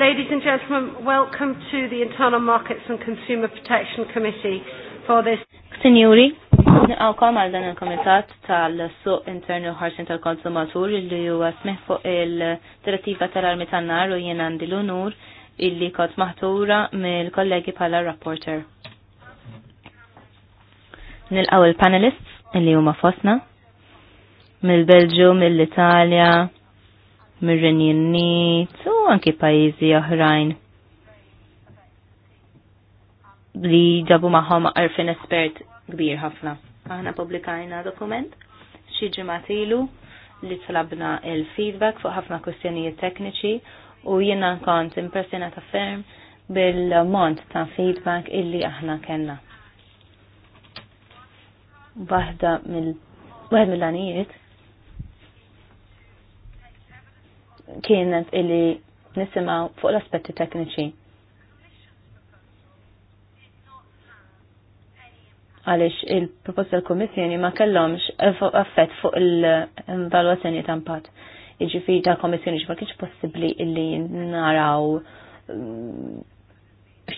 Ladies and gentlemen, welcome to the Internal Markets and Consumer Protection Committee for this. Signori, kom għal dan il-komitat tal-suq internu ħarsin tal-konsumatur li huwa smih fuq il-direttiva tal-armi tal nar u jien għandi l-unur illi kot maħtura mill-kollegi Pala rapporter. Nil-għaw il-panelists il-li huma fosna mill-Belġu, mill-Italja, mir u anki pajizi oħrajn li ġabu maħom għarfin espert kbir ħafna. Aħna publikajna dokument xi ġimatilu li tlabna il-feedback fuq ħafna kustjonijiet tekniċi u nkont kont impressionata ferm bil-mont ta' feedback illi aħna kellna. Bahda mill-għanijiet kienet illi nisimaw fuq l-aspetti tekniċi. Għalix il-proposta l-Komissjoni ma kellomx affett fuq il-valwazzjoni ta' impatt. Iġifiri ta' Komissjoni ġifar kienx possibli illi naraw mm,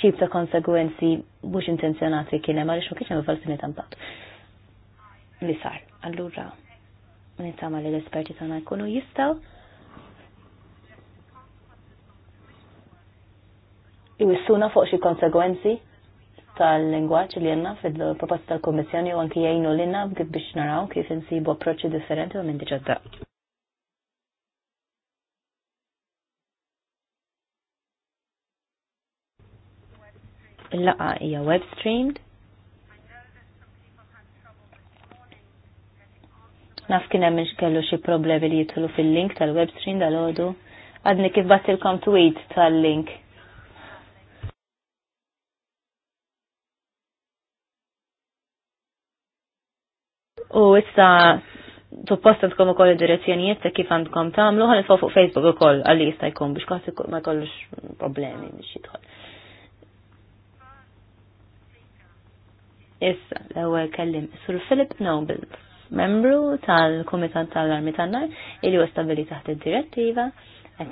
xib ta' konsegwenzi mhux intenzjonati kien hemm għaliex ma kienx hemm valwazzjoni ta' impatt. Li sar, allura nitama li l-esperti tagħna jkunu jistgħu jwissuna fuq xi konsegwenzi tal-lingwaġġ li għandna fil-proposta tal-Kummissjoni u anki jgħinu lilna biex naraw kif insibu approċċi differenti u minn diġà Il-laqa hija web streamed. Naf kien hemm kellu xi problemi li jidħlu fil-link tal-web stream dal-għodu. Għadni kif battilkom tweet tal-link U issa supposta tkun ukoll id-direzzjonijiet ta' kif għandkom tagħmlu ħan fuq Facebook ukoll għalli jista' jkun biex kważi ma jkollux problemi biex jidħol. Issa, l-ewwel kellim Sur Philip Noble, membru tal-Kumitat tal-Armi tan-Nar, illi huwa stabbili taħt id-direttiva,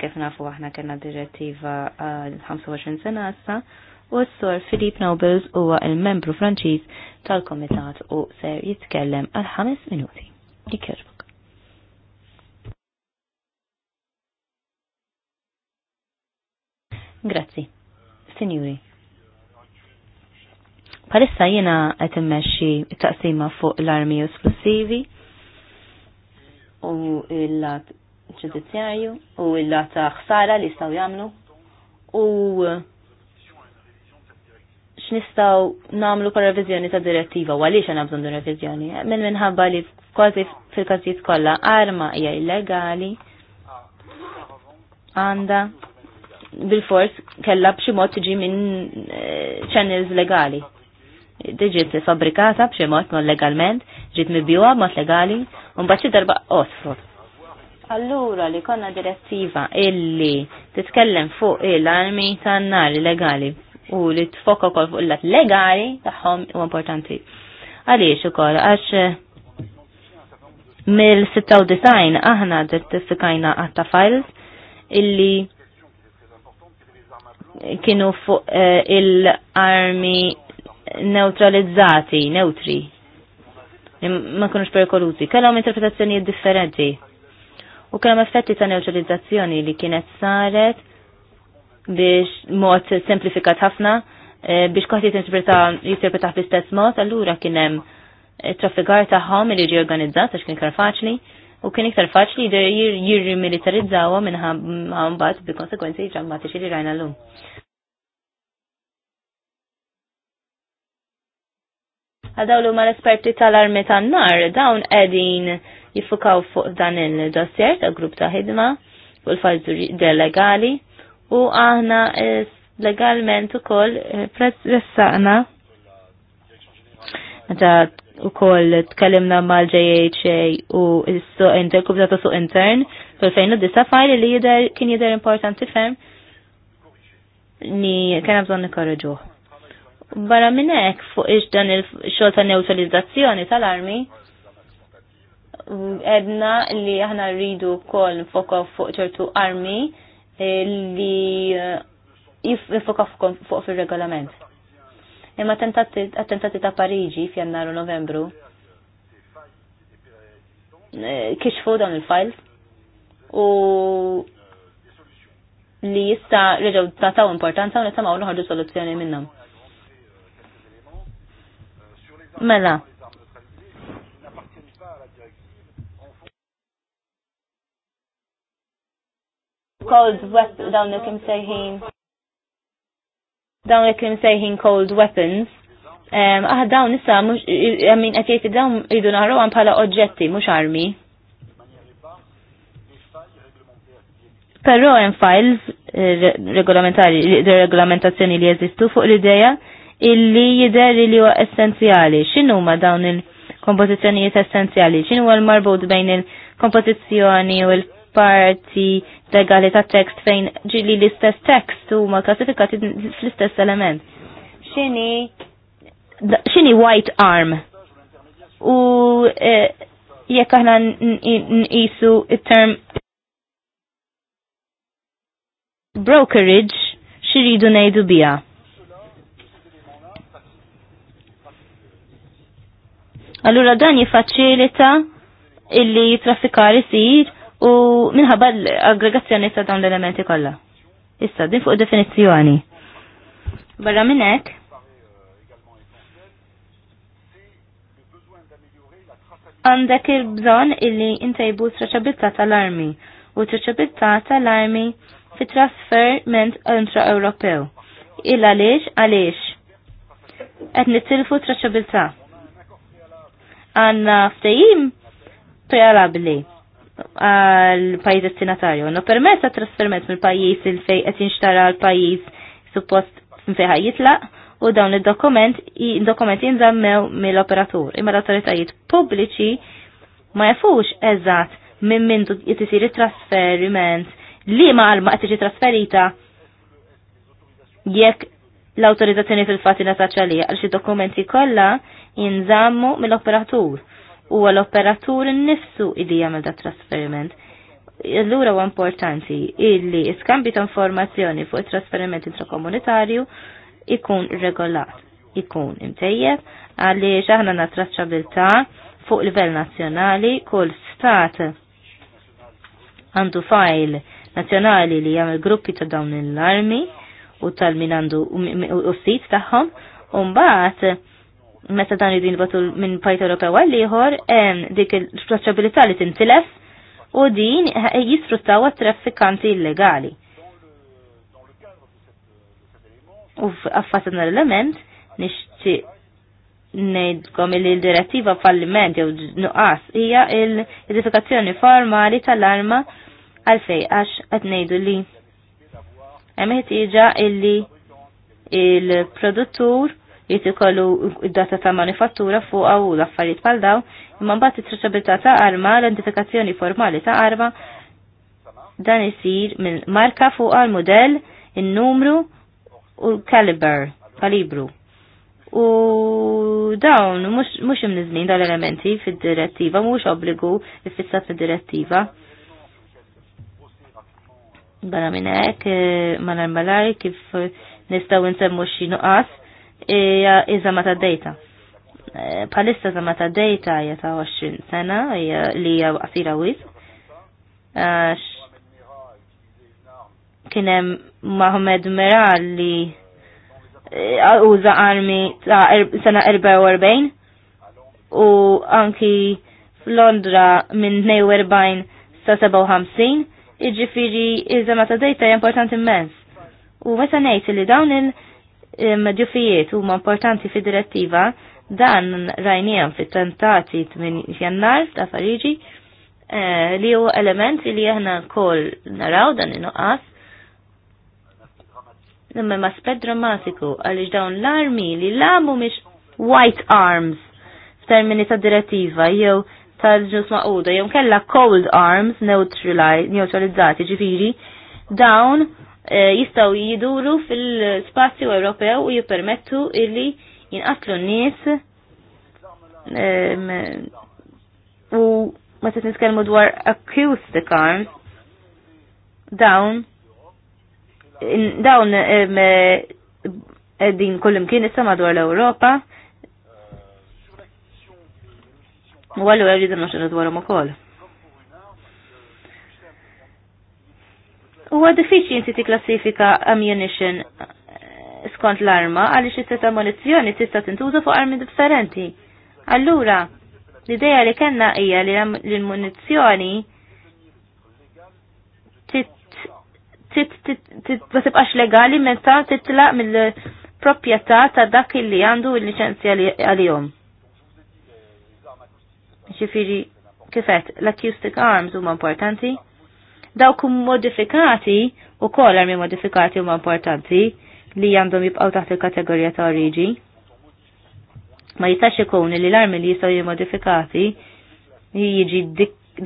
kif nafu aħna kellna direttiva għal 25 sena issa u s-sor Filip Nobles huwa il-membru Franċiż tal-Komitat u ser jitkellem għal ħames minuti. Ikerbuk. Grazzi. Sinjuri. Palissa jena qed immexxi taqsima fuq l-armi esplosivi u l-lat ġudizzjarju u l-lat ta' ħsara li jistgħu jagħmlu u nistaw nagħmlu kol reviżjoni ta' direttiva u għaliex għandna bżonn reviżjoni. Minn minħabba li kważi fil-każijiet kollha arma hija illegali għandha bil-fors kellha b'xi mod tiġi minn eh, channels legali. Diġiet fabrikata b'xi mod non legalment, ġiet mibjuha mod legali, u mbagħad darba osfot. Allura li konna direttiva illi titkellem fuq il-armi tan-nar illegali u li t-fokka kol fuq il-lat legali taħħom u importanti. Għaliex u kol, għax eh, mill-96 aħna ġertifikajna għatta files illi kienu fuq uh, il-armi neutralizzati, neutri. Ma kunux perikoluti. Kellhom interpretazzjonijiet differenti. U kellhom effetti ta' neutralizzazzjoni li kienet saret biex mod semplifikat ħafna eh, biex kħat jinterpreta fl-istess mod, allura kienem eh, traffigar taħħom li ġi organizzat, għax kien kar faċli, u kien iktar faċli jirri militarizzawa minnħam bat bi konsekwenzi ġammatiċi li rajna l-lum. l ma l-esperti tal-armi tan-nar, dawn edin jifukaw fuq dan il-dossier ta' grupp ta' ħidma, fuq il-fajżuri delegali, u aħna eh, legalment u ukoll eh, ressaqna u koll tkellimna mal-JHA u s-suq intern, kubżata su intern, fil-2009 fajli li jider kien jider importanti ferm ni kena bżon nikorreġuh. Bara minnek fuq ix dan il-xol ta' neutralizzazzjoni tal-armi, edna li aħna rridu kol foko fuq ċertu armi li eh, jifoka fuq fil-regolament. Imma attentati ta' Parigi f'jannar u novembru eh, kixfu dawn il-fajl u li jista reġaw tataw importanza u nitamaw nħarġu soluzzjoni minnhom. Mela, cold weapons, dawn il-kim sejħin, dawn li kim sejħin cold weapons, aħ ah, dawn issa, għamin għatjieti dawn idu naħru għan pala oġġetti, mux armi. Pero hemm files eh, regolamentari, regolamentazzjoni li jeżistu fuq l-ideja illi jidher li huwa essenzjali. X'inhu ma dawn il-kompożizzjonijiet essenzjali? X'inhu l-marbut bejn il-kompożizzjoni u l parti legali ta' tekst fejn ġili l-istess tekst u ma klasifikati fl-istess element. Xini, xini white arm u e, jekk aħna nqisu il term brokerage xiridu ngħidu biha. Allura dan jiffaċilita illi traffikar isir u minħabba l-aggregazzjoni ta' dawn l-elementi kollha. Issa, din fuq definizzjoni. Barra minn hekk, għandek il-bżon illi intajbu traċabilta tal-armi u traċabilta tal-armi fi trasferment intra-Ewropew. Illa għaliex għaliex. Qed nittilfu traċabilta. Għanna ftehim prealabli għal-pajjiż destinatarju. No permessa ta' trasferment mill-pajjiż il fej qed jinxtara għal pajjiż suppost fejn jitlaq u dawn id dokument jinżammew mill-operatur. Imma l-autoritajiet pubbliċi ma jafux eżatt minn mindu jtisir it-trasferiment li ma għalma qed tiġi trasferita jekk l-autorizzazzjoni fil fatina taċċalija għal xi dokumenti kollha jinżammu mill-operatur u għal-operatur nifsu illi jagħmel da trasferiment. Allura huwa importanti illi iskambi ta' informazzjoni fuq it-trasferiment intrakomunitarju ikun regolat, ikun imtejjeb għaliex aħna na fuq livell nazzjonali kull stat għandu fajl nazzjonali li jagħmel gruppi ta' dawn l-armi u tal-min għandu u sit tagħhom u mbagħad meta dan id batu minn pajt Ewropew għal dik il-traċabilità li tintilef u din jisfruttaw traffikanti illegali. U f'affasad l-element nixti nejdkom li l-direttiva falliment jew nuqqas hija l edifikazzjoni formali tal-arma għalfej għax qed ngħidu li hemm iġa illi il-produttur Jiet ikollu id-data ta' manifattura fuq u l-affarijiet bħal daw, imma mbagħad it-traċabilità ta' arma, l-identifikazzjoni formali ta' arma dan isir minn marka fuq għal model in-numru u l-kaliber, kalibru. U dawn mhux imniżnin dal-elementi fid-direttiva, mhux obbligu iffissat fid-direttiva. Bana minn hekk, eh, ma narmalaj kif eh, nistgħu nsemmu xi nuqqas hija iżama ta' data. Palissa e, żama ta' data ija ta' 20 sena li hija għasira wis. Kien hemm Mohammed Meral li e, uża armi ta' er, sena 44 u anki f'Londra minn 42 sa 57 iġifiri iżama ta' dejta importanti immens. U meta ngħid li dawn il- u huma importanti fi direttiva dan rajnijan fit tentati minn jannar ta' Fariġi eh, li huwa element li aħna kol naraw dan in-nuqqas imma ma sped drammatiku għaliex dawn l-armi li l-amu mhix white arms f'termini ta' direttiva jew ta' ġus maquda jew kella cold arms neutralizzati ġifiri dawn Eh, jistaw jiduru fil-spazju Ewropew u jippermettu illi jinqatlu n-nies u ma se dwar acoustic arms dawn dawn eh, din kullim kien issa madwar l europa u għallu għarridu naċċinu dwarom u koll. Huwa diffiċli inti tikklassifika ammunition eh, skont l-arma għaliex it-teta munizzjoni tista' tintuża fuq armi differenti. Allura, l idea li kellna hija li l-munizzjoni ma tibqax legali meta titlaq mill-proprjetà ta' dak li għandu l liċenzja għalihom. Ġifieri kifet, l-acoustic arms huma importanti dawk modifikati u kol armi modifikati huma importanti li għandhom jibqaw taħt il-kategorija ta' origi. Ma jistax ikun li l-armi li jistgħu jimmodifikati jiġi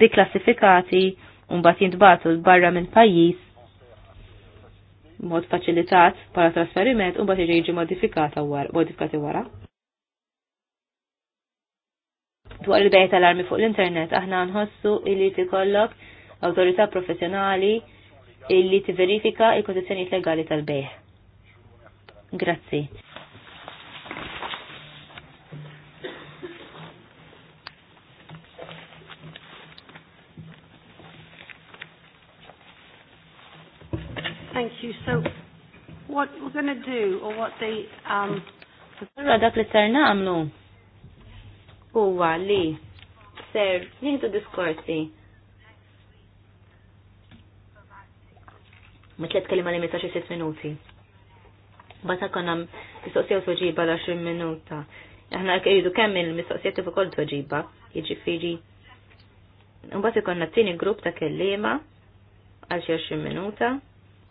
diklassifikati u mbagħad jintbatu barra minn pajjiż mod faċilitat para trasferiment u mbagħad jiġi modifikata wara modifikati wara. Dwar il bejta tal-armi fuq l-internet aħna nħossu il-li tikollok kollok awtorità professjonali illi t-verifika il kondizjoni legali tal-bejħ. Grazzi. Thank you. So what we're going to do or what the um Allora dak li ser nagħmlu huwa li ser nieħdu diskorsi ma tliet kelima li meta xi sitt minuti. Bata konna mistoqsija u tweġiba l 20 minuta. Aħna jridu kemm il mistoqsijiet kif ukoll tweġiba, jiġifieri. Mbagħad ikollna tieni grupp ta' kelliema għal xi 20 minuta,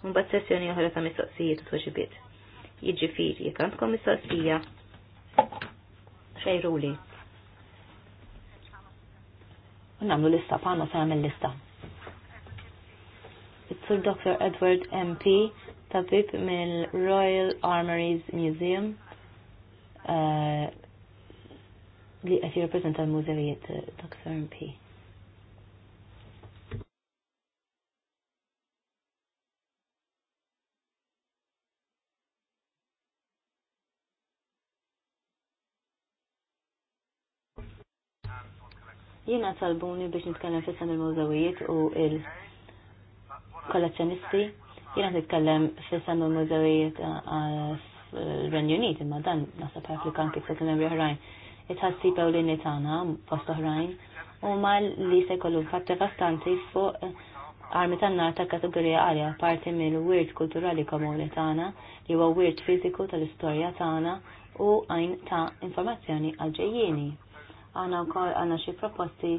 u mbagħad sessjoni oħra ta' mistoqsijiet u tweġibiet. Jiġifieri jekk għandkom mistoqsija xejruli. Namlu lista, panna sa' lista. Sir Dr. Edward MP, tabib mill-Royal Armories Museum, uh, li għet jirrepresenta l-mużewijiet uh, Dr. MP. Jiena talbuni biex nitkellem fissan il mużawijiet u il- kollezzjonisti, jina nitkellem fissan u mużewijiet għal-Renju Unit, imma dan nasab applika anki f membri oħrajn. Itħassib u l-inni tagħna fost oħrajn u mal li se kollu fatta devastanti fuq eh, armi tan ta' kategorija għalja parti mill-wirt kulturali komuni tagħna li huwa wirt fiżiku tal-istorja tagħna u għajn ta' informazzjoni għal-ġejjieni. Għana wkoll għandna xi proposti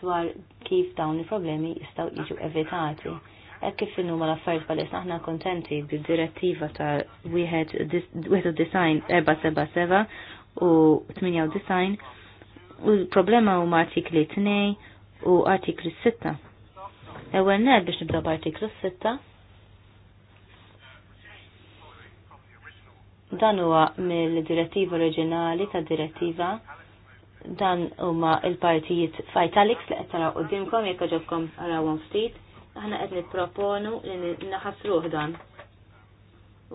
dwar kif dawn il-problemi jistgħu jiġu evitati kif kif numa l-affarijiet palis aħna kontenti bid-direttiva ta' wieħed design seba u tminja u l-problema huma artikli tnej u artikli Sitta. Ewwel ned biex nibda b'artiklu sitta Dan huwa mill-direttiva oriġinali ta' direttiva dan huma il-partijiet fajtalix li qed taraw qudiemkom jekk ġobkom arawhom ftit aħna qed nipproponu li naħasruh dan.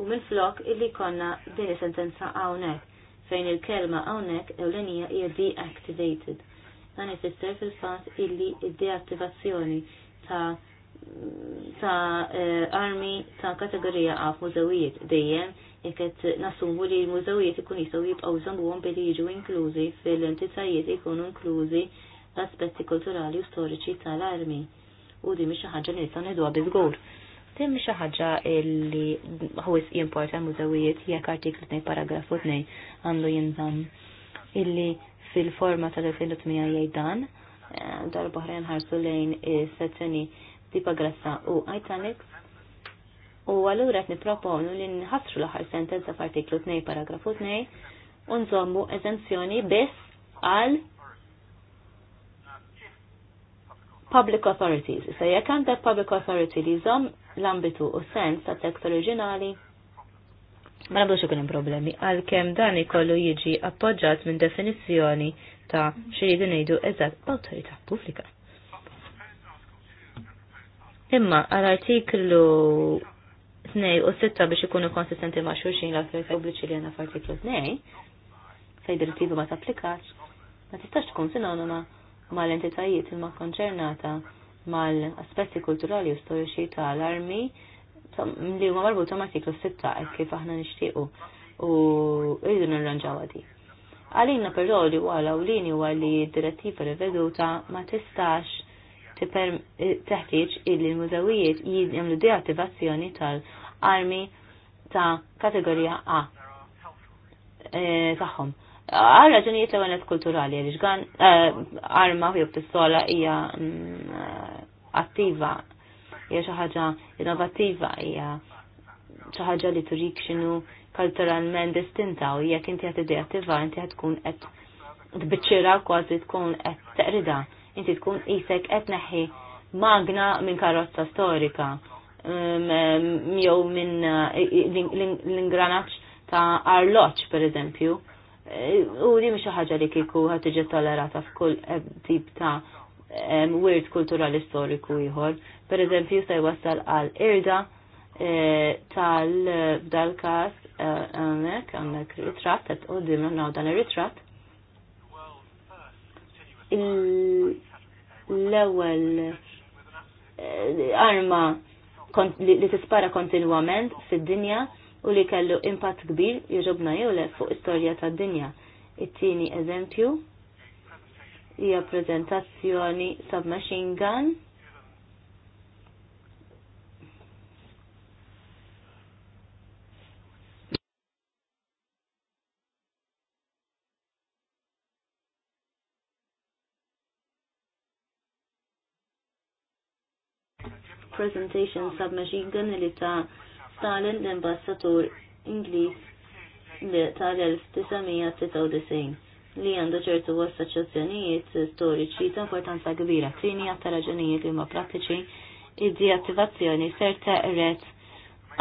U minn flok illi konna din sentenza hawnhekk fejn il-kelma hawnhekk ewlenija hija deactivated. Dan ifisser fil-fatt illi id-deattivazzjoni ta' ta' uh, armi ta' kategorija għaf mużawijiet dejjem jekk qed li l-mużewijiet ikun jistgħu jibqgħu żambuhom billi jiġu inklużi fil-entitajiet ikunu inklużi l-aspetti kulturali u storiċi tal-armi u di mhix xi ħaġa li nistgħu ngħiduha biżgur. Tim xi ħaġa li ħwis jimporta mużawijiet jekk artiklu 2 paragrafu 2 għandu jinżamm illi fil-forma tal-2008 jgħid dan eh, darba ħrejn ħarsu lejn is-sezzjoni tipa grassa u italics u għallura qed nipproponu li nħassru l-aħħar sentenza f'artiklu 2 paragrafu 2 u nżommu eżenzjoni biss għal public authorities. Issa jekk għandek public authority li jżomm l-ambitu u sens ta' tekst oriġinali, ma nabdux ikun hemm problemi għalkemm dan ikollu jiġi appoġġat minn definizzjoni ta' xiridu ngħidu eżatt awtorità pubblika. Imma għal-artiklu 2 u 6 biex ikunu konsistenti ma' xulxin l-affarijiet pubbliċi li għandna f'artiklu 2 fej direttivu ma tapplikax, ma tistax tkun sinonima mal-entitajiet imma konċernata mal-aspetti kulturali u storiċi tal-armi li huma marbuta ma' artiklu 6 kif aħna nixtiequ u rridu nirranġaw għadi. Għalina però li għala u lini huwa li direttiva riveduta ma tistax eh, teħtieġ illi l-mużawijiet jagħmlu deattivazzjoni tal-armi ta' kategorija A eh, tagħhom għal raġunijiet l-għanet kulturali, għalix għan eh, arma jew pistola hija mm, eh, attiva, hija xi ħaġa innovattiva, hija xi ħaġa li turik x'inhu kulturalment distinta u jekk inti qed idea attiva inti qed tkun qed tbiċċira kważi tkun qed teqrida, inti tkun isek qed neħħi magna minn karozza storika mm, mm, jew minn eh, l-ingranaġġ ta' arloċ per eżempju Eh, u li mxu ħaġa li kiku ħat iġi tollerata f'kull eh, tip ta' eh, wirt kulturali storiku Per eżempju, se jwassal għal irda tal-dal-kas għamek, għamek ritrat, għet u dimna naw dan ritrat L-ewel arma li t-spara kontinuament fil dinja u li kellu impatt kbir jġobna jewle fuq istorja tad dinja. It-tieni eżempju hija prezentazzjoni submachine gun. presentation submachine gun li ta' Stalin l-ambassatur Ingliż tal-1993 li għandu ċertu assoċjazzjonijiet storiċi ta' importanza kbira. Tini għatta raġunijiet li ma' pratiċi id-deattivazzjoni serta ret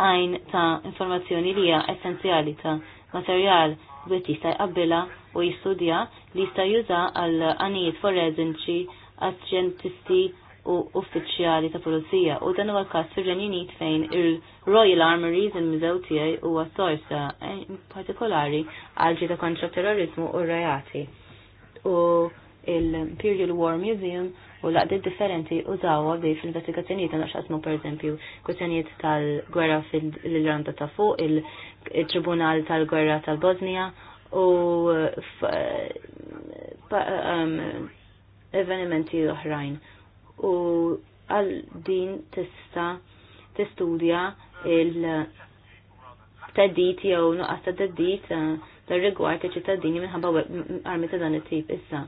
għajn ta' informazzjoni li hija essenzjali ta' materjal bit jista' jqabbilha u jistudja li jista' juża għal anijiet forensiċi għal u uffiċjali ta' pulizija u dan huwa każ fir Unit fejn il-Royal Armories il-Mużew tiegħi huwa sorsa eh, partikolari għal ġita kontra terrorizmu u rajati. U il-Imperial War Museum u laqdiet differenti użawha bi fil investigazzjonijiet għandha xaqsmu pereżempju kwistjonijiet tal-gwerra fil-Irlanda ta' fuq, il-Tribunal tal-Gwerra tal-Bosnia u eh, eh, um, evenimenti oħrajn u għal din tista testudja il-teddit jew nuqqas ta' teddit eh, tar rigward ta' ċittadini minħabba armi ta' dan it-tip issa.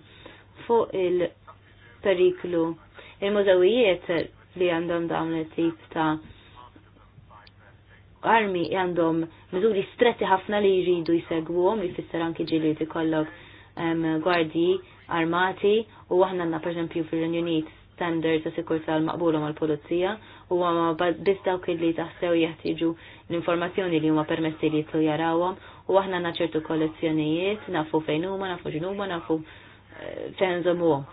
Fuq il-periklu il-mużawijiet li għandhom dawn it-tip ta' armi għandhom miżuri stretti ħafna li jridu jsegwhom li fisser anki ġili kollok gwardji armati u aħna għandna per fil-Renju Unit standards ta' sikurtà l-maqbula mal-pulizija u għama biss dawk li taħsew jeħtieġu l-informazzjoni li huma permessi li jitlu jarawhom u aħna naċertu kollezzjonijiet nafu fejn huma, nafu ġnuma, nafu eh, fejn żomuhom.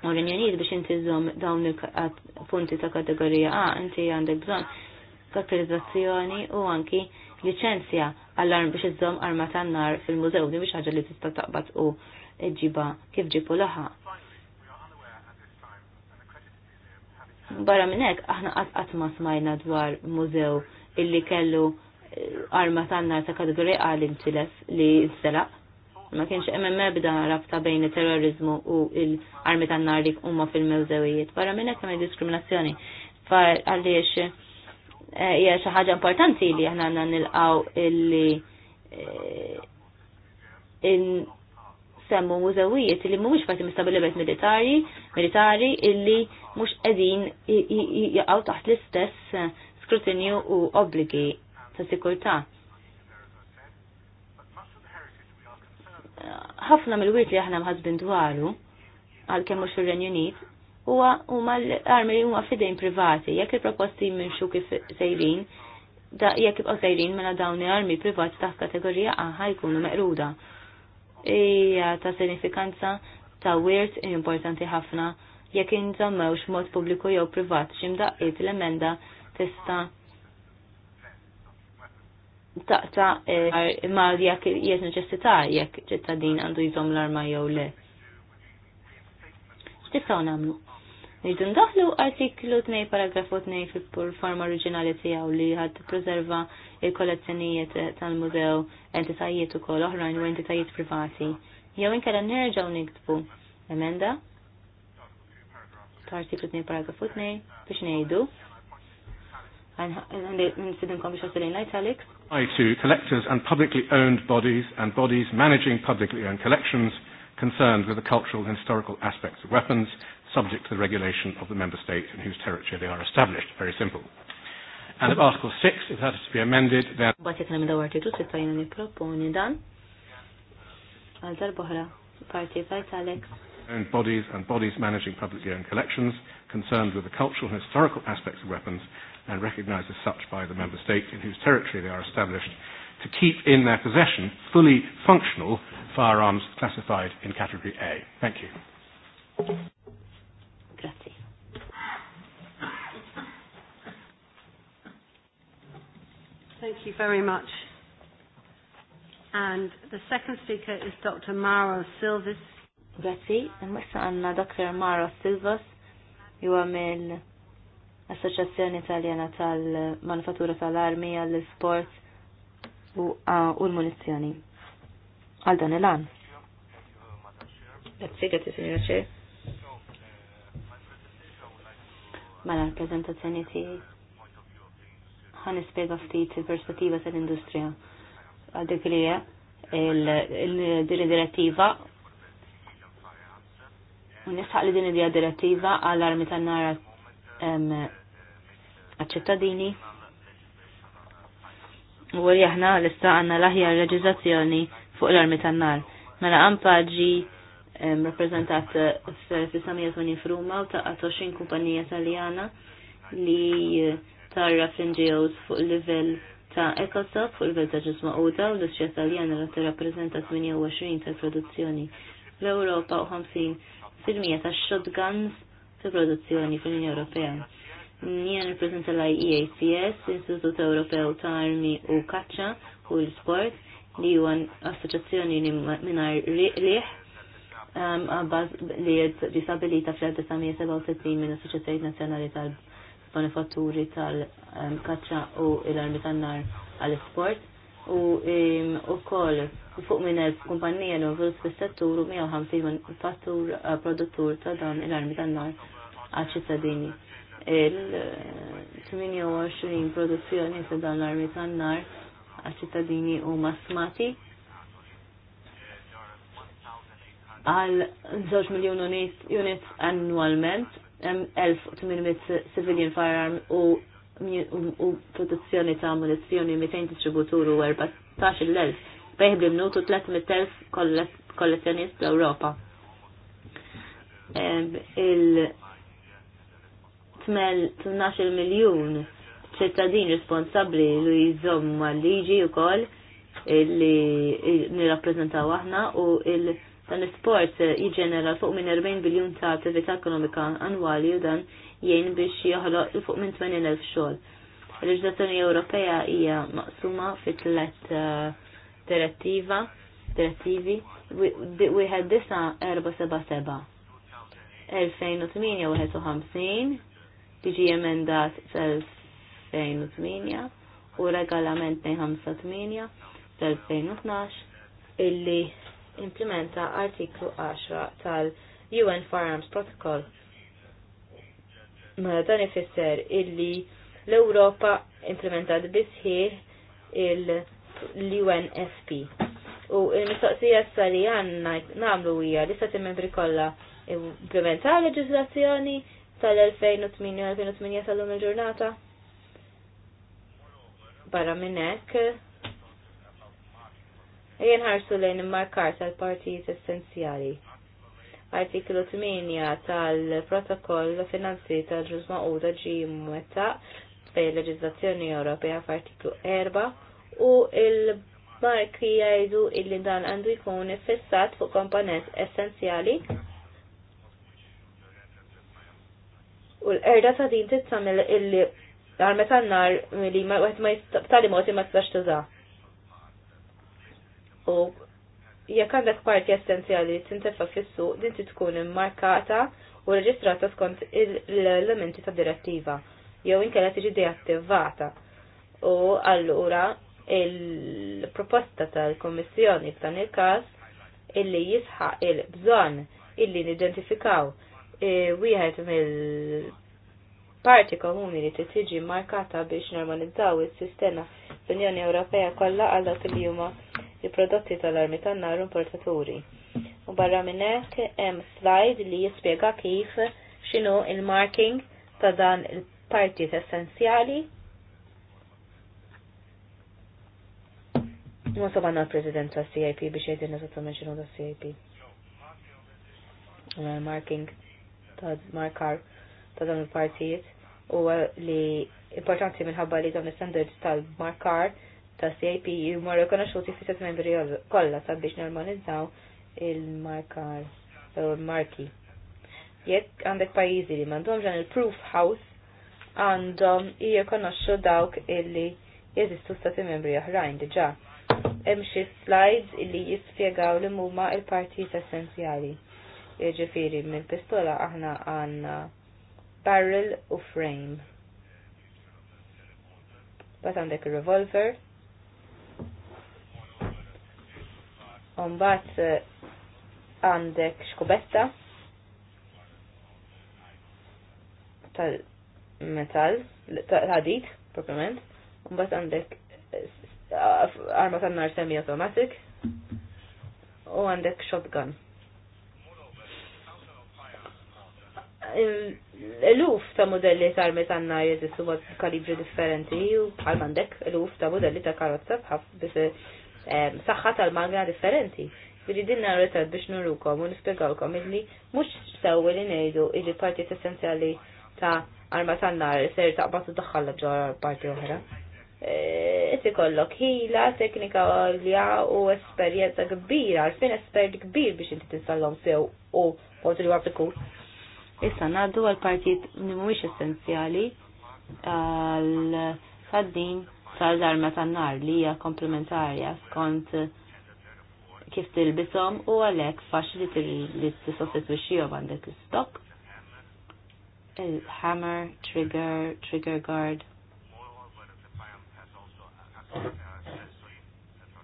U l biex inti zom dawn il-punti ta' kategorija A inti għandek bżonn kategorizzazzjoni u anki licenzja għall-arm biex iżżomm arma tan-nar fil-mużew, li biex ħaġa li tista' taqbad u ġiba kif ġipu laħa Barra minn hekk aħna qatt ma smajna dwar mużew illi kellu eh, arma tanna ta' kategorija għal intilef li instelaq ma kienx hemm mebda rabta bejn it-terrorizmu u l-armi tan-nar li umma fil mużewijiet Barra minn hekk hemm diskriminazzjoni għaliex eh, hija xi ħaġa importanti li aħna għandna nilqgħu illi eh, semmu mużewijiet li mhumiex parti mistabilibet militari, militari illi mhux qegħdin jaqgħu taħt l-istess skrutinju u obbligi ta' sikurtà. ħafna mill-wiet li aħna mħazbin dwaru għalkemm mhux fir-Renju Unit huwa huma l-armi li huma fidejn privati, jekk il-proposti minn xu kif sejrin, da jekk ibqgħu sejrin mela dawn l-armi privati taħt kategorija A ħajkunu meqruda hija ta' sinifikanza ta' wirt importanti ħafna jekk inżammewx mod pubbliku jew privat x'imdaqqiet l-emenda tista' ta' eh, ma jekk jiet neċessità jekk ċittadin għandu jżomm l-arma jew le. X'tistgħu nagħmlu? Nidu ndaħlu artiklu 2 paragrafu 2 fil-forma oriġinali tiegħu li ħad preserva il-kollezzjonijiet tal-mużew, entitajiet ukoll oħrajn u entitajiet privati. Jew inkella nerġgħu niktbu emenda artiklu 2 paragrafu 2 biex ngħidu. I to collectors and publicly owned bodies and bodies managing publicly owned collections concerned with the cultural and historical aspects of weapons subject to the regulation of the member state in whose territory they are established. Very simple. And if Article 6, if that is to be amended, then... Bat jekna minn daw artiklu 6 jina niproponi dan. Għal darbohra, parti fajt għalek. Own bodies and bodies managing public gear and collections concerned with the cultural and historical aspects of weapons and recognised as such by the member state in whose territory they are established to keep in their possession fully functional firearms classified in category A. Thank you. Thank you very much. And the second speaker is Dr. Maro Silvis. Grazie, mwessa għanna Dr. Maro Silvis, are mill Associazione Italjana tal-Manufattura tal-Armi għall-Sport u l-Munizzjoni. Għal dan il-għan. Grazie, grazie, signora Ċe. Mela prezentazzjoni ti ħan nispjega ftit il-perspettiva tal-industrija Għaddik dik li il din direttiva u nisħaq li din hija direttiva għal armi tan-nara għaċ-ċittadini u għalli aħna l-issa għanna laħja reġizazzjoni fuq l-armi tan-nar. Mela għan paġi rappresentat f-980 fruma u ta' 20 kumpanija taljana li tarraf NGOs fuq il livell ta' ekosop fuq il il-level ta' ġisma u daw l-isċja taljana li t-rapprezenta 28 tal-produzzjoni l-Europa u 50% ta' shotguns ta' produzzjoni fl-Unjoni Ewropea. Nija nirprezenta l e Institut Ewropew ta' Armi u Kaċċa u l-Sport, li huwa assoċjazzjoni li minar liħ um, għabbaz li jed disabilita fl-1967 minn Assoċjazzjoni Nazjonali manifatturi tal-kaċċa u l-armi tan-nar għall-isport u u fuq minn elf kumpanija li nvolu fis-settur u 150 manifattur eh, produttur ta' dan l-armi tan-nar għal ċittadini Il-28 eh, produzzjoni ta' dan l-armi tan-nar għal ċittadini u masmati għal 2 miljon unit annualment 1800 civilian firearm u u produzzjoni ta' munizzjoni 200 distributur u 14.000 bejħib li minutu 300.000 kollezjonist l-Europa. Il-12 miljon ċittadin responsabli li jizom ma liġi u koll li nirrapprezentaw aħna u il- Dan l-sport jiġenera fuq minn 40 biljun ta' attività ekonomika annwali u dan jgħin biex joħloq fuq minn 80.000 xogħol. Il-leġislazzjoni Ewropea hija maqsuma fi tlet eh, direttiva, direttivi, wieħed disa seba' 2008 tiġi emendat 2008 u regolament 258 tal-2012 illi implementa artiklu 10 tal-UN Firearms Protocol. Mela dan ifisser illi l-Ewropa implementat bisħieħ il-UNFP. U il-mistoqsija s-sali għanna namlu hija li stati membri kollha implementaw leġislazzjoni tal-2008-2008 tal-lum il-ġurnata. Barra minnek, jenħarsu lejn immarkar tal-partijiet essenzjali. Artiklu 8 tal-protokoll finanzi tal-ġuż u ġi mwetta fej leġizzazzjoni Ewropea f'artiklu 4 u il-marki jgħidu illi dan għandu jkun fissat fuq komponent essenzjali u l-erda ta' din titsamil illi għal meta nar li ma' għet ma' tali moti ma' t-sax tuża u jekk għandek parti essenzjali tintefa fissu din tkun immarkata u reġistrata skont l-elementi ta' direttiva jew inkella tiġi deattivata. U allura il-proposta tal-Kommissjoni f'dan il-każ illi jisħaq il-bżonn illi nidentifikaw e, wieħed mill parti komuni li tiġi markata biex normalizzaw is-sistema fl-Unjoni Ewropea kollha għal dawk li huma li prodotti tal-armi tan-nar importaturi. U barra minn hekk hemm slide li jispjega kif x'inhu il-marking ta' dan il-partit essenzjali. Ma sobanna l-President tas CIP biex jgħidilna eżattament x'inhu tas CIP. il mela Marking ta' markar ta' dan il-partijiet huwa li importanti minħabba li dawn is-standards tal-markar ta' CIP jumma rekonoxuti fi set membri kollha sabiex normalizzaw il-markar il eh, marki. Jekk għandek pajjiżi li m'għandhomx ġan il-proof house għandhom jirkonoxxu dawk illi jeżistu stati membri oħrajn diġà. Hemm xi slides illi jispjegaw li huma l-partijiet essenzjali. Jiġifieri mill-pistola aħna għandna barrel u frame. Bat għandek revolver, Umbat eh, għandek xkubetta tal metal tal-ħadid, propjament. Umbat għandek eh, arma tal nar semi-automatic u għandek shotgun. Eh, eluf ta' modelli ta' armi ta' tanna jeżistu kalibri differenti u għal mandek eluf ta' modelli ta' karozza bħaf bis saħħa tal-magna differenti. Ġifieri din narretat biex nurukom u nispjegawkom illi mhux sewwi li ngħidu illi partit essenzjali ta' arma tan-nar ser taqbad u daħħalla ġewwa parti oħra. E, Isi kollok ħila, teknika għalja u esperjenza kbira, għalfin esperti kbir biex inti tinsallom sew u potri għafiku. Issa naddu għal partijiet li mhuwiex essenzjali għal ħaddin tal darma tan-nar li hija komplementarja skont kif tilbishom u għalhekk faċli li tissostitwixxihom għandek l-stock. Il-hammer, trigger, trigger guard.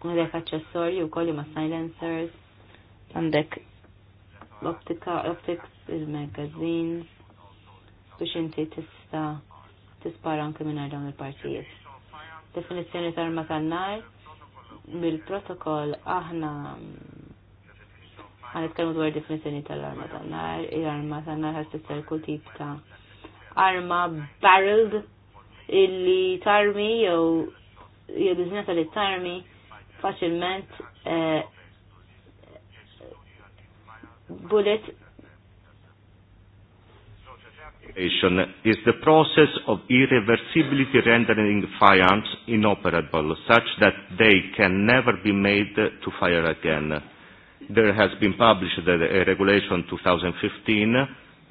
Għandek accessorju wkoll ma' silencers, għandek optika optics, il-magazines biex inti tista' tispara anke minn dawn il-partijiet definizzjoni tal arma tan-nar mill-protokoll aħna għan itkellmu dwar definizzjoni tal-arma tan-nar, il-arma tan-nar ħas kull tip ta' arma barreled illi tarmi jew jew biżneta li tarmi faċilment eh, bullet regulation is the process of irreversibility rendering firearms inoperable, such that they can never be made to fire again. There has been published a regulation 2015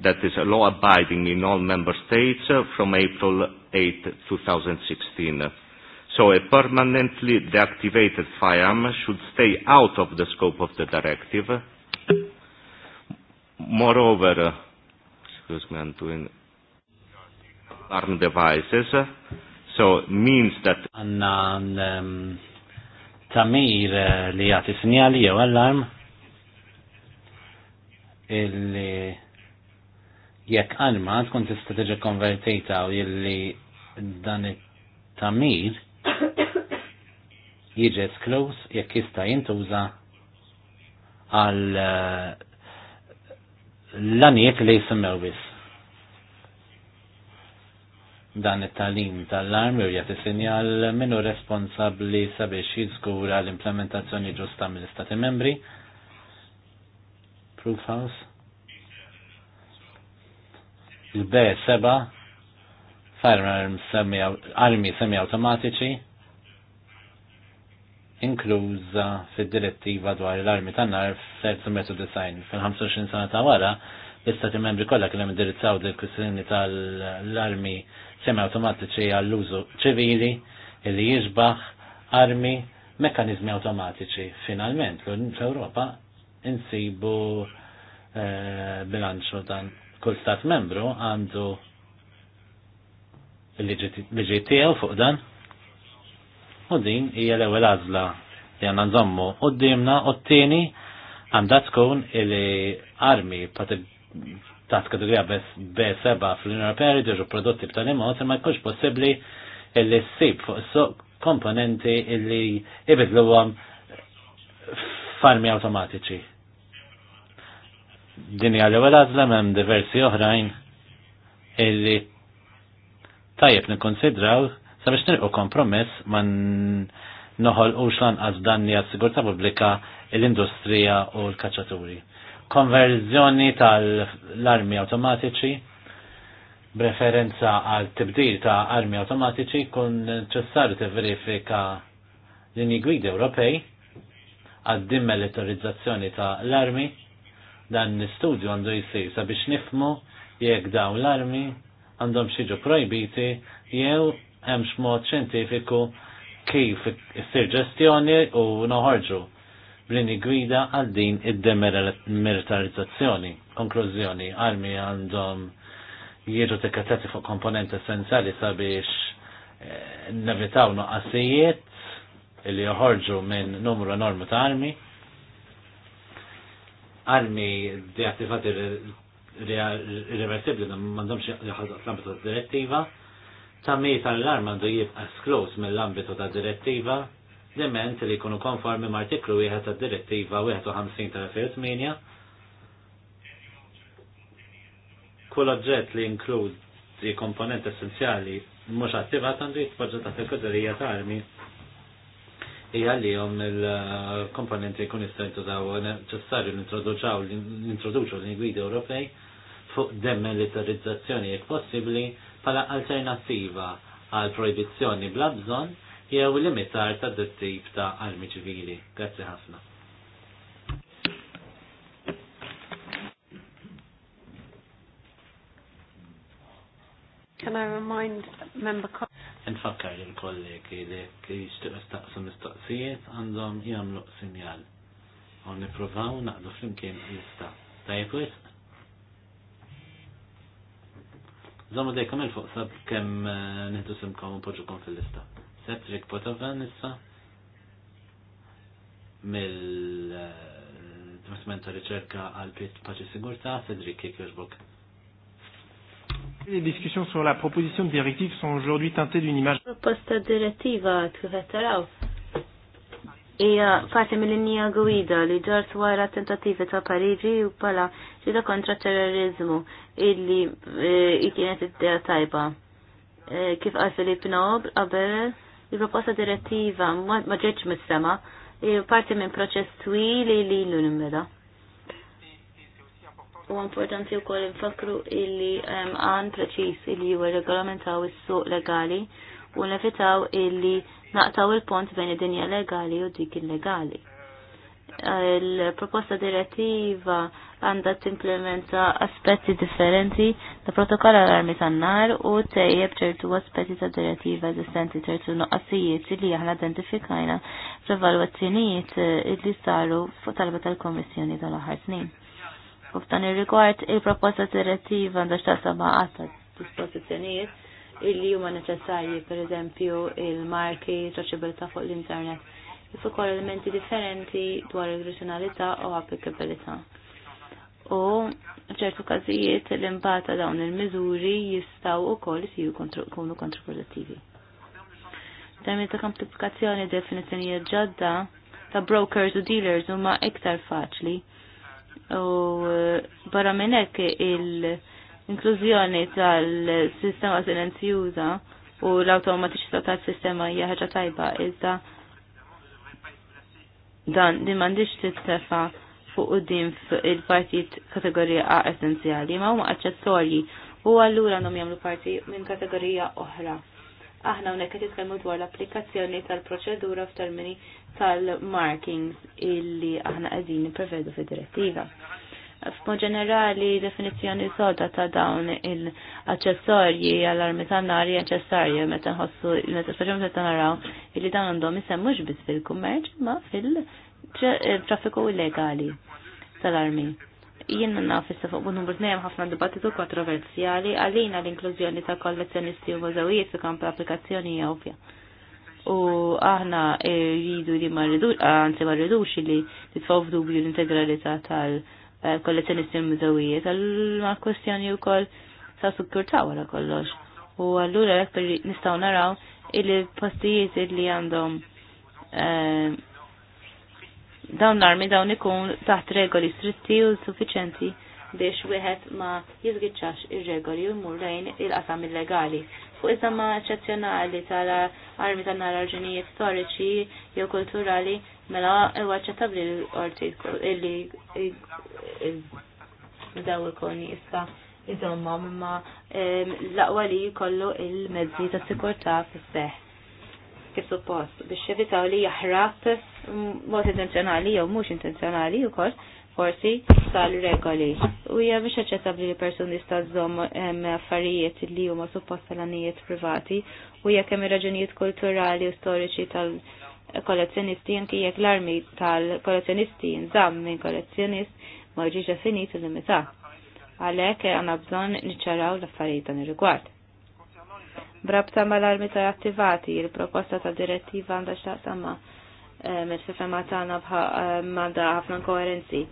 that is law-abiding in all member states from April 8, 2016. So a permanently deactivated firearm should stay out of the scope of the directive. Moreover, disbursement in armed devices. So means that għanna um, tamir uh, li jagħti sinjali jew alarm illi jekk arma tkun tista' tiġi konvertita u illi dan it-tamir jiġi esklus jekk jista' jintuża għal uh, l-għaniet li jisimmew bis. Dan it-talim tal arm u jgħati sinjal minnu responsabli sabiex jizgura l-implementazzjoni ġusta mill-Istati membri. Proof House. Il-B7 firearms armi semi-automatiċi inkluża fid-direttiva dwar l-armi tan-nar f'Serzu Metu Design. Fil-25 sena ta' wara, l-istati membri kollha kien hemm indirizzaw dil kwistjoni tal-armi semi automatiċi għall-użu ċivili li jiġbaħ armi mekkanizmi awtomatiċi. Finalment, l-Europa insibu eh, bilanċu dan kull stat membru għandu l liġi tiegħu fuq dan. U din hija l-ewwel għażla li għandna nżommu qudiemna u t-tieni għandha tkun li armi ta' kategorija B7 fl-Unjoni Ewropea jridu prodotti b'tali mod ma jkunx possibbli li ssib fuq is-suq komponenti li ibidluhom farmi awtomatiċi. Din hija l-ewwel għażla hemm diversi oħrajn illi tajjeb nikkonsidraw Sabiex nilqu kompromess ma noħol u lanqas danni għas-sigurta pubblika l-industrija u l-kaċċaturi. Konverżjoni tal-armi automatiċi, preferenza għal tibdil ta' armi automatiċi kun ċessar verifika l-inni gwidi Ewropej għad dimmelitorizzazzjoni ta' l-armi dan l-istudju għandu jisir sabiex nifmu jekk daw l-armi għandhom xiġu projbiti jew hemmx mod xjentifiku kif issir ġestjoni u noħorġu b'lini gwida għal din id-demilitarizzazzjoni. Konklużjoni, armi għandhom jiġu tikkettati fuq komponenti essenzjali sabiex nevitaw noqqasijiet li joħorġu minn numru enormi ta' armi. Armi deattivati irreversibli, mandomx jħazat l-ambita direttiva, Tammi għall arma għandu jibqa' sklus mill-ambitu ta' direttiva dement li jkunu konformi ma' artiklu wieħed ta' direttiva 51 tal-2008 kull oġġett li inkludi komponent essenzjali mhux attivat għandu jitpoġġa ta' il-kodrija ta' armi hija li jom il-komponenti kun jista' daw ċessarju l-introduċaw l-introduċu l-ingwidi Ewropej fuq demmen l-itarizzazzjoni possibbli pala alternativa għal proibizzjoni bla bżon jew limitar ta' d ta' armi ċivili. Grazie ħafna. Can I remind member Nfakkar li l-kollegi li jishtiq istaqsu mistoqsijiet għandhom jagħmlu sinjal. U nippruvaw naqdu flimkien lista. Tajjeb wisq? Zomu dejkom kamil fuq sab kem eh, nihdu simkom poġu poġukom fil-lista. Cedric Potovan issa mill-Dipartiment ta' Riċerka għal Paċi Sigurta, Cedric Kik Joġbok. Les discussions sur la proposition de directive sont aujourd'hui teintées d'une image. Proposta direttiva kif qed taraw hija parti mill-linja gwida li ġart wara tentativi ta' Parigi u pala ġida kontra terrorizmu illi e, kienet id-dea tajba. E, kif għal Filip Nob qabel il-proposta direttiva ma mis-sema e, parti minn proċess twil li l nimmeda. U importanti u koll infakru illi għan preċis illi ju regolamentaw is-suq legali u nefitaw illi naqtaw il-pont bejn id-dinja legali u dik illegali. Il-proposta direttiva għandha implementa aspetti differenti ta' protokoll għal armi tan-nar u tejjeb ċertu aspetti ta' direttiva eżistenti ċertu noqqasijiet li aħna identifikajna fl li saru f'talba talba tal komissjoni tal-aħħar snin. U f'dan ir-rigward il-proposta direttiva għandha ma' għata dispożizzjonijiet illi huma neċessarji, per eżempju, il-marki, traċibilità fuq l-internet. Kif ukoll elementi differenti dwar il-razzjonalità u applikabilità. U ċertu każijiet l impata dawn il-miżuri jistgħu wkoll isiju jkunu kontraproduttivi. Termin ta' komplikazzjoni definizzjonijiet ġodda ta' brokers u dealers huma iktar faċli u barra minn hekk il- Inklużjoni tal-sistema silenzjuża u l-automatiċità tal-sistema hija ħaġa tajba iżda dan li m'għandix tittefa fuq quddiem il-partit kategorija A essenzjali ma huma aċċessorji u allura nhom jagħmlu parti minn kategorija oħra aħna hawnhekk qed nitkellmu dwar l-applikazzjoni tal-proċedura f'termini tal-markings illi aħna qegħdin nipprevedu fid-direttiva f'mod ġenerali definizzjoni soda ta' dawn il accessorji għall-armi tan-nari accessorji, meta nħossu meta speċjalment ta' naraw illi dawn għandhom isemmux biss fil-kummerċ ma fil-traffiku illegali tal-armi. Jien naf fissa fuq numru tnejn ħafna dibattitu kontroversjali għalina l-inklużjoni ta' kollezzjonisti u mużawijiet fi kamp applikazzjoni jawfja. U aħna jidu li ma rridux, anzi ma rridux li titfaw f'dubju l-integralità tal- kollezzjonisti mużawijiet, għal-ma kwestjoni u koll sa' sukkurta wara kollox. U għallura jek nistaw naraw il-postijiet li għandhom eh, dawn l-armi dawn ikun taħt regoli stritti u suffiċenti biex wieħed ma jizgiċċax ir-regoli u jmur lejn il-qasam illegali. Fuq iżamma ma eċċezzjonali tal-armi tan-nar raġunijiet storiċi jew kulturali Mela, huwa li l-orti illi daw ikoni issa iżomma imma l-aqwa li jkollu il-mezzi ta' sikurta fis-seħ kif suppost biex jevitaw li jaħraq mod intenzjonali jew mhux intenzjonali wkoll forsi tal-regoli. U hija biex aċċettabbli li persuni jista' żomm affarijiet li huma suppost tal-anijiet privati u jekk hemm raġunijiet kulturali u storiċi tal- kollezzjonisti anki jekk l-armi tal-kollezzjonisti nżamm minn kollezzjonist ma ġiġa finit limita. limitat. Għalhekk għandna bżonn niċċaraw l-affarijiet dan ir-rigward. Brabta mal-armi tal-attivati, il-proposta ta' direttiva għandha xtaqsama mill-fifema eh, tagħna m'għandha eh, ħafna koerenzi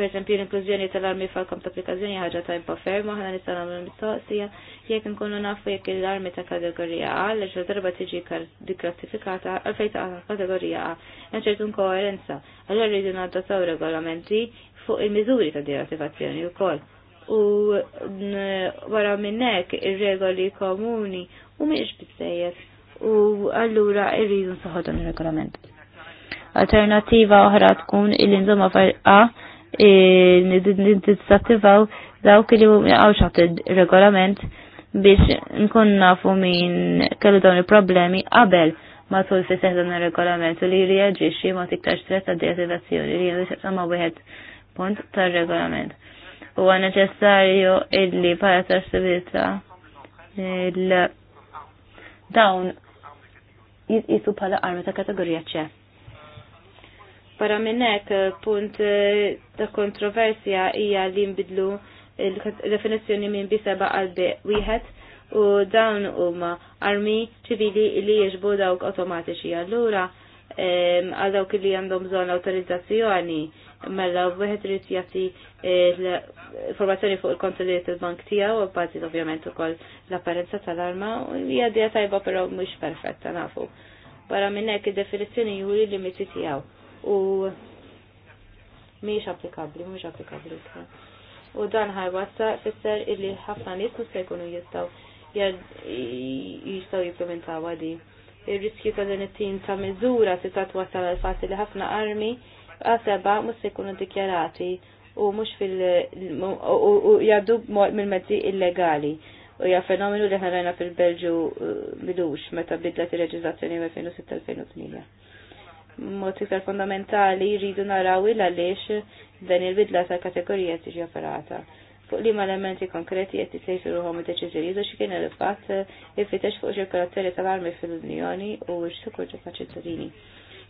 pereżempju l-inklużjoni tal-armi fil-kamp ta' applikazzjoni ħaġa tajba ferma ħana nista' nagħmlu mistoqsija jekk inkunu nafu jekk l-armi ta' kategorija A li xi darba tiġi diklassifikata għal fejn ta' kategorija A hemm ċertu inkoerenza. Allura rridu nadottaw regolamenti fuq il-miżuri ta' deattivazzjoni wkoll. U wara minnek ir-regoli komuni u mhix bizzejjed. U allura rridu nsaħħodhom ir-regolament. Alternativa oħra tkun il-inżomma farqa nidizattivaw dawk li għaw xaħt il-regolament biex nkun nafu min kellu dawn il-problemi qabel ma tul fi seħdan il-regolament u li reagġiċi ma tiktar stress għad deattivazzjoni li għadu ma wieħed punt tal-regolament. Huwa neċessarju illi para taċ-sibita il-dawn jitqisu bħala armi ta' kategorija ċef para minnek eh, punt eh, ta' kontroversja hija li nbidlu il-definizzjoni minn biseba għalbi wieħed u dawn huma armi ċivili li jiġbu dawk automatiċi. Allura għal dawk li għandhom bżonn autorizzazzjoni mela wieħed irid jagħti informazzjoni fuq il-kontrolli tal-bank tiegħu u parti ovvjament ukoll l-apparenza tal-arma hija dija tajba però mhux perfetta nafu. Para minnek id-definizzjoni juri limiti tiegħu u miex applikabli, miex applikabli. U dan ħajwassa fisser illi ħafna nies mhux se jkunu jistgħu jistgħu jimplementaw għadi. Ir-riskju ta' din it-tim ta' miżura se ta' twassal għal fatti li ħafna armi għaseba mhux se jkunu dikjarati u mhux fil u jaddu mill-mezzi illegali. U hija fenomenu li ħarajna fil-Belġu bidux eh, meta bidlet ir-reġiżazzjoni 2006-2008 mod iktar fondamentali jridu naraw il għaliex dan il-bidla ta' kategorija tiġi operata. Fuq li ma elementi konkreti jett jisejsu ruħom id-deċizjoni u xikin il-fat jifitex fuq xie karatteri tal-armi fil-Unjoni u x-sukur ta' ċittadini.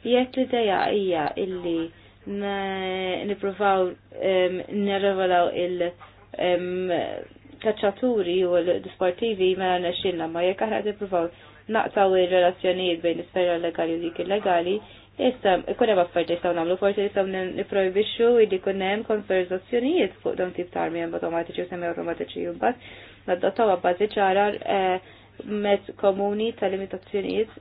Jekk d ideja hija illi niprofaw nirrevelaw il- kacċaturi u l-sportivi mela nexxilna ma jekk aħna nippruvaw naqtaw ir-relazzjonijiet bejn l legali u dik illegali, Issa, ikkunem hemm affarijiet jistgħu nagħmlu forsi jistgħu nipprojbixxu li jkun hemm konverzazzjonijiet fuq dawn tip ta' armi automatiċi u semi automatiċi jumbat, nad-dottaw għabbazi ċara eh, mezz komuni ta' limitazzjonijiet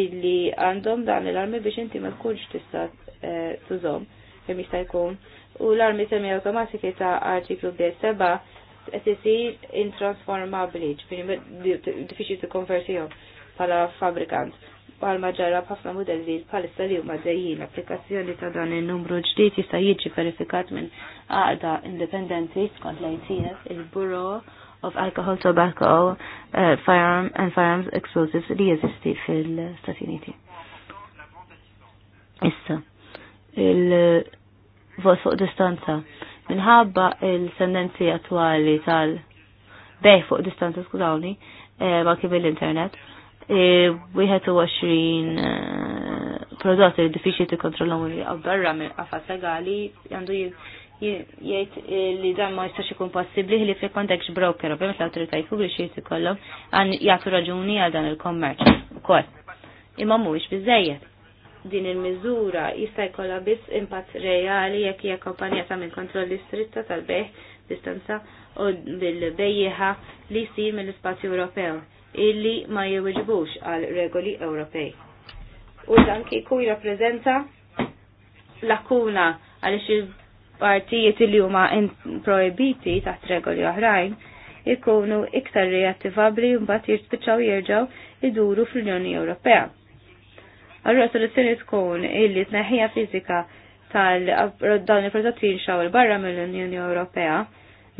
illi għandhom dan l-armi biex inti ma tkunx tista' eh, tużhom kemm jista' jkun. U l-armi semi automatiċi ta' artiklu B7 qed isir intransformabbli, ġifieri diffiċli tikkonvertihom bħala fabrikant palma ġarra ħafna modelli palissa li huma dejjin applikazzjoni ta' dan il-numru ġdid jista' jiġi verifikat minn għaqda indipendenti skont l-ITF il-Bureau of Alcohol, Tobacco, uh, Firearm and Firearms Explosives li jeżisti fil-Stati Uniti. Issa, il-vot fuq distanza. Minħabba il-sendenzi attwali tal- bej fuq distanza, skużawni, eh, ma kif l-internet, 21 eh, eh, prodott li diffiċli tikkontrollhom li barra mill-qafas legali għandu jgħid eh, li dan ma jistax ikun possibbli li fi kontekx broker, ovvjament l-awtoritajiet pubbliċi jkollhom għan jagħtu raġuni għal dan il-kommerċ ukoll. Imma mhuwiex biżejjed din il-miżura jista' jkollha biss impatt reali jekk hija ta' minn kontrolli stritta tal-beħ distanza u bil-bejjeħa li jsir mill-ispazju Ewropew illi ma jewiġbux għal regoli Ewropej. U dan kieku jirrappreżenta lakuna għal xi partijiet li huma proibiti taħt regoli oħrajn ikunu iktar reattivabli mbagħad jirtpiċċaw jerġgħu iduru fl-Unjoni Ewropea. Allura soluzzjoni tkun illi tneħħija fiżika tal dawn il-prodotti jinxaw il-barra mill-Unjoni Ewropea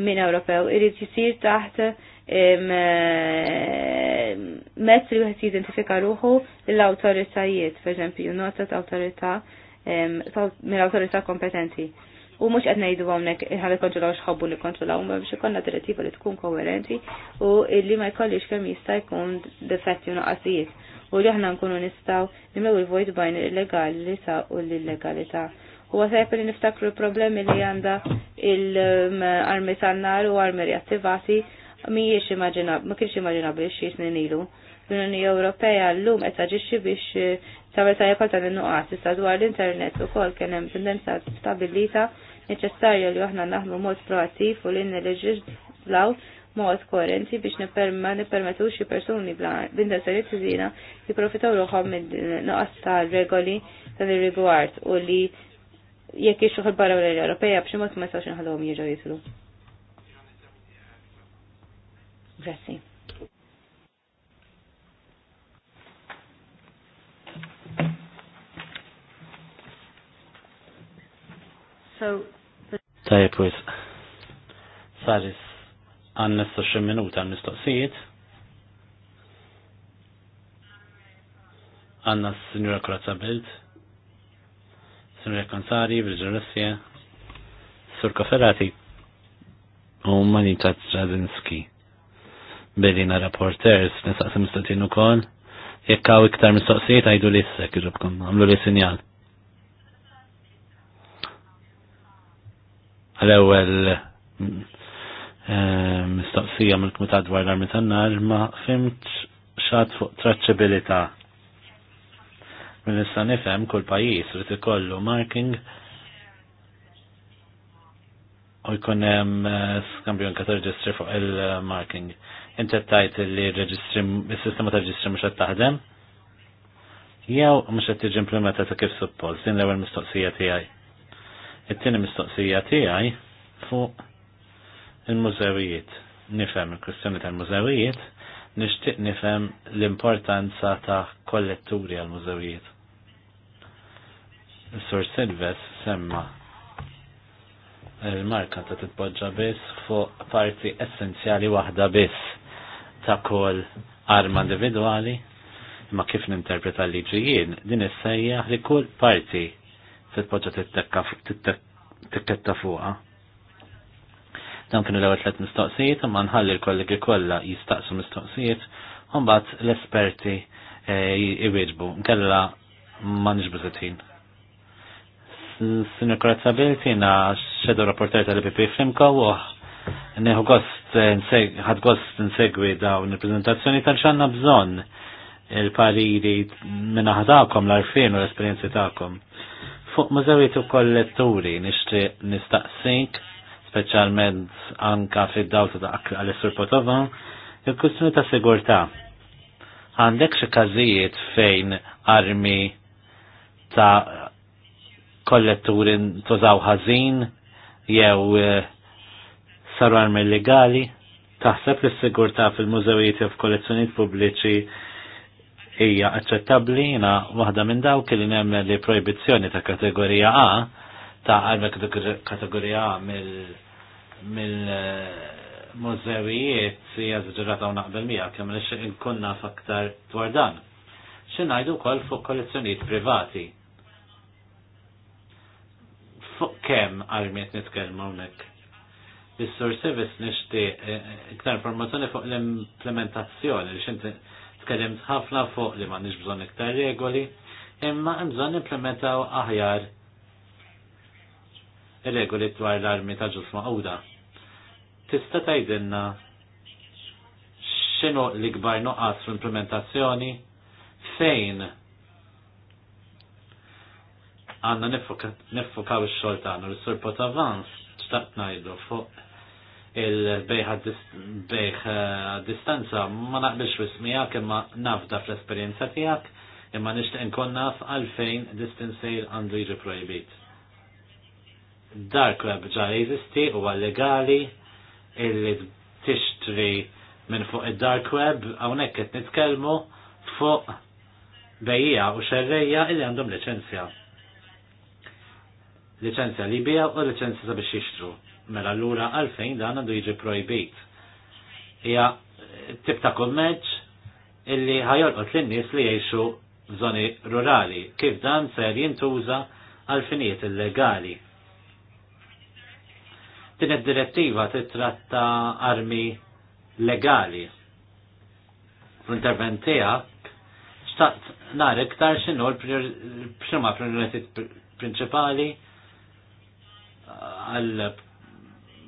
minn Ewropew irid jisir taħt Eh, mezz li wieħed jidentifika ruħu l-awtoritajiet, pereżempju nota ta' awtorità mill-awtorità kompetenti. U mhux qed ngħidu hawnhekk ħalli kontrolaw x'ħobbu li kontrolaw, ma biex ikonna direttiva li tkun koherenti u li ma jkollix kemm jista' jkun defetti u noqqasijiet u li aħna nkunu nistaw nimlew il-vojt bajn il legalita u l-illegalità. U għasajp li niftakru problemi li għanda il-armi tan-nar u armi reattivati mhijiex immaġinabbli, ma kienx immaġinabbli biex snin ilu. L-Unjoni Ewropea llum qed taġixxi biex eh, tagħmel tajja bħal tal issa dwar l-internet ukoll kien hemm tendenza stabilita neċessarja li aħna naħdmu mod proattiv u li neleġislaw mod koerenti biex ma nippermetu xi persuni b'intenzjoni tiżina jipprofitaw ruħhom min noqas ta' regoli tal-rigward u li jekk ixuħ il-barra l-Ewropeja b'xi mod ma jistax inħallhom jiġu jitlu. Grazie. So, Tajib, wis. Saris, għan nista xim minuta għan mistoqsijiet. Għanna s-Sinjura Krazza Bild, Sinjura Konsari, Virgin Russia, Sur Koferati, u Manita Tradinski. Belina Reporters, nistaqsim mistoqsin u kol. Jekkaw iktar mistoqsijiet għajdu li s-sek, ġobkom, għamlu li sinjal. Għal-ewel, eh, mistoqsija mill-Kumitat dwar l-Armi tan-Nar ma fimt xat fuq traċċabilità. Minnissa nista' nifhem kull pajjiż rid ikollu marking u jkun hemm eh, skambju anke fuq il-marking inti tajt li il-sistema ta' reġistri mhux qed taħdem? Jew mhux qed tiġi ta' kif suppost, din l-ewwel mistoqsija tiegħi. It-tieni mistoqsija tiegħi fuq il-mużewijiet. Nifhem il-kwistjoni tal-mużewijiet, nixtieq nifhem l-importanza ta' kolletturi għal-mużewijiet. Sur Silves semma il-marka ta' titpoġġa biss fuq parti essenzjali waħda biss ta' kol arma individuali, imma kif ninterpreta l-liġijien, din is-sejja li kull parti fil-poġġa tikketta fuqa. Dan kienu l-ewwel tliet mistoqsijiet, imma nħalli l-kollegi kollha jistaqsu mistoqsijiet, u mbagħad l-esperti jwieġbu. Nkella ma nixbżet ħin. Sinur Korazzabilti na xedu rapporter tal ipp Fimko u neħu gost ħadgost nsegwi dawn il-prezentazzjoni tal-ċanna bżon il-pariri minna ħadakom l-arfin u l-esperienzi ta'kom. Fuq mużewiet u kolletturi nixtri nistaqsink, specialment anka fid dawta ta' għal essur Potova, il-kustjoni ta' sigurta. Għandek xi każijiet fejn armi ta' kolletturi tużaw ħażin jew eh, saru armi legali, taħseb li s-sigurta fil-mużewijiet u f'kollezzjonijiet pubbliċi hija aċċettabbli jiena waħda minn dawk li nemmen li projbizzjoni ta' kategorija A ta' armi kategorija A mill-mużewijiet eh, hija żġurata u naqbel miha kemm li nkunna faktar dwar dan. ngħidu wkoll fuq kollezzjonijiet privati. Fuq kemm armi qed nitkellmu hawnhekk? Is-Sur Service nixtieq eh, eh, iktar informazzjoni fuq l-implementazzjoni li xinti tkellimt ħafna fuq li m'għandniex bżonn iktar regoli, imma hemm bżonn implementaw aħjar regoli dwar l-armi ta' ġus maqawda. Tista' tgħidilna x'inhu l-ikbar nuqqas fl-implementazzjoni fejn għanna nifukaw il xogħol tagħna l-sur Potavans xtaqt fuq il-bejħ eh, distanza ma naqbilx wismijak imma nafda fl-esperienza tijak imma nishtiq nkun naf għalfejn distansejl għandu jiġi projbit. Dark web ġa jeżisti u legali illi tixtri minn fuq id-dark web hawnhekk qed nitkellmu fuq bejja u xerrejja illi għandhom liċenzja licenzja li bija u licenzja sabiex jixtru. Mela l ura għalfejn dan għandu jiġi projbit. Hija tip ta' kummeċ illi ħajolqot lin-nies li jgħixu f'żoni rurali, kif dan ser jintuża għalfiniet illegali. Din id-direttiva titratta armi legali. Fl-intervent tiegħek xtaqt nar iktar x'inhu l-prima prioritiet prinċipali għal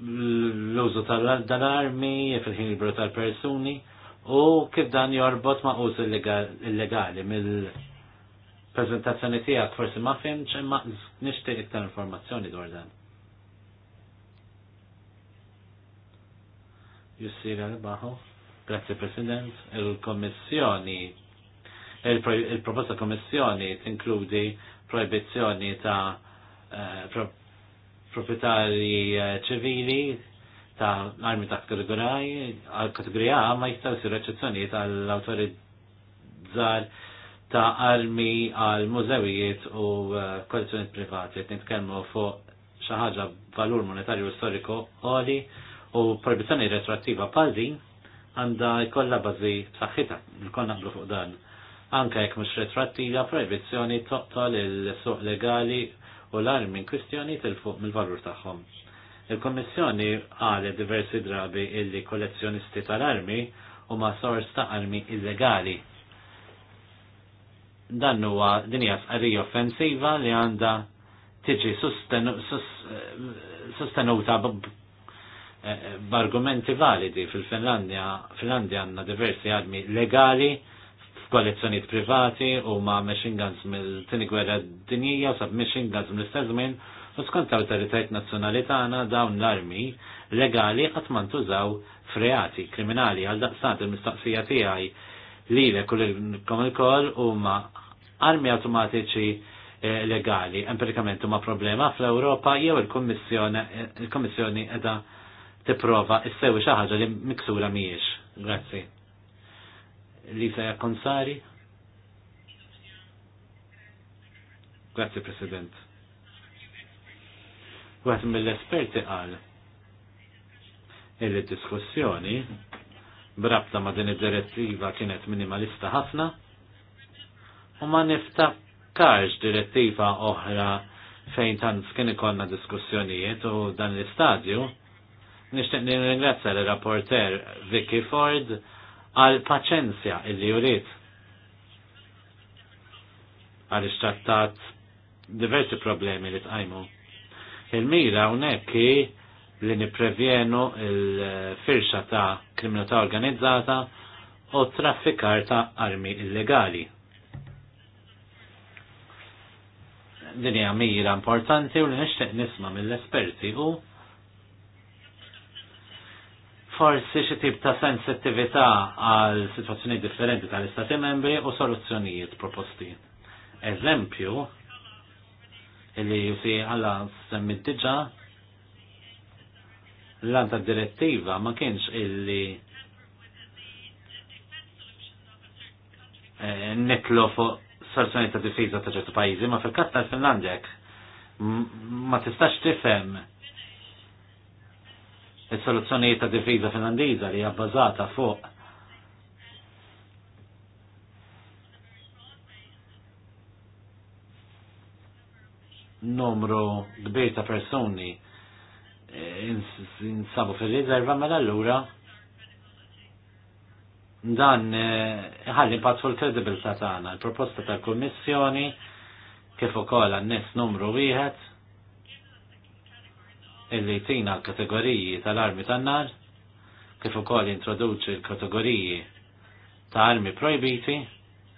l-użu tal-armi fil-ħin libru tal-persuni u kif dan jorbot ma' użu illegali mill-prezentazzjoni tiegħek forsi ma' fimx imma nixtieq iktar informazzjoni dwar dan. Jussir għal baħu grazie President, il komissjoni il-proposta Kommissjoni tinkludi proibizzjoni ta' eh, Proprietari eh, ċivili ta' armi ta' kategorija A ma jistaw siru eċezzjonijiet għall-autorizzar ta' armi għal mużewijiet u eh, kollezzjoniet privati. Nitkellmu fuq xi ħaġa valur monetarju storiku għoli u proibizzjoni retroattiva pal din għandha jkollha bażi b'saħħitha, jkoll naqblu fuq dan. Anke jekk mhux retroattiva, proibizzjoni toqtol il-suq legali u l armi minn kwistjoni il-fuq mill-valur tagħhom. Il-Kommissjoni għale diversi drabi illi kollezzjonisti tal-armi u ma sors ta' armi illegali. Dan huwa dinja sqarrija offensiva li għandha tiġi sostenuta eh, b'argumenti validi fil-Finlandja Finlandja għandna diversi armi legali koalizzjonijiet privati u ma' machine guns mill-tini gwerra dinjija u sab machine guns mill-istess żmien u skont l-awtoritajt nazzjonali dawn l-armi legali qatt mantużaw freati kriminali għal daqstant il-mistoqsija tiegħi li le lilkom il huma armi automatiċi eh, legali, empirikament ma problema fl-Europa jew il-Kommissjoni edha tipprova issewi xi ħaġa li miksura mhijiex. Grazzi. Lisa Jakonsari. Grazie, President. Għat mill-esperti għal il-diskussjoni brabta ma din id-direttiva kienet minimalista ħafna u ma niftakarx direttiva oħra fejn tant kien ikollna diskussjonijiet u dan l-istadju nixtieq nirringrazzja l-rapporter Vicky Ford għal paċenzja illi jurid. Għal iċċattat diversi problemi li tqajmu. Il-mira unekki li niprevjenu il-firxa ta' kriminalità organizzata u traffikar ta' armi illegali. Din hija mira importanti u li nixtieq nisma' mill-esperti u forsi xi tip ta' sensittività għal situazzjoni differenti tal-Istati membri u soluzzjonijiet proposti. Eżempju, illi jusi għalla semmit diġa, l-għanta direttiva ma kienx illi eh, nitlu fuq soluzzjoni ta' difiża ta' ġertu pajjiżi, ma fil-katta tal-Finlandjak ma tistax tifhem il-soluzzjonijiet ta' difiża Finlandiża li hija bbażata fuq numru kbir ta' persuni eh, insabu fil-riserva mela allura dan eh, ħalli impatt fuq il-kredibilità tagħna. Il-proposta tal-Kummissjoni kif ukoll għan-nies numru wieħed illi l kategoriji tal-armi tan-nar, kif ukoll introduċi l-kategoriji ta' armi projbiti,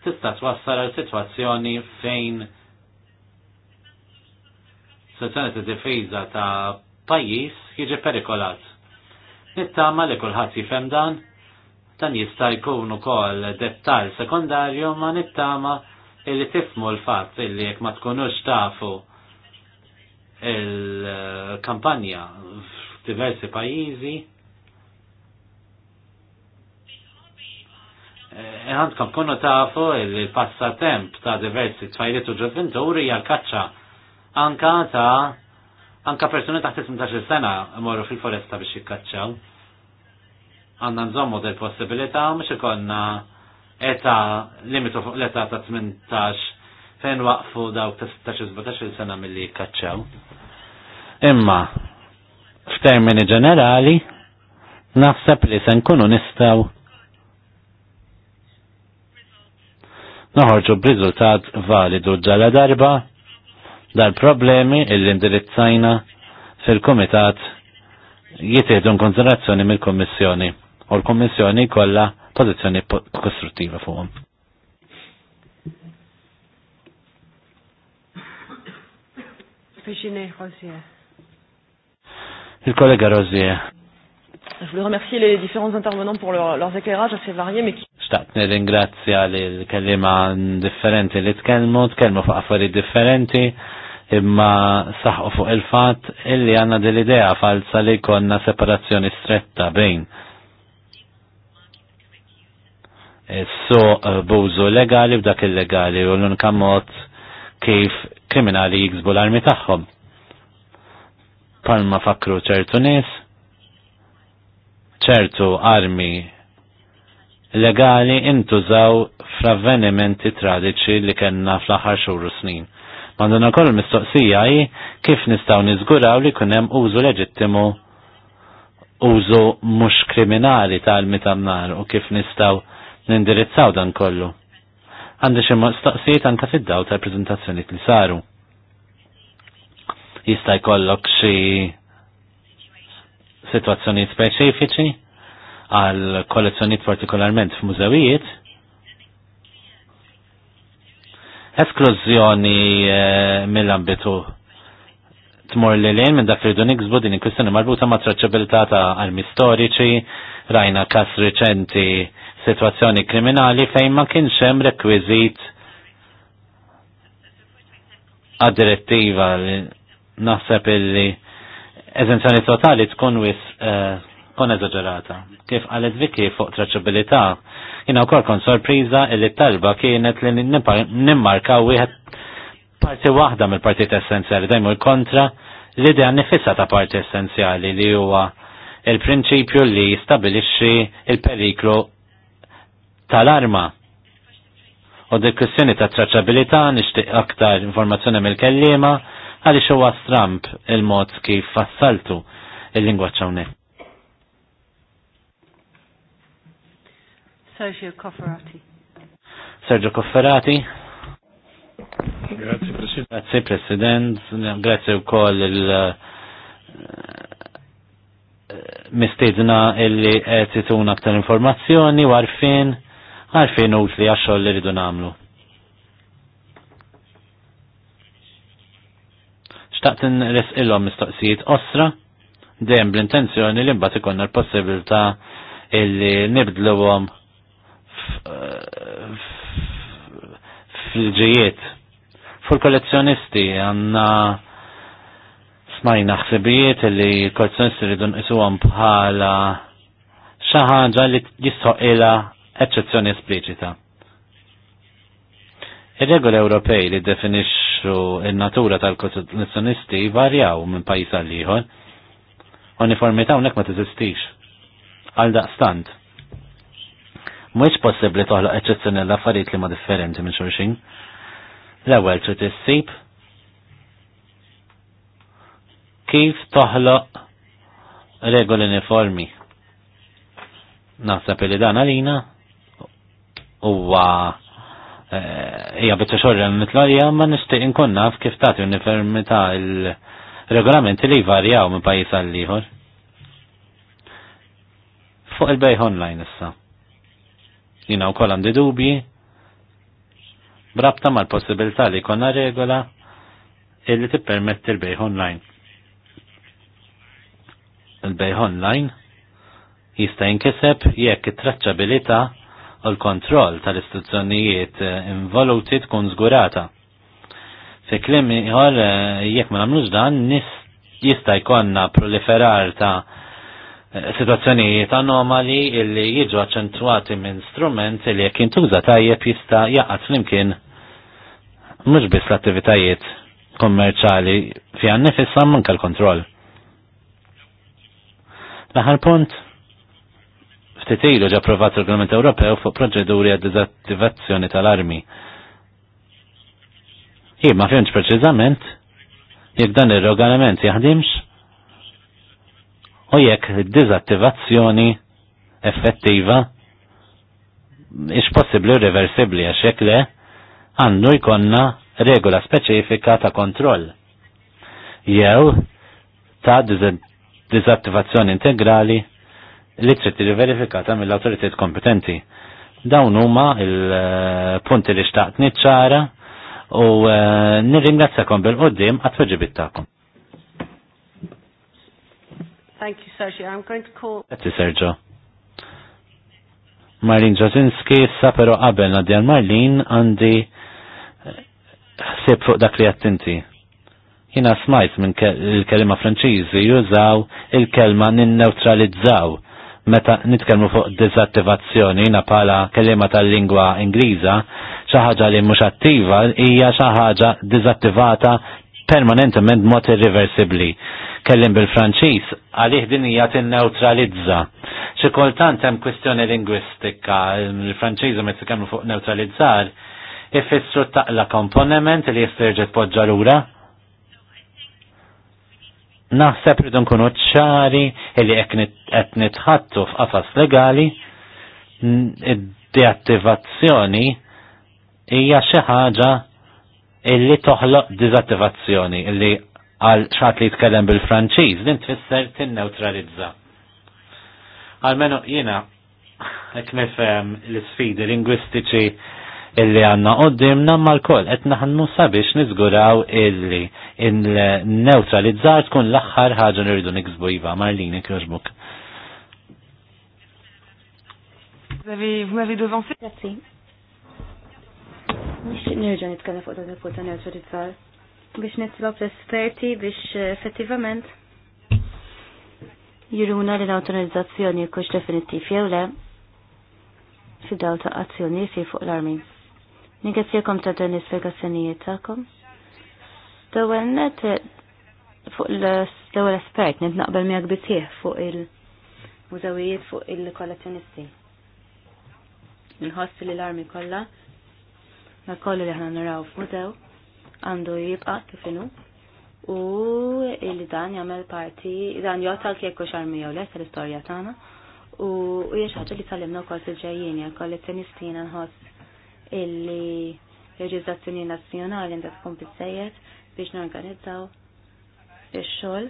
tista' twassal għal sitwazzjoni fejn sezzjoni ta' difiża ta' pajjiż jiġi perikolat. Nittama li kulħadd jifhem dan, dan jista' jkun ukoll dettall sekondarju ma nittama illi tifmu l-fatt illi jekk ma tkunux tafu il-kampanja f'diversi pajjiżi eh, għandkom kunu tafu il-passatemp ta' diversi tfajliet u ġoventuri hija kaċċa anka ta' anka persuni taħt 18 sena morru fil-foresta biex jikkaċċaw. Għanna nżommu del possibilità mhux ikonna eta limitu fuq l eta ta' 18 fejn waqfu dawk ta' 16-17 sena mill-li kacċaw. Imma, f'termini ġenerali, naħseb li se nkunu nistaw noħorġu b'riżultat validu ġala darba dal-problemi illi indirizzajna fil-Komitat jitieħdu konsiderazzjoni mill-Kommissjoni u l-Kommissjoni kollha pożizzjoni kostruttiva fuqhom. Virginie Rosier. Il-kollega Rosier. Je voulais remercier les différents intervenants pour leur, leurs éclairages assez variés, mais qui... Xtaqt nir-ingrazzja li l-kellima differenti li tkellmu, tkellmu fuq affarijiet differenti, imma saħqu fuq il-fat illi għanna dell idea falsa li konna separazzjoni stretta bejn so bużu legali b'dak il-legali u l-unka mod kif kriminali jiksbu l-armi tagħhom. Palma fakru ċertu nies, ċertu armi legali intużaw f'ravvenimenti tradiċi li kellna fl-aħħar xurru snin. Manduna kol mistoqsija hi kif nistgħu niżguraw li kunem hemm użu leġittimu użu mhux kriminali tal-mitannar u kif nistgħu nindirizzaw dan kollu għandi xi mostaqsijiet anke fid-daw tal prezentazzjoni li saru. Jista' jkollok xi sitwazzjonijiet speċifiċi għal kollezzjonijiet partikolarment f'mużewijiet. Esklużjoni eh, mill-ambitu tmur li lejn minn dak li dun iksbu din il-kwistjoni marbuta ma' traċabilità ta' armi storiċi, rajna kas reċenti situazzjoni kriminali fejn ma kienx hemm rekwiżit għad-direttiva li naħseb illi eżenzjoni totali tkun wis eh, kon eżagerata. Kif għalet Viki fuq traċabilità, jina u kon sorpriza illi talba kienet li nimmarka wieħed parti waħda mill-partit essenzjali, dajmu kontra l-idea nifissa ta' parti essenzjali li huwa il-prinċipju li stabilixxi il-periklu tal-arma. U dik kwistjoni ta' traċabilità nixtieq aktar informazzjoni mill-kellima għaliex huwa stramp il-mod kif fassaltu il lingwa hawnhekk. Sergio Cofferati. Sergio Cofferati. Grazie President. Grazie President, grazie u koll il eh, eh, mistedna illi tituna aktar informazzjoni u għalfejn utli għaxol li rridu namlu. Xtaqt n mistoqsijiet osra, dejjem bl-intenzjoni li mbagħad ikonna l-possibilità illi għom fil-ġijiet. Ful kollezzjonisti għanna smajna ħsibijiet illi kollezzjonisti rridu nqisuhom bħala xi ħaġa li jistħoq eċċezzjoni espliċita. Ir-regoli Ewropej li definixxu n-natura tal-kostituzzjonisti varjaw minn pajjiż għal ieħor. Uniformità hawnhekk ma tiżistix. Għal daqstant. Mhuwiex possibbli toħloq eċċezzjoni l-affarijiet li ma differenti minn xulxin. L-ewwel trid issib kif toħloq regoli uniformi. Naħseb li dan għalina huwa eh, hija bitta xorra mitlajja ma nixtieq inkunna kif tagħti uniformità il-regolamenti li jvarjaw minn pajjiż għal ieħor. Fuq il-bejħ online issa. Jina wkoll għandi dubji brabta mal-possibilità li jkollna regola illi tippermetti l-bejħ online. il bej online jista' jinkiseb jekk it-traċċabilità l-kontroll tal-istituzzjonijiet eh, involuti tkun żgurata. Fi klim ieħor eh, jekk ma nagħmlux dan jista' jkollna proliferar ta' eh, situazzjonijiet anomali illi jiġu aċċentwati minn strument illi jekk jintuża tajjeb jista' jaqgħad flimkien mhux biss l-attivitajiet kommerċali fi għannifissa manka l-kontroll. l punt, ftit ilu ġa approvat regolament Ewropew fuq proċeduri għad dizattivazzjoni tal-armi. Hi, ma fimx preċiżament jek dan ir-regolament jaħdimx u jekk dizattivazzjoni effettiva ix possibli u reversibli għax jek le għandu jkonna regola speċifika ta' kontroll. Jew ta' dizattivazzjoni integrali li trid tiġi verifikata mill-awtoritet kompetenti. Dawn huma il-punti li xtaqt niċċara u eh, nirringrazzakom bil-qoddim għat-tweġibit ta'kom. Thank you, Sergio. I'm going to call... Grazie, Sergio. Marlin Jasinski, sa però qabel nadjan Marlin għandi eh, ħsib fuq dak li għattinti. Jina smajt minn il-kelima franċiżi jużaw il-kelma ninneutralizzaw meta nitkellmu fuq dizattivazzjoni na pala kelima tal-lingwa Ingliża xi ħaġa li mhux attiva hija xi ħaġa dizattivata permanentement mod irreversibbli. Kellim bil-Franċiż għalih din hija tinneutralizza. Xi kultant hemm kwistjoni lingwistika, il-Franċiża meta tkellmu fuq neutralizzar, ifissru taqla komponiment li jistirġet poġġa lura Naħseb rridu nkunu ċari illi qed nitħattu f'qafas legali id-deattivazzjoni hija xi ħaġa illi toħloq dizattivazzjoni illi għal xat li jitkellem bil-Franċiż din tfisser tinneutralizza. Għalmenu jiena hekk nifhem l-isfidi lingwistiċi illi għanna qoddimna mal-koll, et naħannu sabiex nizguraw illi il-neutralizzar tkun l-axħar ħagġa nirridu nikzbu jiva, Marlini Kroġbuk. Vous nirġa' nitkellem fuq dan il-punt ta' neutralizzar biex nitlob l-esperti biex eh, effettivament jiruna li l-autorizzazzjoni kux definitiv jew le fid-daw ta' azzjoni fuq l-armi. Ningrazzjakom ta' dan l-ispjegazzjonijiet ta'kom. Dewwel net fuq l-ewwel espert net naqbel mi għagbitieħ fuq il-mużawijiet fuq il kollezjonisti Nħossi li l-armi kolla, ma kollu li ħna naraw f-mużaw, għandu jibqa' kifinu. u il dan jagħmel parti dan jgħod kieku xarmi jew le tal-istorja tana. u hija xi ħaġa li tallimna wkoll fil ġajjini jekk kollezzjonistina nħoss illi l-leġizzazzjoni nazzjonali għandha tkun bissejjed biex norganizzaw ix-xogħol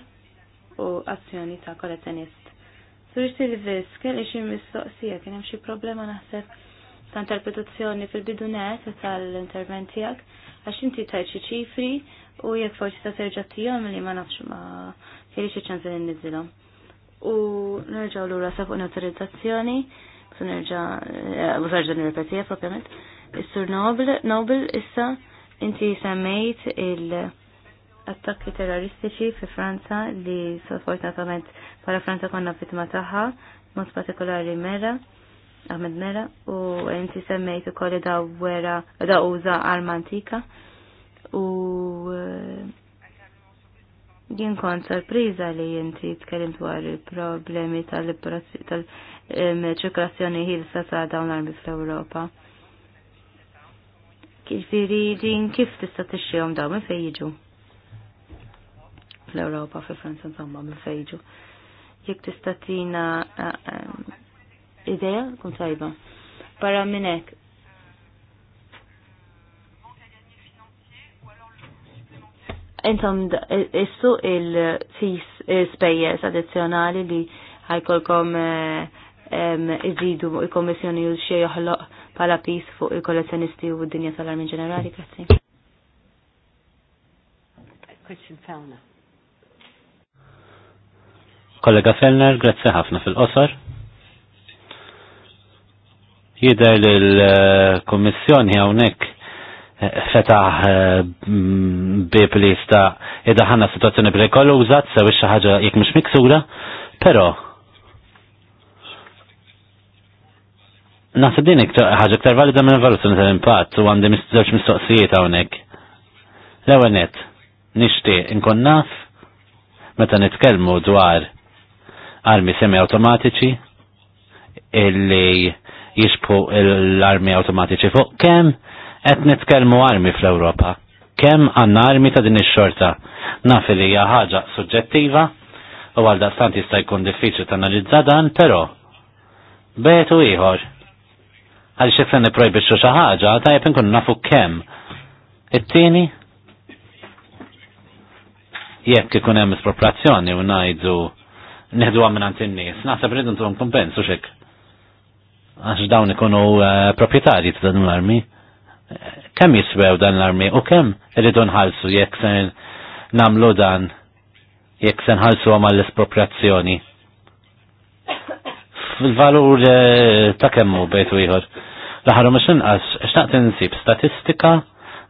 u azzjoni ta' kolezzjonist. Sur Silvis, kelli xi mistoqsija kien hemm xi problema naħseb ta' interpretazzjoni fil-bidunet tal-intervent tiegħek għax inti tajt xi ċifri u jekk forsi ta' serġa' tihom li ma nafx ma kelli xi ċans li niżilhom. U nerġgħu lura sa fuq neutralizzazzjoni, nerġa' nerġa' eh, nirrepetija eh, propjament. Sur Nobel, Nobel issa inti semmejt il-attakki terroristiċi fi Franza li sfortunatament bħala Franza konna vittima tagħha, mod partikolari Mera, Ahmed Mera, u inti semmejt ukoll da wera da uża arma antika u eh, jien kont sorpriża li inti tkellim dwar il-problemi tal-ċirkolazzjoni ħilsa ta' dawn l-armi fl-Ewropa Kifiri din kif tista tixxihom daw minn fejn jiġu? Fl-Ewropa, fi Franza insomma minn fejn jiġu. Jekk tista' tina eh, eh, idea kun tajba. Para minn hekk. Intom issu il-fis spejjeż addizzjonali li ħajkolkom eh, iżidu il-kommissjoni u xejn joħloq pala pis fuq il-kollezzjonisti u d-dinja tal-armi ġenerali. Grazzi. Question Kollega Fellner, grazzi ħafna fil-qosor. Jider l-Kommissjoni hawnhekk eh, fetaħ eh, bib li jista' idaħanna situazzjoni perikoluża, tsewi xi ħaġa jekk mhux miksura, però Nasa din ħaġa iktar valida minn valutazzjoni tal-impatt u għandi żewġ mistoqsijiet hawnhekk. L-ewwel nett, nixtieq inkun naf meta nitkelmu dwar armi semi automatiċi illi jisbu l-armi automatiċi fuq kemm qed nitkellmu armi fl-Ewropa. Kemm għandna armi ta' din ix-xorta. Naf li hija ħaġa suġġettiva u għal daqstant jista' jkun diffiċli tanalizza dan, però betu ieħor għal xek se niprojbixxu xi ħaġa, jepin kun nafu kemm. It-tieni jekk ikun hemm isproprazzjoni u najdu neħdu għamminant in-nies, naħseb rridu ntuhom kompensu xek. Għax dawn ikunu eh, proprjetarji ta' dan l-armi. Kemm jiswew dan l-armi u kemm irridu nħallsu jekk se nagħmlu dan jekk se ħalsu għam għall-esproprazzjoni. Fil-valur eh, ta' kemmu bejtu ieħor. Laħar ħarru mux inqas, xtaqt insib statistika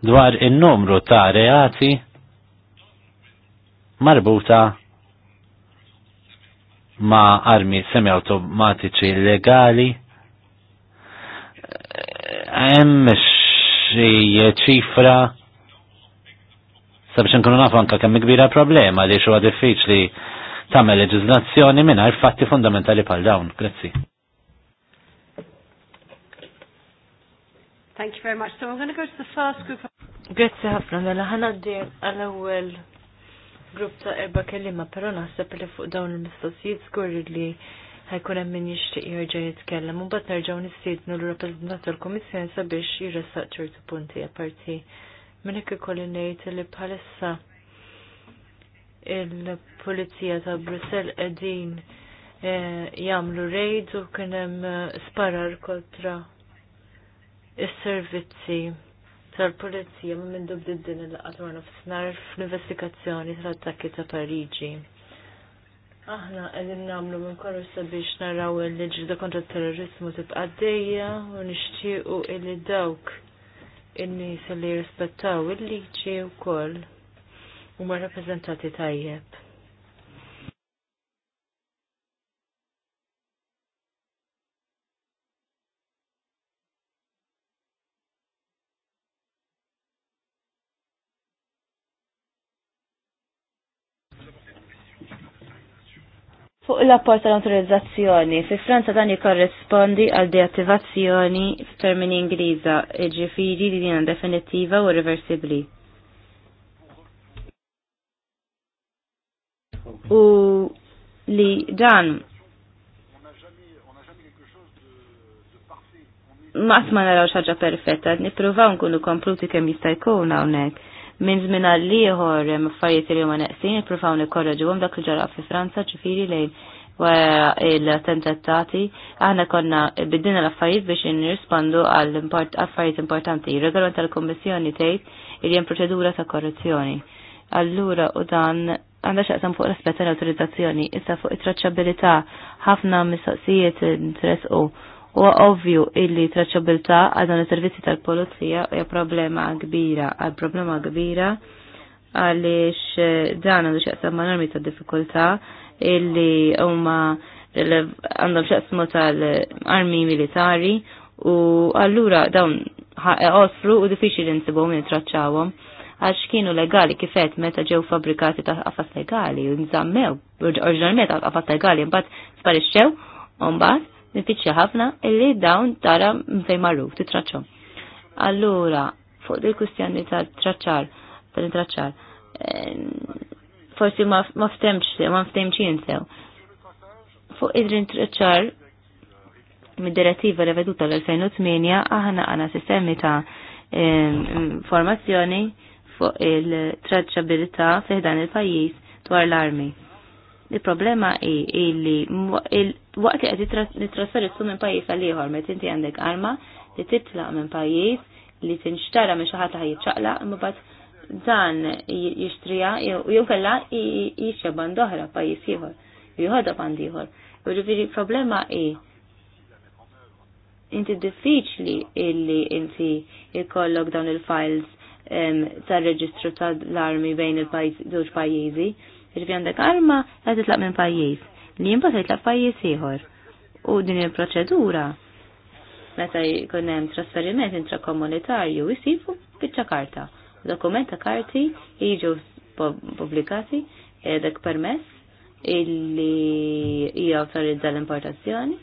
dwar il-numru ta' reati marbuta ma' armi semi-automatiċi legali. Hemm xi ċifra sabiex nkunu nafu anka kemm kbira problema li xuwa diffiċli tagħmel leġiżlazzjoni mingħajr fatti fundamentali bħal dawn. Grazzi. Thank you very much. So I'm going to go to the first group. Grazie ħafna, mela ħana għal-ewel grupp ta' erba kellima, pero naħseb li fuq dawn il-mistoqsijiet skur li ħajkun hemm min jixtieq jerġa' jitkellem, mbagħad nerġgħu nistiednu l-rappreżentant tal-Kummissjoni sabiex jirressaq ċertu punti apparti minn hekk ikolli ngħid li bħalissa il-Pulizija ta' Brussell qegħdin eh, jagħmlu rejd u kien hemm sparar kontra is-servizzi tal-Polizija ma minn dubdi din il-qatwarna snar fl-investigazzjoni tal-attakki ta' Parigi. Aħna qegħdin nagħmlu minn korru sabiex naraw il-liġi kontra terrorizmu tibqa' dejja u nixtiequ illi dawk il nies li jirrispettaw il-liġi wkoll huma rappresentati tajjeb. Fuq l-apport tal-autorizzazzjoni, fi Franza dan jikorrespondi għal deattivazzjoni f'termini Ingliża, ġifiri li dinha definitiva u reversibli. U li dan ma' ma narawx ħaġa perfetta, nippruvaw nkunu kompluti kemm jista' jkun hawnhekk minn żmien għal ieħor affarijiet li huma neqsin ippruvaw għum dak l ġara fi Franza ċifiri lejn wara l għahna aħna konna biddina l-affarijiet biex nirrispondu għal affarijiet importanti. regolament tal-Kommissjoni tgħid il-jem proċedura ta' korruzzjoni. Allura u dan għandha xaqsam fuq l aspetta tal-autorizzazzjoni, issa fuq it-traċċabilità ħafna mistoqsijiet u Huwa ovvju illi traċabilta għal dan is-servizzi tal-polizija hija problema kbira, għal problema kbira għaliex eh, dan għandu x'jaqsam ma' normi ta' diffikultà illi huma għandhom x'jaqsmu tal-armi militari u allura dawn eh, offru u diffiċli nsibhom jintraċċawhom għax kienu legali kifet meta ġew fabrikati ta' qafas legali u nżammew, oriġinalment għal qafas legali mbagħad sparixxew mbagħad diffiċli ħafna illi dawn tara mfej marru, titraċċhom. Allura, fuq il kustjoni ta' traċċar tal-intraċċar, forsi ma ftemx, ma ftemx jinsew. Fuq id traċċar, mid-direttiva reveduta l-2008, aħna għana sistemi ta' informazzjoni fuq il-traċċabilità fiħdan il-pajis dwar l-armi. Il-problema i li waqt li qed nitrasferi su minn pajjiż għal ieħor meta inti għandek arma li titlaq minn pajjiż li tinxtara minn xi ħadd li imma bad dan jixtriha jew kellha jixja band oħra pajjiż ieħor jħodha band ieħor. Jiġifieri problema hi inti diffiċli illi inti jkollok dawn il-files tar-reġistru tal-armi bejn il-żewġ pajjiżi. Irvi jiġifieri għandek arma, għad titlaq minn pajjiż li jimbagħad jitlaq pajjiż ieħor. U din il-proċedura meta jkun hemm trasferiment intrakomunitarju jisibu biċċa karta. Dokumenta karti jiġu pubblikati dak permess illi hija awtorizza l-importazzjoni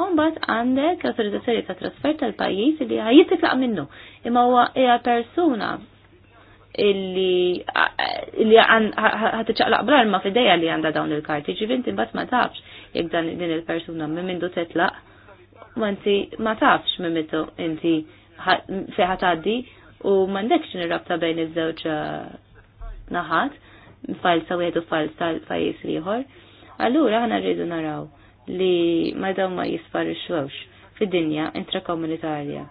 Umbat għandek autorizzazzjoni ta' trasfer tal-pajjiż li ħajitlaq minnu. Imma huwa hija persuna illi illi ħatiċaqlaq bl-arma f'ideja li għanda dawn il-karti, ġivinti bat ma tafx jek dan din il-persuna minn mindu tetlaq, ma inti ma tafx minn mindu inti feħa taddi u mandekx nirrabta bejn iż-żewġ naħat, falsa wieħed u falsa pajjiż ieħor. Allura ħana rridu naraw li ma dawn ma jisparixxewx fid-dinja intrakomunitarja.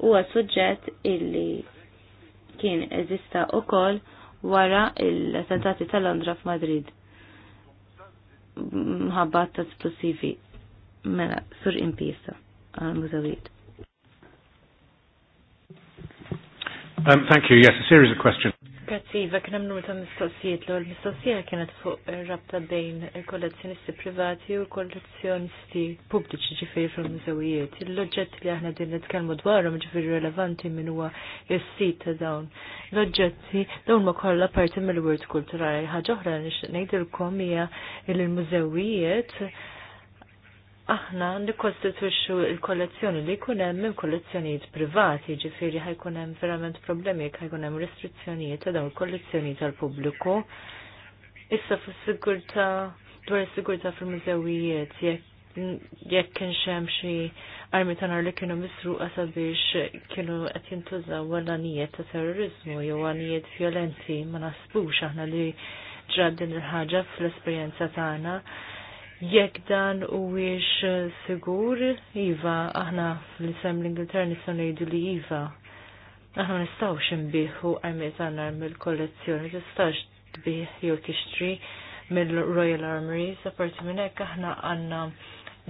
Huwa suġġett illi kien eżista kol wara l-attentati ta' Londra f'Madrid. Mħabbat ta' esplosivi. Mela, sur impisa għal-mużawiet. Um, thank you. Yes, a series of questions kien hemm namnu ta' mistoqsijiet l mistoqsija kienet fuq rabta bejn kollezzjonisti privati u kollezzjonisti pubbliċi ġifiri fil-mużewijiet. l oġġetti li aħna din nitkellmu dwarhom ġifiri relevanti minn huwa s-sit ta' dawn. L-oġġetti dawn ma kollha parti mill-wirt kulturali. Ħaġa oħra nixtieq ngħidilkom hija il-mużewijiet il mużewijiet aħna nikkostituxxu l-kollezzjoni li jkun hemm minn kollezzjonijiet privati, ġifieri ħajkun hemm verament problemi jekk ħajkun hemm restrizzjonijiet ta' dawn il kollezzjonijiet tal-pubbliku. Issa fis-sigurtà dwar is-sigurtà fil-mużewijiet jekk jekk kien xem xi armi tanar li kienu misruqa sabiex kienu qed jintużaw wala nijiet ta' terrorizmu jew għanijiet violenti ma nasbux aħna li ġraddin din il-ħaġa fl-esperjenza tagħna. Ta jekk dan huwiex eh, sigur, iva, aħna fl-isem l-Ingilterra nistgħu ngħidu li iva. Aħna nistaw nistgħux u għajmet għandna mill-kollezzjoni, tistax tbieħ jew tixtri mill-Royal Armories, apparti minn hekk aħna għandna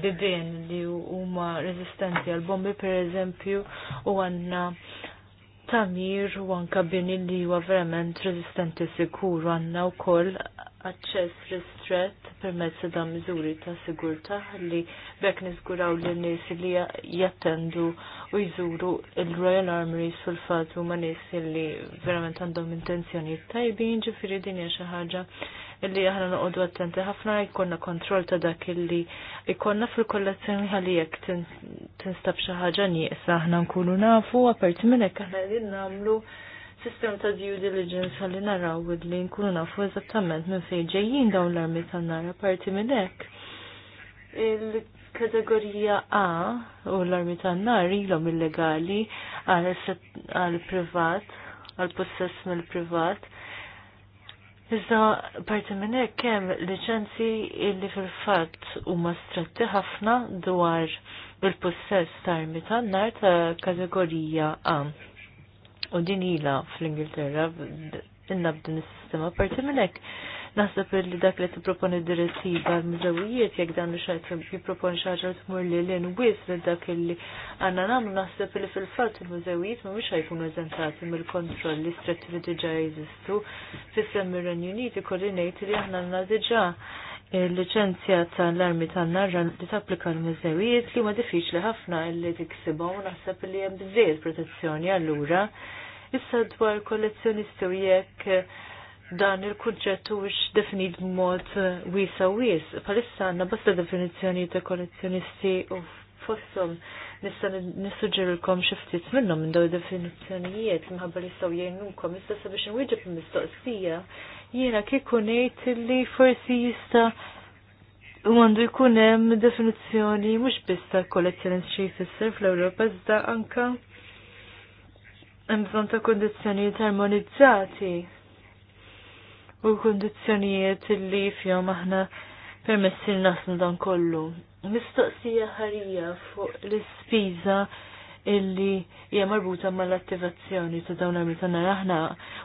bibien li huma rezistenti għal bombi per eżempju u għandna tamir u anka bini li huwa verament rezistenti għanna għandna wkoll aċċess strett permezz ta' dan miżuri ta' sigurtà li bekk niżguraw n nies li jattendu u jżuru il-Royal Armories fil-fatt huma nies li verament għandhom intenzjonijiet tajbin, ġifieri din hija xi ħaġa li aħna noqogħdu attenti ħafna jkollna kontroll ta' dak li jkollna fil-kollezzjoni ħalli jekk tinstab xi ħaġa nieqsa aħna nkunu nafu, aperti minn hekk aħna qegħdin nagħmlu sistem ta' due diligence għalli naraw li nkunu nafu eżattament minn fej ġejjin dawn l-armi tan-nara parti minn hekk. Il-kategorija A u l-armi tan-nar ilhom illegali għal privat, għal possess mill-privat. Iżda parti minn hekk hemm liċenzi li fil-fatt huma stretti ħafna dwar il-possess ta' armi ta' nar ta' kategorija A u din ila fl-Ingilterra inna b'din is-sistema parti minn hekk. Naħseb li dak li tipproponi direttiva l-mużewijiet jekk dan li xajt jiproponi xi ħaġa tmur li lin wis li dak li għandna nagħmlu naħseb li fil-fatt il-mużewijiet mhumiex ħajkunu eżentati mill-kontrolli stretti li diġà jeżistu fissem mir ir-Renju Unit ngħid li aħna għandna diġà il-licenzja tal-armi tan-narra li tapplika l-mużewijiet li ma diffiċli ħafna li t u naħseb li hemm bżejjed protezzjoni allura Issa dwar kollezzjonisti u jekk dan il kunċett u wix definit b'mod wisa wis. Palissa għanna basta definizjoni ta' kollezzjonisti u fossom nista nissuġirilkom xi ftit minnhom minn dawn definizzjonijiet imħabba li saw jenunkom. issa sabiex inwieġeb il-mistoqsija jiena kieku li forsi jista' għandu jkun hemm definizzjoni mhux biss kollezzjonisti xi jfisser fl-Ewropa iżda anka hemm bżonn ta' kundizzjonijiet armonizzati u kundizzjonijiet li fihom aħna permessi naslu dan kollu. Mistoqsija ħarija fuq l-ispiża illi hija marbuta mal-attivazzjoni ta' dawn l tanna aħna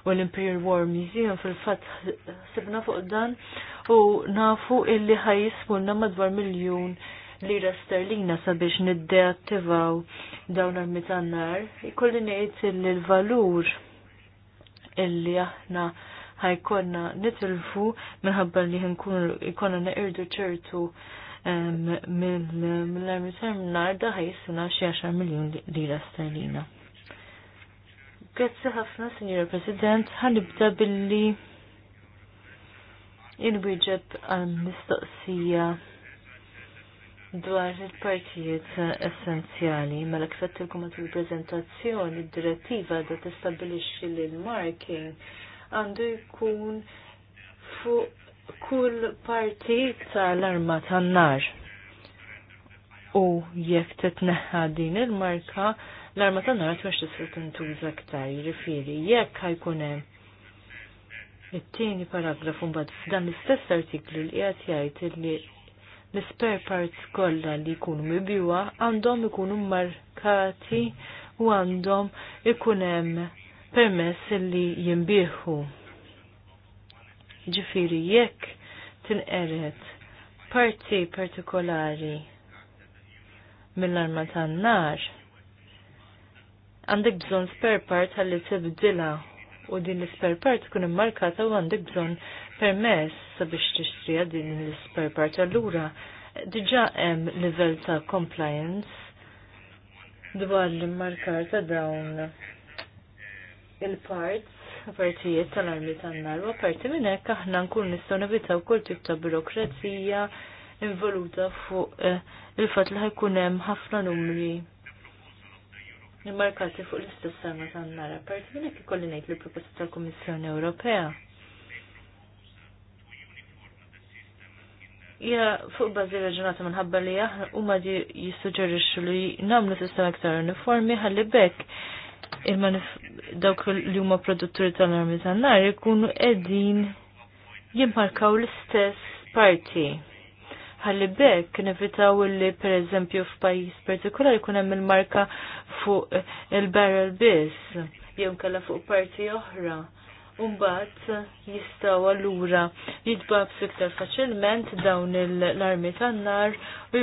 u l-Imperial War Museum fil-fatt sibna fuq dan u nafu illi ħajiskunna madwar miljun lira sterlina sabiex niddeattivaw dawn armi tan Ikolli ngħid li l-valur illi aħna ħajkonna nitilfu minħabba li nkunu ikonna neqirdu ċertu mill-armi tan-nar da ħajissuna xi 10 miljun lira sterlina. Grazzi ħafna, Signora President, ħanibda billi il-wieġeb għal-mistoqsija dwar il-partijiet essenzjali, mela kif qedtilkom għat il-prezentazzjoni, d direttiva da tistabilixxi li l-marking għandu jkun fuq kull parti tal-arma tan-nar. U jekk titneħħa din il-marka, l-arma tan-nar tmexx tista' tintuża aktar, jiġifieri jekk ħajkun hemm it-tieni paragrafu mbagħad f'dan l-istess artiklu li qed jgħid li l-spare parts kollha li jkunu mibjuwa għandhom ikunu markati u għandhom ikun hemm permess li jinbieħu. Ġifiri jekk tinqeret parti partikolari mill-arma tan-nar, għandek bżon spare part għalli tibdila u din l-spare part tkun immarkata u għandek bżon permess sabiex tixtrija din l-spare part. Allura, diġa hemm livell ta' compliance dwar l-markar ta' dawn il-parts partijiet tal-armi tan-nar, u parti minn hekk aħna nkun nistgħu nevitaw kull tip ta' burokrazija involuta fuq eh, il-fatt li ħajkun hemm ħafna numri immarkati fuq l-istess sena tan-nar. Parti minn hekk ikolli ngħid li proposta tal-Kummissjoni Ewropea Ja, fuq bażi reġunata minħabba li huma maġi jissuġġerixxu li nagħmlu sistema iktar uniformi ħalli bekk manif dawk li huma produtturi tal-armi tan-nar ikunu qegħdin jimmarkaw l-istess parti. Ħalli bekk nevitaw li pereżempju f'pajjiż partikolari jkun hemm il-marka fuq il-barrel biss jew kella fuq parti oħra Umbat jistaw allura jitbabsu siktar faċilment dawn l-armi tan-nar u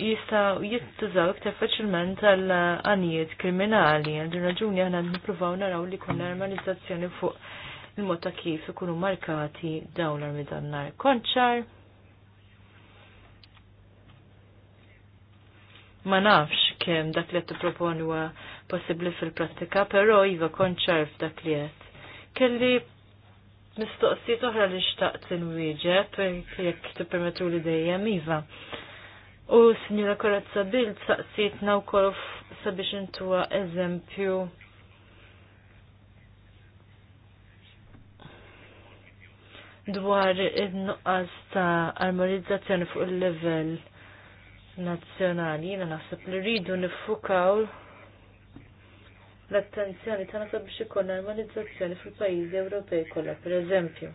jistaw jittużaw iktar faċilment għal anijiet kriminali. Għal raġuni għana nipruvaw naraw li kun normalizzazzjoni fuq il-mod ta' kif ikunu markati dawn l-armi tan-nar. Konċar. Ma nafx kem dak li għattu proponu possibli fil-prattika, pero jiva konċar f'dak li jett kelli mistoqsijiet oħra li xtaqt li nwieġeb jekk tippermettu li dejjem iva. U Sinjura Korazza Bil saqsitna wkoll sabiex intuwa eżempju dwar il-nuqqas ta' armonizzazzjoni fuq il-level nazzjonali, jina naħseb li rridu nifukaw l-attenzjoni tagħna sabiex ikun normalizzazzjoni fil-pajjiżi Ewropej kollha pereżempju.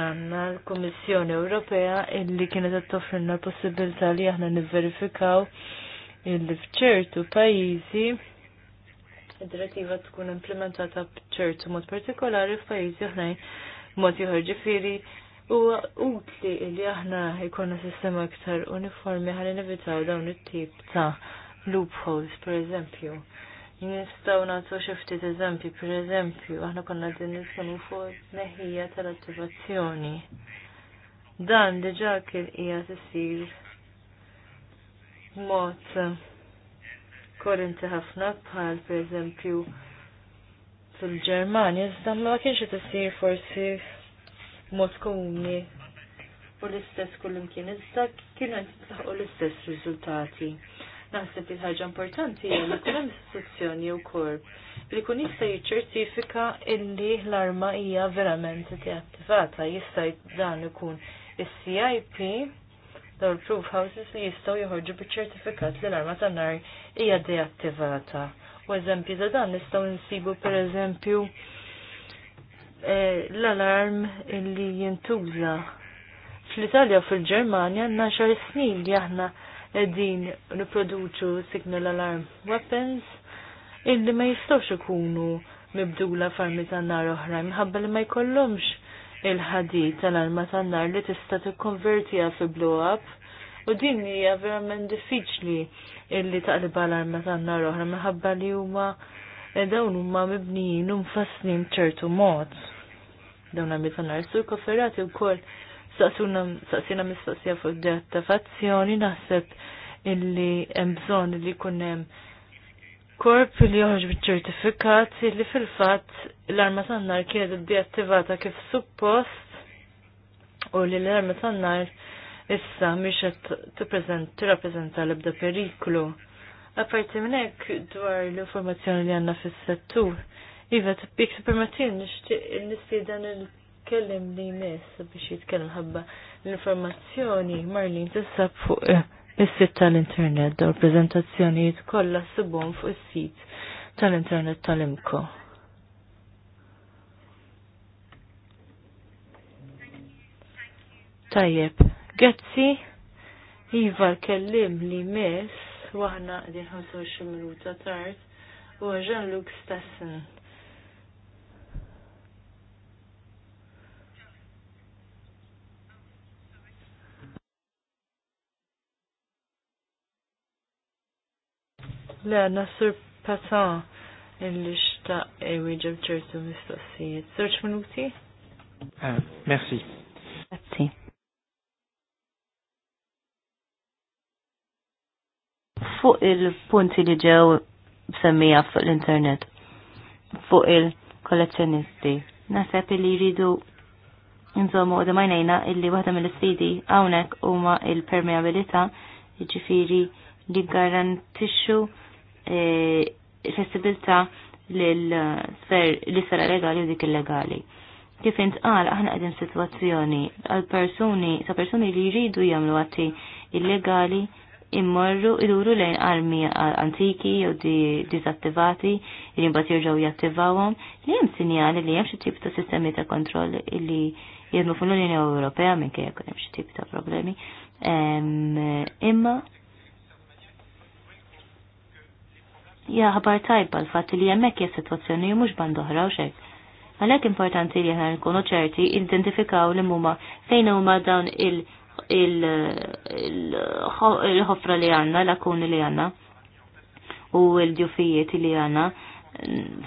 Għanna l-Kummissjoni Ewropea illi kienet qed toffrilna l-possibilità li aħna nivverifikaw illi f'ċertu pajjiżi id-direttiva tkun implementata b'ċertu mod partikolari f'pajjiżi oħrajn mod ieħor ġifieri U utli li aħna jkollna sistema iktar uniformi ħalli nevitaw dawn it-tip ta' loopholes, per eżempju. Nistaw nagħtu xi ftit eżempju per eżempju, aħna konna din nitkellmu fuq neħija tal-attivazzjoni. Dan diġà kien hija isir mod korrenti ħafna bħal per eżempju fil-Ġermanja, iżda ma kienx qed isir forsi mod komuni u l-istess kullimkien, iżda kienu jintlaħqu l-istess riżultati. Naħseb li ħaġa importanti hija li kull istituzzjoni u korp li kun jista' jiċċertifika illi l-arma hija verament deattivata. jista' dan ikun is-CIP daw proof houses li jistgħu joħorġu biċ-ċertifikat li l-arma tan-nar hija deattivata. U eżempju ta' dan nistgħu nsibu pereżempju eh, l-alarm illi jintuża fl-Italja u fil-Ġermanja għandna xar snin li aħna din niproduċu signal alarm weapons illi ma jistawx ikunu mibdula farmi tan-nar oħra minħabba li ma jkollhomx il-ħadid tal-arma tan-nar li tista' tikkonvertiha fi blow up u din hija verament diffiċli illi taqliba l-arma tan-nar oħra minħabba li huma eh, dawn huma mibnijin u mfassnin ċertu mod. Dawn għamil tan-nar sur kofferati wkoll Saqsuna saqsina mistoqsija fuq id-deattivazzjoni naħseb illi hemm bżonn li jkun hemm korp li joħroġ biċ-ċertifikat li fil-fatt l-arma tan-nar kienet deattivata kif suppost u li l-arma tan-nar issa mhix qed tirrappreżenta l-ebda periklu. Apparti minn hekk dwar l-informazzjoni li għandna fis-settur, iva tibbik permettin nixtieq nistieden il- kellim li jmiss biex jitkellem ħabba l-informazzjoni Marlin tissab fuq eh, is-sit tal-internet daw l-preżentazzjonijiet kollha sibhom fuq is-sit tal-internet tal-imko. Tajjeb, grazzi, Iva kellim li miss, waħna għedin 25 minuta tard, u Jean-Luc Stassen. Le, Nasur il-lista e iwiġab ċertu mistoqsijiet. Zewċ minuti? Ah, merci. Grazie. Fuq il-punti li ġew semmija fuq l-internet, fuq il-kollezzjonisti, nasab li jridu nżommu u d-majnajna illi waħda mill-sfidi hawnhekk huma il-permeabilità, jiġifieri li garantixxu E, flessibilità l-sfera legali u dik illegali. Kif intqal aħna qegħdin sitwazzjoni għal persuni sa persuni li jridu jagħmlu atti illegali immorru iduru lejn armi antiki jew disattivati li mbagħad jerġgħu jattivawhom li hemm sinjali li hemm xi tip ta' sistemi ta' kontroll li jedmu fl-Unjoni Ewropea minn kejja hemm xi tip ta' problemi. Imma Ja ħabar tajba l fat li hemmhekk hija sitwazzjoni mhux band oħra u Għalhekk importanti li aħna nkunu ċerti identifikaw li muma fejn huma dawn il-ħofra li għandna, l-akuni li għandna u l-ġufijiet li għandna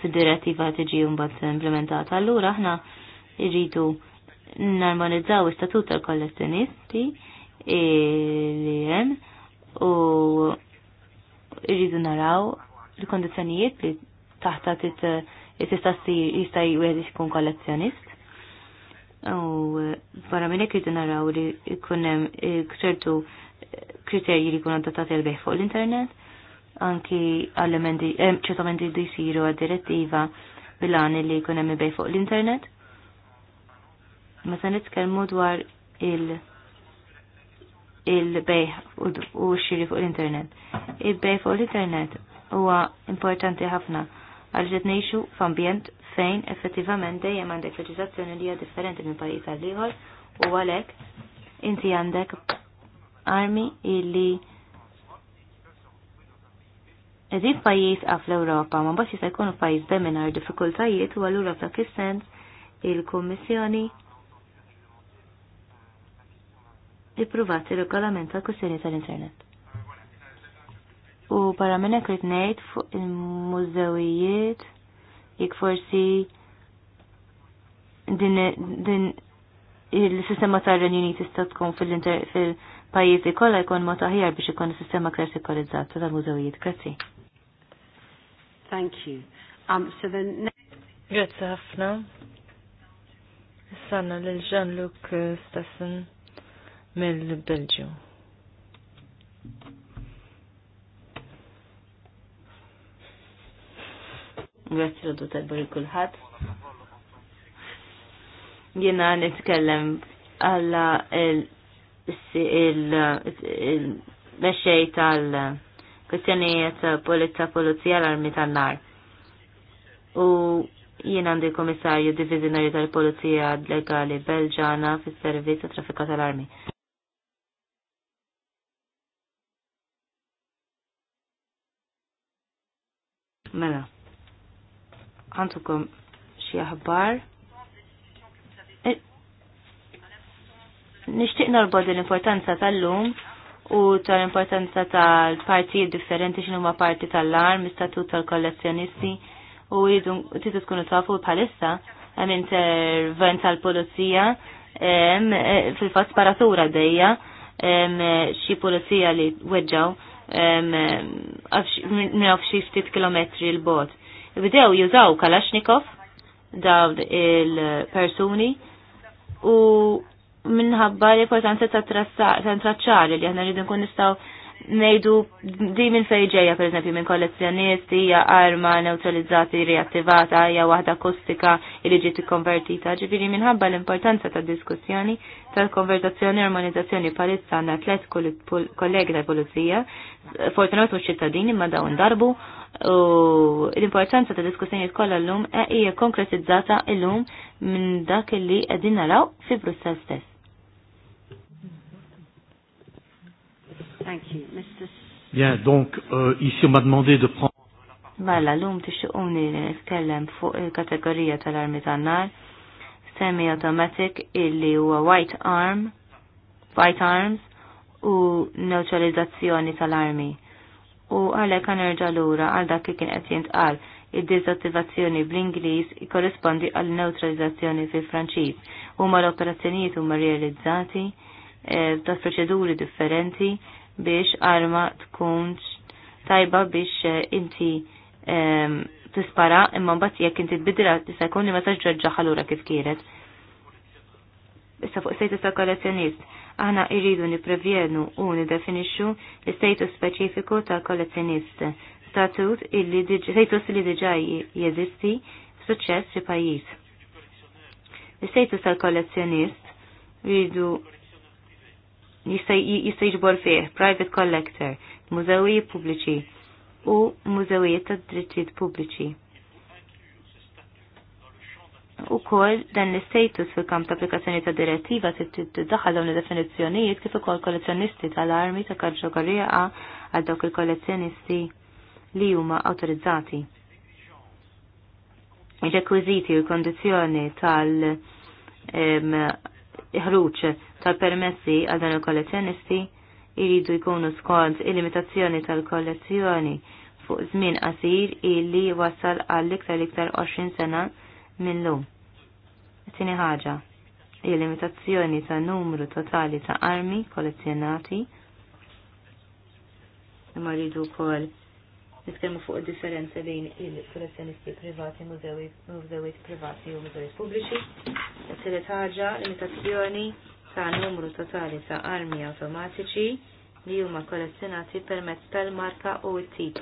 fid-direttiva tiġi mbagħad implementata. Allura aħna irridu normalizzaw istatut tal-kollezzjonisti eh, li hemm u irridu naraw il-kondizjonijiet li taħta tista' jista' jwieħed ikun kollezzjonist. U eh, barra minn hekk jridu naraw li jkun hemm eh, ċertu eh, kriterji li jkunu adattati għal fuq l-internet, anki għall-emendi ċertu emendi li jsiru għad-direttiva bil-għan li jkun hemm fuq l-internet. Meta nitkellmu dwar il- il-bejħ u xiri fuq l-internet. Il-bejħ fuq l-internet huwa importanti ħafna għal ġed nejxu f'ambjent fejn effettivament dejjem għandek leġiżlazzjoni li hija differenti minn pajjiż għal ieħor u għalhekk inti għandek armi illi Eżid pajjiż għaf l-Ewropa ma bax jista' jkunu pajjiż deminar diffikultajiet u allura f'dak is-sens il-Kummissjoni ippruvat ir-regolament tal-kwistjoni tal-Internet. U para minn hekk rid ngħid fuq il-mużewijiet jek forsi din, din il-sistema ta' r Unit tista' tkun fil-pajjiżi kollha jkun ma' taħjar biex ikun is-sistema aktar sikurizzata tal-mużewijiet. Grazzi. Thank you. Um, so the next... Grazzi ħafna. Sanna lil ġan luc Stassen mill-Belġju. Grazzi l-għoddu tajba li kullħat. Jena nitkellem għalla il-mexxej tal-kwestjonijiet polizza polizija l-armi tan-nar. U jien għandi komissarju divizjonarju tal-Polizija Legali Belġana fis-Servizz ta' Traffika tal-Armi. Mela ħantukom xi aħbar. Eh, nixtieq norbod l-importanza tal-lum u tal-importanza tal-partijiet differenti xinu ma parti tal-arm, istatut tal-kollezzjonisti u jridu titu tkunu tafu bħalissa hemm intervent tal-pulizija eh, fil fat sparatura dejja eh, xi pulizija li weġġaw naf xi ftit kilometri l-bot bdew jużaw Kalashnikov dawn il-persuni u minħabba l-importanza ta' traċċar li aħna rridu nkun nistgħu ngħidu di minn fejn ġejja pereżempju minn kollezzjonisti hija arma neutralizzati reattivata hija waħda akustika li ġiet ikkonvertita. Ġifieri minħabba l-importanza ta' diskussjoni tal-konverzazzjoni armonizzazzjoni palizza għandna tliet kollegi tal-pulizija, fortunat mhux ċittadini ma dawn darbu u l-importanza ta' diskussjonijiet kollha llum e hija konkretizzata llum minn dak li qegħdin naraw fi Brussel stess. Thank you, Mr. Bien, donc euh, ici on m'a demandé de prendre Mela, lum tixtiquni li nitkellem fuq il-kategorija tal-armi tan-nar, semi-automatic illi huwa white arm, white arms u neutralizzazzjoni tal-armi u għalhekk għanerġa' lura għal dak li kien qed jintqal id-dizattivazzjoni bl-Ingliż korrespondi għal neutralizzazzjoni fil-Franċiż huma l-operazzjonijiet huma realizzati eh, ta' proċeduri differenti biex arma tkun tajba biex eh, inti ehm, tispara imma mbagħad jekk inti tbidilha tista' jkun li ma tax ġerġaħ allura kif kienet. Issa fuq sejt tista' kollezzjonist Aħna irridu niprevjenu u nidefinixxu l-istatus speċifiku ta' kollezzjonist, statut illi status li diġà jeżisti f'suċċess xi pajjiż. l status tal-kollezzjonist rridu jista' jiġbor fih private collector, mużewi pubbliċi u mużewijiet tad drittijiet pubbliċi u kol dan l-status fil-kamp ta' applikazzjoni ta' direttiva tiddaħħal dawn il-definizzjonijiet kif ukoll kollezzjonisti tal-armi ta' karġo għal dawk il-kollezzjonisti li huma autorizzati. Il-rekwiziti u kondizjoni tal-ħruċ tal-permessi għal dan il-kollezzjonisti iridu jkunu skont il-limitazzjoni tal-kollezzjoni fuq żmien qasir illi wasal għall iktar iktar 20 sena minnhom. Tieni ħaġa, il-limitazzjoni ta' numru totali ta' armi kollezzjonati imma rridu wkoll nitkellmu fuq differenza bejn il-kollezzjonisti privati, mużewi privati u mużewi pubbliċi. E Tini ħaġa, limitazzjoni ta' numru totali ta' armi automatiċi li huma kollezzjonati permezz tal-marka u t-tip.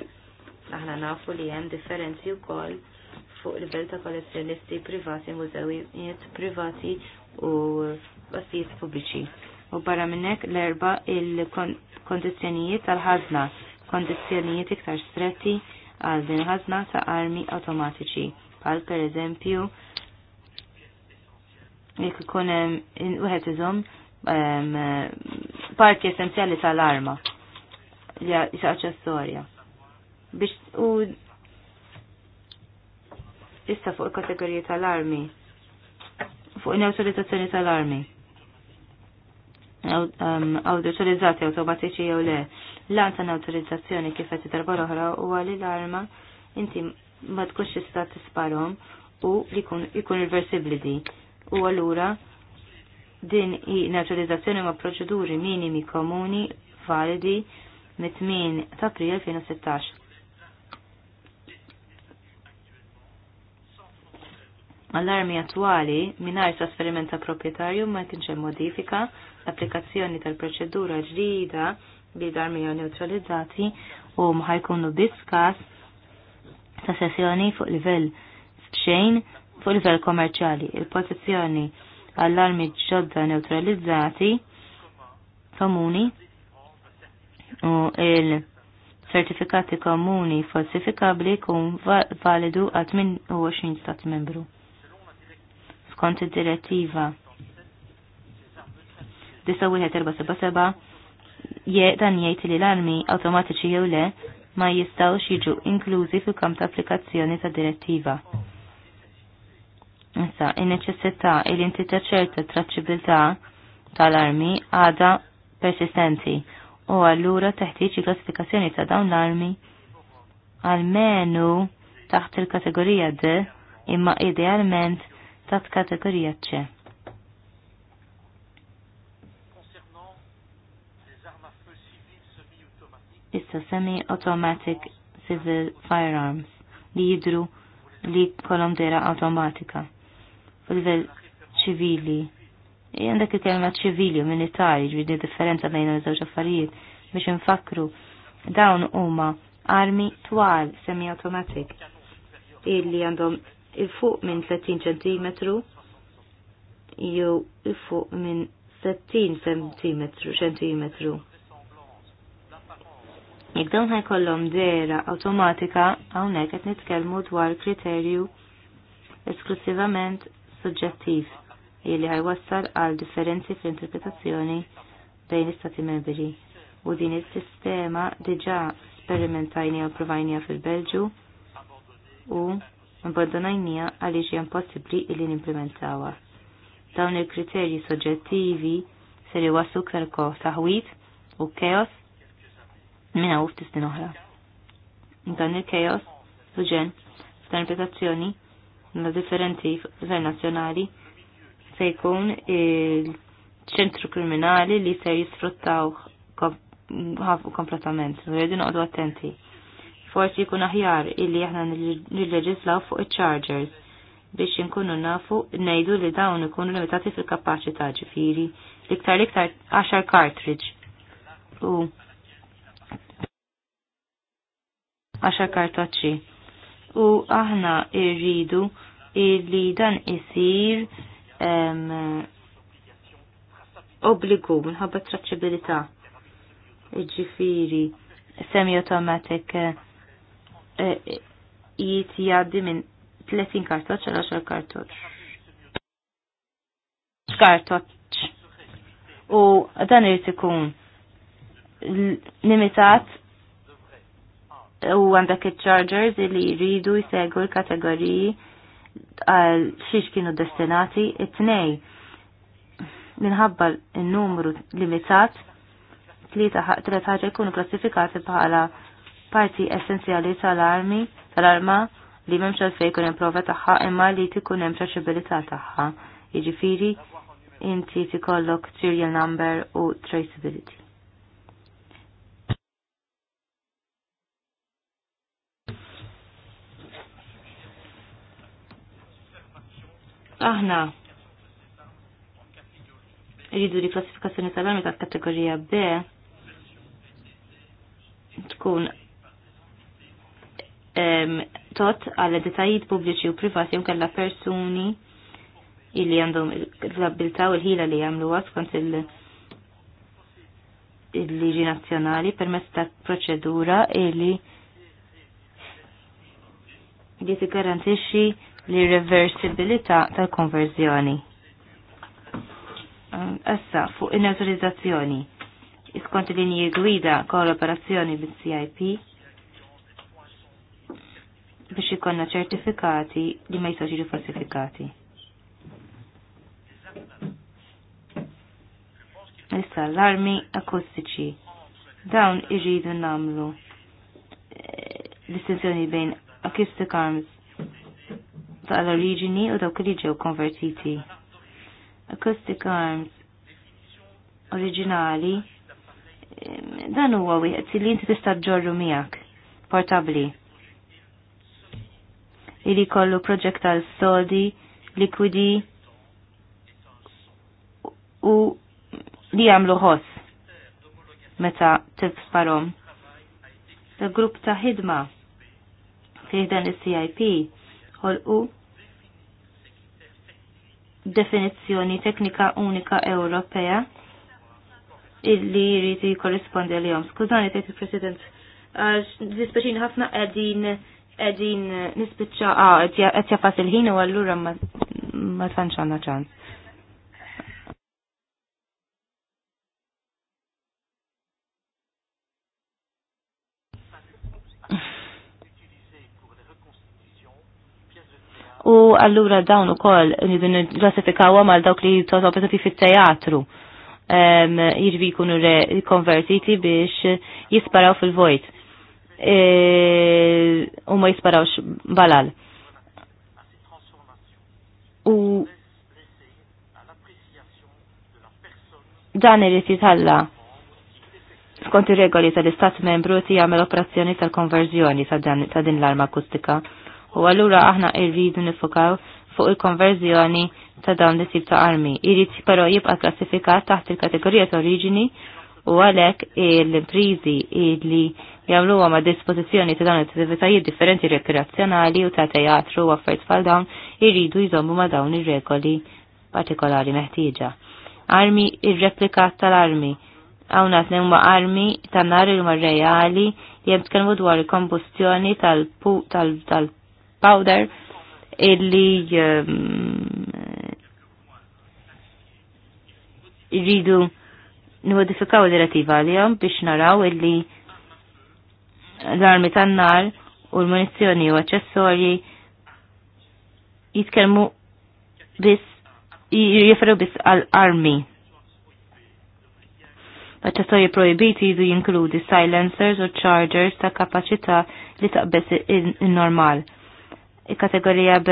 Aħna nafu li hemm differenzi wkoll fuq livell ta' kollezzjonisti privati, mużewijiet privati u bassijiet pubbliċi. U barra minnek l-erba il-kondizjonijiet tal-ħazna, kondizjonijiet iktar stretti għal din ħazna ta' armi automatiċi, bħal per eżempju jekk ikun hemm wieħed iżomm parti essenzjali tal-arma li hija biex u issa fuq il-kategoriji tal-armi, fuq in autorizzazzjoni tal-armi. Autorizzati automatiċi jew le, lan ta' autorizzazzjoni kif qed darba oħra huwa li l-arma inti ma tkunx tista' tisparhom u li jkun irversibbli di. U allura din i naturalizzazzjoni ma' proċeduri minimi komuni validi mit-8 ta' april 2016 Għall-armi attwali mingħajr trasferiment proprietarju proprjetarju ma kienx hemm modifika l-applikazzjoni tal-proċedura ġdida bi l armi jew neutralizzati u mħajkunu biss każ ta' sessjoni fuq livell f'xejn fuq livell kommerċjali. Il-pożizzjoni għall-armi ġodda neutralizzati komuni u il certifikati komuni falsifikabli kun validu għal 28 stat membru kont id-direttiva. Disa wieħed erba' seba' seba' dan jgħid li l-armi awtomatiċi jew le ma jistgħux jiġu inklużi fil-kamp ta' applikazzjoni ta' direttiva. Issa, in-neċessità il inti ċerta traċċibilità tal-armi għada persistenti u allura teħtieġ klassifikazzjoni ta' dawn l-armi għalmenu taħt il-kategorija D imma idealment tat kategorija ċe. Issa semi automatic civil firearms li jidru li kolom dera automatika. Fil-level ċivili. Għandek il-kelma ċivili, militari, ġvidi differenza bejn iż-żewġ affarijiet biex nfakru dawn huma armi twal semi-automatic illi għandhom il-fuq minn 30 cm jew il-fuq minn 60 cm cm. Jek dawn ħajkollhom dera awtomatika hawnhekk qed nitkellmu dwar kriterju esklusivament suġġettiv li ħajwassal għal differenzi fl-interpretazzjoni bejn istati membri u din is-sistema diġà sperimentajnija u provajnija fil-Belġu u abbandonajnija għaliex hija impossibbli illi nimplementawha. Dawn il-kriterji soġġettivi ser iwaslu ktar taħwit u chaos minn hawn ftit snin oħra. Dan il-chaos u ġen f'interpretazzjoni ma' differenti f'gvern nazzjonali se jkun il-ċentru kriminali li se jisfruttaw kompletament. U jgħidu noqdu attenti. Forsi jkun aħjar illi aħna nilleġislaw fuq il chargers biex inkunu nafu nejdu li dawn ikunu limitati fil kapacita ġifiri liktar liktar 10 cartridge u 10 kartoċċi. U aħna irridu illi dan isir um, obbligu minħabba traċċibilità ġifiri semi-automatic eh, jitjaddi eh, minn 30 kartoċ għal 10 kartoċ. Kartoċ. U dan irrid ikun limitat u għandak il-chargers li jridu jsegu l-kategoriji għal xiex kienu destinati it-tnej. Minħabba n-numru limitat, tlieta ħaġa jkunu klassifikati bħala parti essenzjali tal-armi tal-arma li memx għalfej kun prova taħħa imma li tikun hemm traċabilità taħħa. Jiġifieri inti tikollok serial number u traceability. Aħna rridu li klassifikazzjoni tal-armi tal-kategorija B tkun tot għal detajiet pubbliċi u privati kellha persuni illi għandhom l-abilta u l-ħila li għamlu skont il- il-liġi nazjonali permezz ta' proċedura illi li tigarantixxi l-irreversibilità tal-konverżjoni. Issa fuq in-awtorizzazzjoni iskont linji gwida kooperazzjoni bit-CIP biex ikonna ċertifikati li ma jistax jiġu falsifikati. Issa l-armi akustiċi. Dawn irridu namlu eh, distinzjoni bejn acoustic arms tal-oriġini u dawk li ġew konvertiti. Acoustic arms oriġinali eh, dan huwa wieħed li inti tista' ġorru miegħek portabli li kollu project għal sodi, likwidi u li għamlu ħoss meta tifsparom. Il-grupp ta' ħidma fiħdan il-CIP u definizzjoni teknika unika Ewropea illi jrid jikorrispondi għal-jom. Skużani, tgħid president għax dispeċin ħafna qegħdin edin nispiċċa għet ah, jafas il-ħin u għallura ma tfanċanna ċans. U allura dawn u koll klassifikawa mal dawk li pizzati fit-teatru jirvi jkunu konvertiti biex jisparaw fil-vojt E, u ma jisparawx balal. U dan irrid jitalla skont ir-regoli tal-Istat membru ti jagħmel operazzjoni tal-konverżjoni ta' din l-arma akustika. U allura aħna rridu nifokaw fuq il-konverżjoni ta' dawn li tip ta' armi. Irrid però jibqa' klassifikat taħt il-kategorija ta' oriġini u għalek l-imprizi li jamlu ma dispozizjoni ta' dawn attivitajiet differenti rekreazzjonali u ta' teatru u affert fal dawn irridu jżommu ma' dawn ir-regoli partikolari meħtieġa. Armi ir-replikat tal-armi. Hawn qed armi tan nar il reali li hemm tkellmu dwar il-kombustjoni tal-powder illi ehm, irridu nimodifikaw il-direttiva għalihom biex naraw illi l-armi tan-nar u l-munizzjoni u aċessorji jitkellmu biss jifru biss għal-armi. Aċċessorji projibiti jizu jinkludi silencers u chargers ta' kapacita li taqbess il-normal. Il-kategorija B,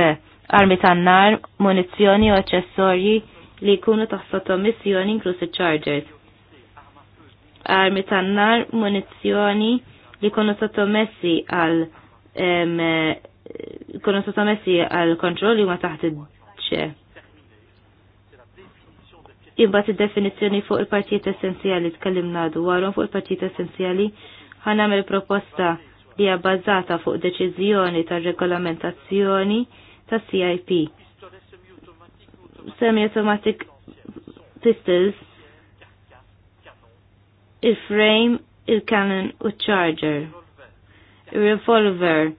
armi tan-nar, munizzjoni u aċessorji li jkunu taħsotom missjoni inklusi chargers armi tan-nar, munizzjoni li konu sottomessi għal konu sottomessi għal kontrolli ma taħt id-ċe. Imbagħad id-definizzjoni fuq il-partijiet essenzjali tkellimna dwarhom fuq il-partijiet essenzjali ħanamel proposta li hija bbażata fuq deċiżjoni tar-regolamentazzjoni ta' cip Semi automatic pistols il-frame, il-cannon u charger, il-revolver,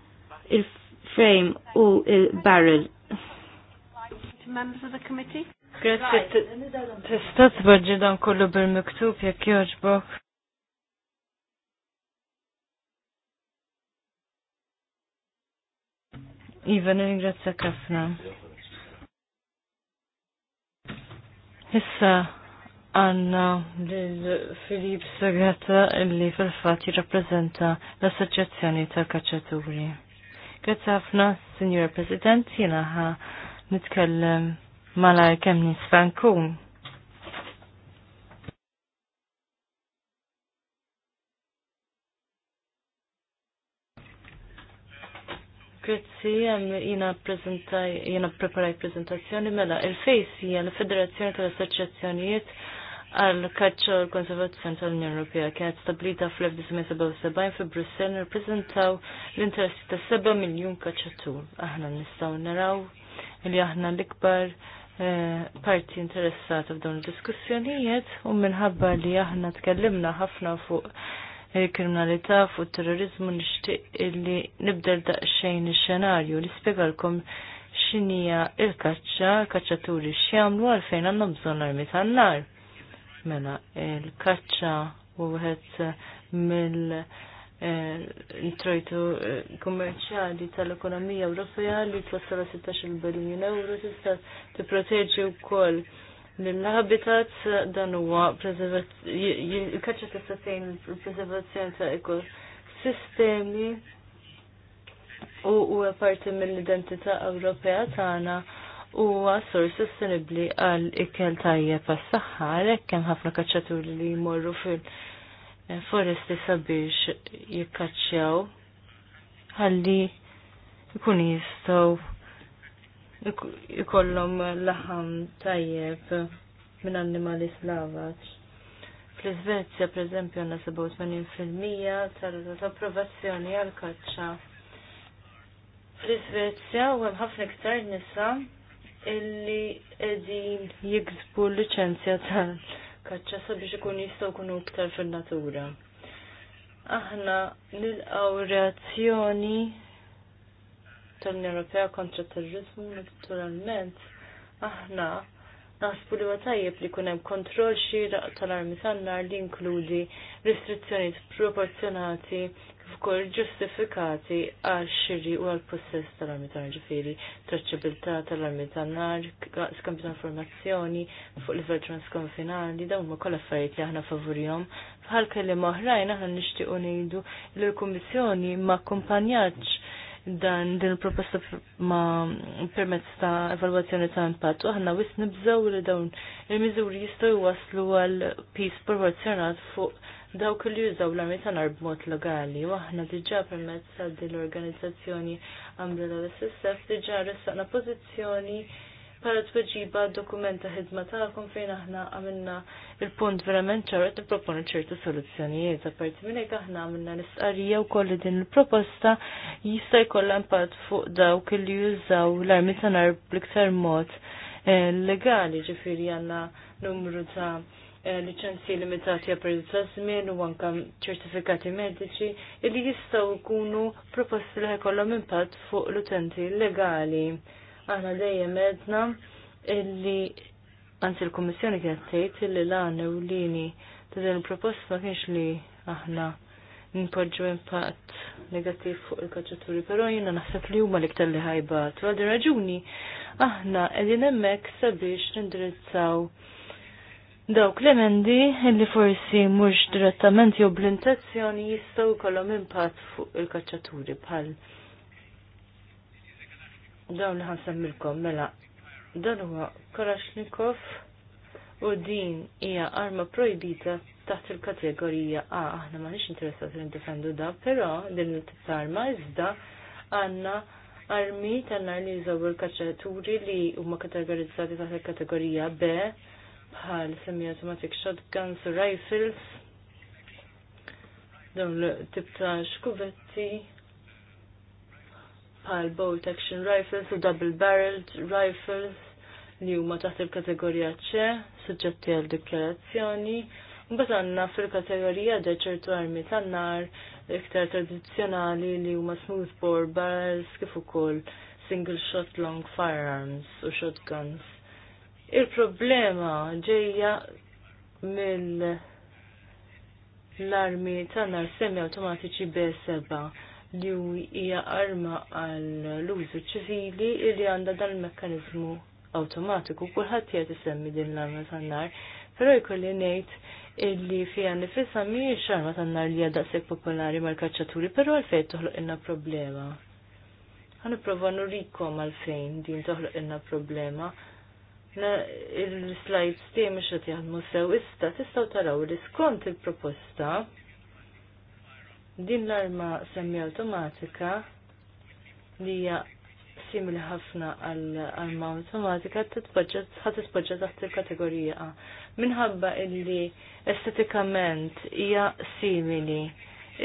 il-frame u il-barrel. Grazie, tista tbaġi dan kollu bil-miktub jek joġbok. Iva, nirringrazzja ħafna. Issa, għanna l-Filip Sagata illi fil-fat jirrapprezenta l-Assoċjazzjoni tal-Kaċċaturi. Grazzi ħafna, Signora President, Jiena ħa nitkellem mala kemm nisfankun. Grazzi, jiena prezentaj, jena preparaj prezentazzjoni mela il fejsi hija federazzjoni tal-Assoċjazzjonijiet għal kaċċa l konservazzjoni tal-Unjoni Ewropea kienet stablita fl-1977 fi Brussel nirpreżentaw l-interessi ta' 7 miljun kaċċatur. Aħna nistgħu naraw li aħna l-ikbar eh, parti interessata f'dawn il-diskussjonijiet u minħabba li aħna tkellimna ħafna fuq il-kriminalità fuq terrorizmu nixtieq li nibdel daqsxejn ix-xenarju li spjegalkom x'inhija il-kaċċa, kaċċaturi x'jagħmlu għalfejn għandhom bżonn armi tan-nar. Mena il-kaċċa u għed mill- eh, il-trojtu eh, tal-ekonomija Ewropea li twassala 16 biljun euro tista' tipproteġi wkoll l-habitat dan huwa il-kaċċa tista' tgħin il-preservazzjoni ta' ekosistemi u huwa parti mill-identità Ewropea tagħna huwa sors sostenibbli għal ikkel tajjeb għas-saħħa għalhekk hemm ħafna kaċċaturi li jmorru fil-foresti sabiex jikkaċċjaw għalli ikun jistgħu ikollhom laħam tajjeb minn annimali slavaġ. Fl-Iżvezja, per eżempju, għanna 87% tal-approvazzjoni għal-kaċċa. Fl-Iżvezja, u hemm ħafna iktar nisa illi edin jiksbu l-licenzja tal-kaċċa sabiex ikun jistgħu jkunu iktar fin-natura. Aħna nilqgħu reazzjoni tal-Unjoni Ewropea kontra terrorizmu naturalment aħna Nasbu li għatajib li kunem kontrol xira tal-armi tannar li inkludi restrizzjoni proporzjonati wkoll ġustifikati għal xiri u għal possess tal-armi tan ġifieri, traċċabilità tal-armi tan-nar, skambju ta' informazzjoni fuq livell transkonfinali, dawn huma kolla affarijiet li aħna favurihom. Bħal kelli oħrajn aħna nixtiequ ngħidu li l-Kummissjoni ma kumpanjaċ dan din proposta ma permezz ta' evalwazzjoni ta' impatt u aħna wis nibżgħu li dawn il-miżuri jistgħu waslu għal peace proporzjonat fuq dawk li jużaw l-armi tanar b'mod legali. Waħna diġa permezz ta' din l-organizzazzjoni Umbrella l-SSF diġa ressaqna pożizzjoni bħala tweġiba dokumenta ħidma tagħkom fejn aħna għamilna il-punt verament ċarret nipproponu ċertu soluzzjonijiet. Apparti minn hekk aħna għamilna l isqarija wkoll li din il-proposta jista' jkollha impatt fuq dawk li jużaw l-armi tanar bl-iktar mod eh, legali ġifieri għandna numru ta' liċenzji limitati għapel ta' żmien u anke ċertifikati mediċi li jistgħu jkunu proposti li ħekollhom impatt fuq l-utenti legali. Aħna dejjem edna illi anzi l-Kummissjoni kienet tgħid illi l l lini ta' din il-proposta ma kienx li aħna npoġġu impatt negattiv fuq il-kaċċaturi, però jiena naħseb li huma l-iktar li ħajbatu. Għal raġuni aħna qegħdin hemmhekk sabiex nindirizzaw Dawk l-emendi illi forsi mhux direttament jew bl-intenzjoni jistgħu jkollhom impatt fuq il-kaċċaturi bħal dawn li ħansemmilkom mela dan huwa Kalashnikov u din hija arma projbita taħt il-kategorija A, aħna maħniex interesat li nifendu da, però din il-tip arma iżda għandna armi tan li jżawu l-kaċċaturi li huma kategorizzati taħt il-kategorija B bħal semi-automatic shotguns u rifles, dawn l-tip ta' xkuvetti, bħal bolt action rifles u double barreled rifles li huma taħt il-kategorija C, suġġetti għal dikjarazzjoni, Mbagħad għandna fil-kategorija de ċertu armi tan-nar iktar tradizzjonali li huma smoothbore barrels kif ukoll single shot long firearms u shotguns Il-problema ġejja mill l-armi tan-nar semi automatiċi B7 li hija arma għal l-użu ċivili li għandha dan il-mekkanizmu automatiku kulħadd jgħid isemmi din l-arma tan-nar, però jkolli ngħid illi fija nifisa mhijiex arma tan-nar li għadha sekk popolari mal-kaċċaturi, però għalfejn toħloq inna problema. Għan nipprova nurikom għalfejn din toħloq inna problema il-slides tiegħi mhux qed jaħdmu sew issa tistgħu taraw li skont il-proposta din l-arma semmi awtomatika li hija simili ħafna għall arma automatika ħad tispoġġa taħt il-kategorija A. Minħabba illi estetikament hija simili.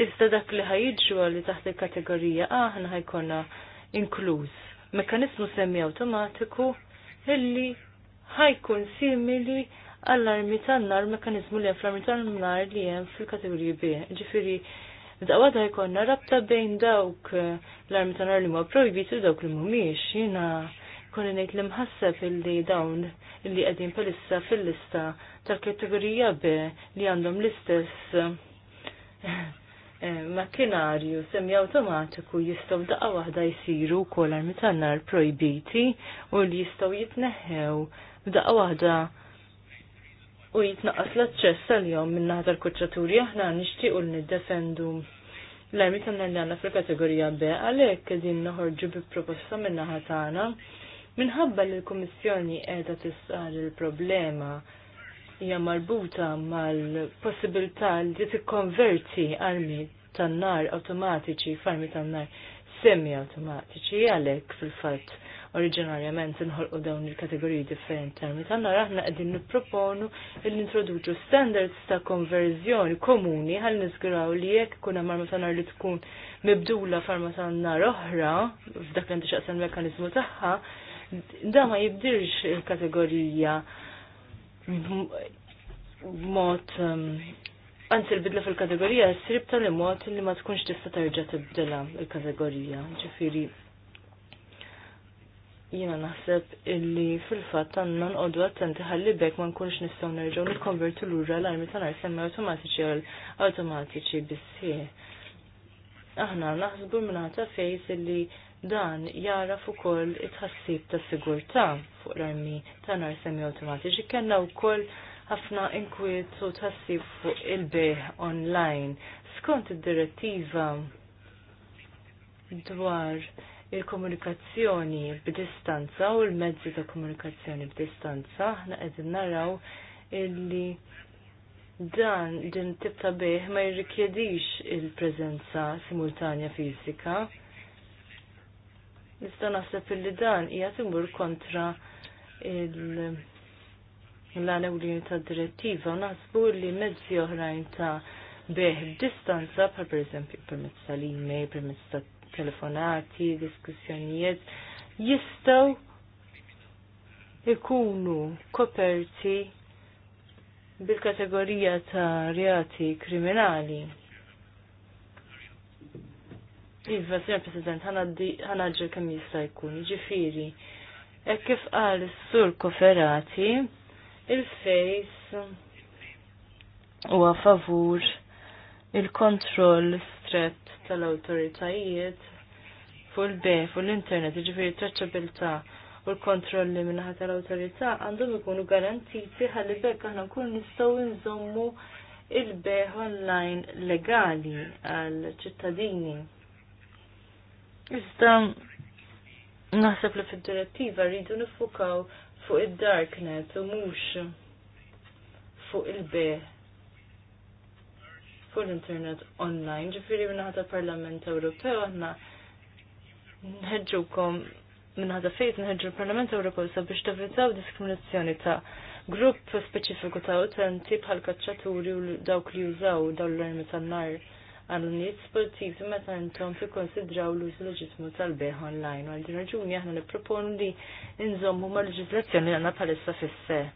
Iżda dak li ħajġu li taħt il-kategorija A ħna ħajkonna inkluż. Mekanizmu semmi awtomatiku illi ħajkun simili għall-armi tan-nar, mekanizmu li hemm fl-armi tan-nar li hemm fil-kategoriji B. Ġifieri daqwada jkollna rabta bejn dawk l-armi tan-nar li huma projbitu dawk li mhumiex. Jiena kolli ngħid li mħasseb illi dawn illi qegħdin palissa fil-lista tal-kategorija B li għandhom l-istess eh, makkinarju semi automatiku jistaw daqqa waħda jisiru kol armi tannar projbiti u li jistaw jitneħew b'daqqa waħda u jitnaqqas l-aċċess għal-jom minn tal kuċċaturi aħna nixtiequ li niddefendu l-armi tagħna li għanna fil-kategorija B għalhekk qegħdin noħorġu bi proposta minn naħa tagħna minħabba li l-Kummissjoni qiegħda tisqal il-problema hija marbuta mal-possibilità li tikkonverti armi tan-nar awtomatiċi f'armi tan-nar semi-automatiċi għalek fil-fat oriġinarjament inħolqu dawn il-kategoriji differenti termit. tanna raħna qegħdin nipproponu l introduċu standards ta' konverżjoni komuni ħal niżguraw li jekk kuna hemm arma li tkun mibdula f'arma oħra f'dak li intixaqs il-mekkaniżmu tagħha, da ma jibdirx il-kategorija mod ehm, Anzi, l-bidla fil-kategorija s-srib tal-imot li ma tkunx tista terġa tibdela il-kategorija. Ġifiri, Jiena naħseb illi fil-fatt għandna nqogħdu attenti ħalli bekk ma nkunx nistgħu nerġgħu nikkonvertu lura l-armi tal-ar semmi awtomatiċi għal awtomatiċi bissi. Aħna naħsbu ta' fejs illi dan jara fuq ukoll it-ħassib ta' sigurtà fuq l-armi tal-ar semmi awtomatiċi kellna wkoll ħafna inkwiet u tħassib fuq il-beħ online. Skont id-direttiva dwar il-komunikazzjoni b'distanza u l-mezzi ta' komunikazzjoni b'distanza aħna qegħdin naraw illi dan din tibta beħ ma jirrikjedix il-preżenza simultanja fizika. Nista' naħseb illi dan hija timur kontra l għanewlin ta' direttiva u naħsbu li mezzi oħrajn ta' beħ distanza bħal per eżempju permezz tal-email, permezz ta' telefonati, diskussjonijiet, jistaw ikunu koperti bil-kategorija ta' reati kriminali. Iva, Signor President, ħanaġġel kemm jista' jkun, ġifiri. E kif għal sur koferati, il-fejs huwa favur il-kontroll strett tal-autoritajiet fuq il be fuq l-internet, ġifiri traċabilta u l-kontrolli minnaħa tal-autorità għandhom ikunu garantiti ħalli bekk aħna nkunu nistgħu nżommu il-beħ online legali għal ċittadini. Iżda naħseb li fid-direttiva rridu nifukaw fuq id-darknet u mhux fuq il be fuq l-internet online, ġifiri ħata Parlament Ewropew għanna nħedġukom ħata fejt nħedġu l-Parlament Ewropew sabiex tevitaw diskriminazzjoni ta' grupp speċifiku ta' utenti bħal kaċċaturi u dawk li jużaw daw l-armi tan-nar għal nies sportivi meta intom konsidraw l-uż leġismu tal-beħ online. Għal din raġuni aħna nipproponu li nżommu ma' leġizlazzjoni li għandna bħalissa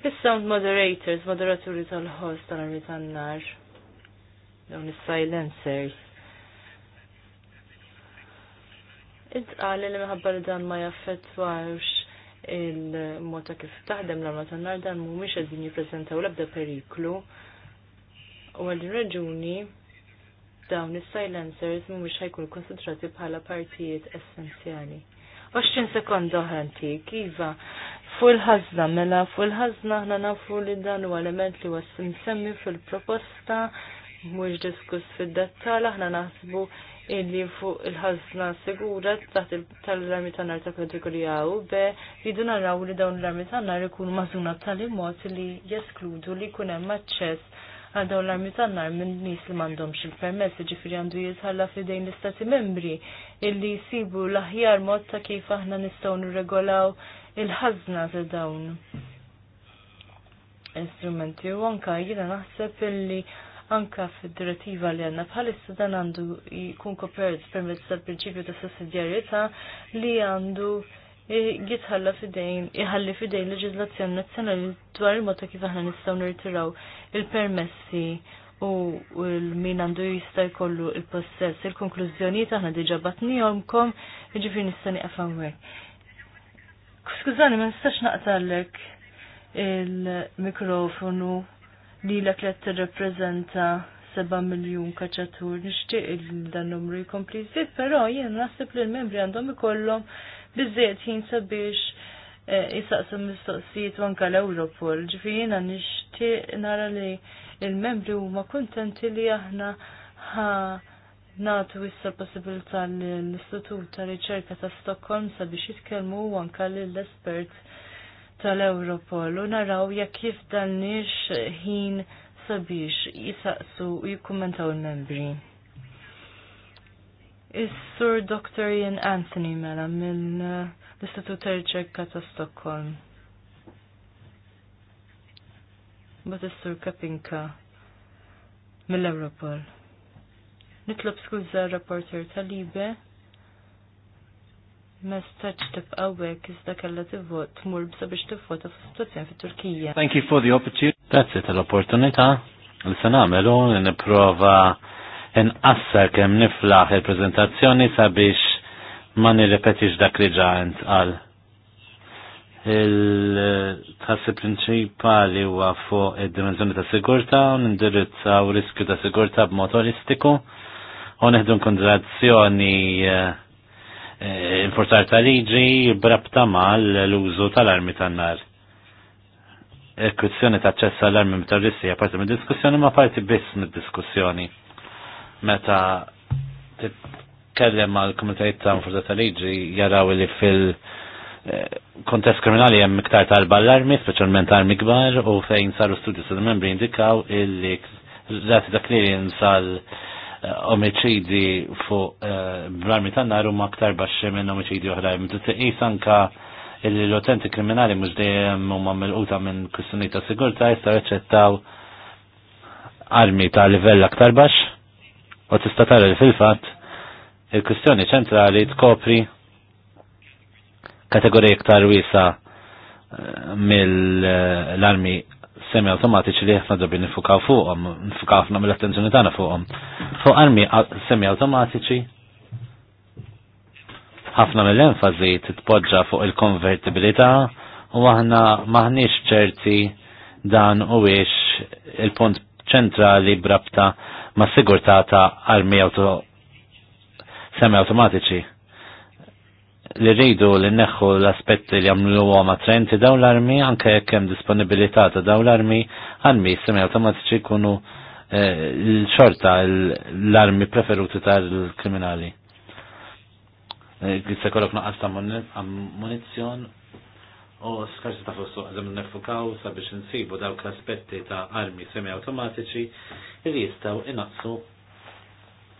Fissa moderators, moderaturi tal-host tal-armi tan-nar dawn is-silencers. Id-qal li minħabba li dan ma jaffettwawx il-mota kif taħdem l-arma ta' nar dan mhumiex qegħdin jippreżentaw l-ebda periklu. U għal raġuni dawn is-silencers mhumiex ħajkunu konsidrati bħala partijiet essenzjali. 20 sekond oħranti, kiva, fuq il-ħazna, mela fuq il-ħazna ħna nafu li dan u element li was semmi fil-proposta mhux diskuss fid-dettal aħna naħsbu illi fuq il-ħazna sigura taħt tal-armi tannar ta' kategorija u be rridu naraw li dawn l-armi tannar ikunu mażuna tal-imot li jeskludu li jkun hemm aċċess għal dawn l-armi tannar minn nis li m'għandhomx il-permess, ġifiri għandu jitħalla fidejn l-istati membri illi jsibu l-aħjar mod ta' kif aħna nistgħu nirregolaw il-ħazna ta' dawn instrumenti u anka jiena naħseb illi anka fid-direttiva li għanna bħalissa dan għandu jkun kopert permezz tal-prinċipju ta' sussidjarjetà li għandu jitħalla fidejn, jħalli fidejn leġizlazzjoni nazzjonali dwar il-mod kif aħna nistgħu nirtiraw il-permessi u l min għandu jista' jkollu il-possess il-konklużjoni taħna diġa batnihomkom, jiġifieri nista' nieqaf hawnhekk. Skużani, ma nistax naqtallek il-mikrofonu li l qed tirrepreżenta 7 miljun kaċatur nixtieq dan numru jkompli jżid, però jien naħseb li l-membri għandhom ikollhom biżejjed ħin sabiex eh, jisaqsu mistoqsijiet anke l-Europol. Ġifieri jiena nixtieq nara li l-membri huma kuntenti li aħna ħa natu issa possibilità l-Istitut ta' Riċerka ta' Stockholm sabiex jitkellmu anke lill-espert tal-Europol u naraw jekk kif dan ħin sabiex jisaqsu u jikkumentaw il-membri. Is-Sur Dr. Ian Anthony mela mill-Istitut uh, ta' Riċerka ta' Stockholm. Bat is-Sur Kapinka mill-Europol. Nitlob skuża rapporter tal-Libe ma staċ tibqa' hekk iżda kellha tivvot tmur sabiex tivvota fis-sitwazzjoni turkija Thank you for the opportunity. Grazzi tal-opportunità li se n-prova nipprova inqassar kemm niflaħ il prezentazzjoni sabiex ma nirrepetix dak li ġa għal. il tħassi principali huwa fuq id-dimensjoni ta' sigurta u riskju ta' sigurta b-motoristiku, u neħdu konsiderazzjoni uh, eh, Eh, il-forzar tal-liġi brabta mal l-użu tal-armi tan-nar. Il-kwistjoni eh, ta' ċess għall-armi terroristi hija parti mid-diskussjoni ma' parti biss mid-diskussjoni. Meta titkellem għal komunitajiet ta' forzar tal-liġi jaraw li fil- eh, kontest kriminali hemm iktar talba l-armi, speċjalment armi kbar, u fejn saru studju tal membri indikaw illi rati dak li jinsal Eh, omicidi fuq eh, bl-armi tan-nar huma aktar baxxi minn omicidi oħrajn. Titqis sanka l-utenti kriminali mhux dejjem huma uta minn kwistjoni ta' sigurtà jistgħu jaċċettaw armi ta' livell aktar baxx. U tista' tara li fil-fatt il-kwistjoni ċentrali tkopri kategorija iktar wiesa eh, mill-armi semi automatiċi li ħafna drabi nifukaw fuqhom, nifukaw ħafna mill-attenzjoni tagħna fuqhom. Fuq armi semi automatiċi ħafna mill-enfasi titpoġġa fuq il-konvertibilità u aħna maħniex ċerti dan u il-punt ċentrali brabta ma' sigurtata ta' armi auto semi automatiċi li rridu li neħħu l-aspetti li għamlu għom attrenti daw l-armi, anke jekk hemm disponibilità ta' daw l-armi, għanmi semi automatiċi kunu eh, l-xorta l-armi preferuti tal-kriminali. Eh, se kollok naqas ta' munizzjon u skarsi ta' fossu għadem nefukaw sabiex nsibu dawk l-aspetti ta' armi semi automatiċi li jistaw inaqsu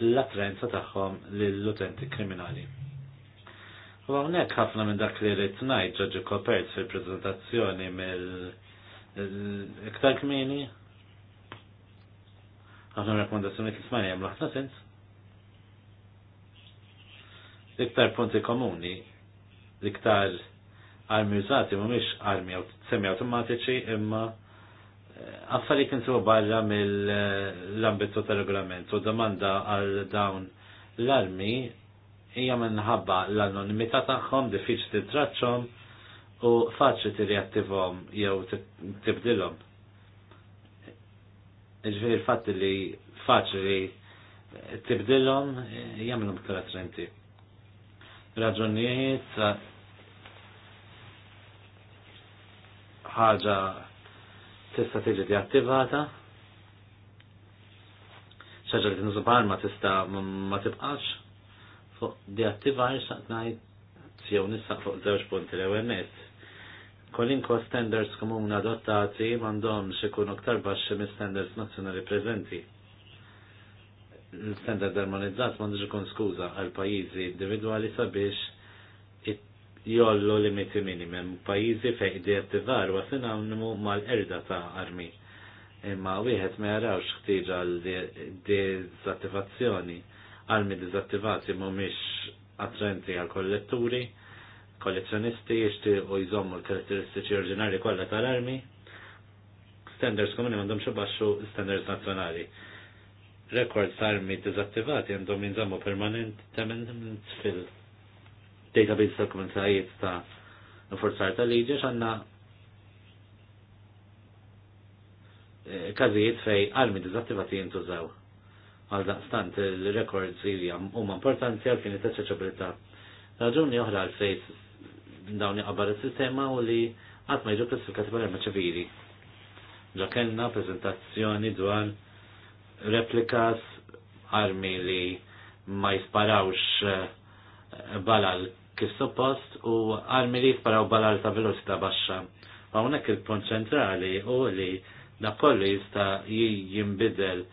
l-attrenza tagħhom lill-utenti kriminali. U għonek ħafna minn dak li rrit najt ġoġi kopert fil-prezentazzjoni mill iktar kmini. Għafna rekomendazzjoni t-ismani għamlu ħafna sens. L-iktar punti komuni, l-iktar armi użati mumiex armi semi automatiċi imma eh, affarijiet insibu barra mill-ambitu eh, tal-regolament u domanda għal dawn l-armi hija minħabba l-anonimità tagħhom diffiċli titraċċhom u faċli tirjattivhom jew tibdilhom. iġifieri il-fatt li faċli tibdilhom eh, jagħmilhom iktar attrenti. Raġunijiet eh, ħaġa tista' tiġi deattivata, xaġa li tinżu ma tista' ma tibqax Fuq attiva xaqnajt jew nisaq fuq żewġ punti l-ewwel Kolin Kolinko standards komun adottati m'għandhomx ikunu aktar baxxi mi standards nazzjonali preżenti. L-standard armonizzat mandu ikun skuża għal pajjiżi individwali sabiex jollu limiti minimum pajjiżi fejn deattivar wasin għamnu mal-erda ta' armi. Imma wieħed ma jarawx ħtieġa għal dizattivazzjoni. De armi dizattivati mhumiex attrenti għal kolletturi, kollezzjonisti u jżommu l-karatteristiċi oriġinali kollha tal-armi, standards komuni m'għandhomx baxxu standards nazzjonali. Records ta' armi dizattivati għandhom jinżommu permanent fil-database tal-komunitajiet ta' l-forzar tal-liġi għandna eh, kazijiet fej armi dizattivati jintużaw għal daqstant il-records li huma importanti għal kienet aċċeċabilità. Raġuni oħra għal fejt dawni għabar il-sistema u li għat ma jġu klassifikati bħal ċivili. Ġa kellna prezentazzjoni dwar replikas armi li ma jisparawx eh, balal kif suppost u armi li jisparaw balal ta' veloċità baxxa. Hawnhekk il-punt ċentrali u li da kollu jista' jinbidel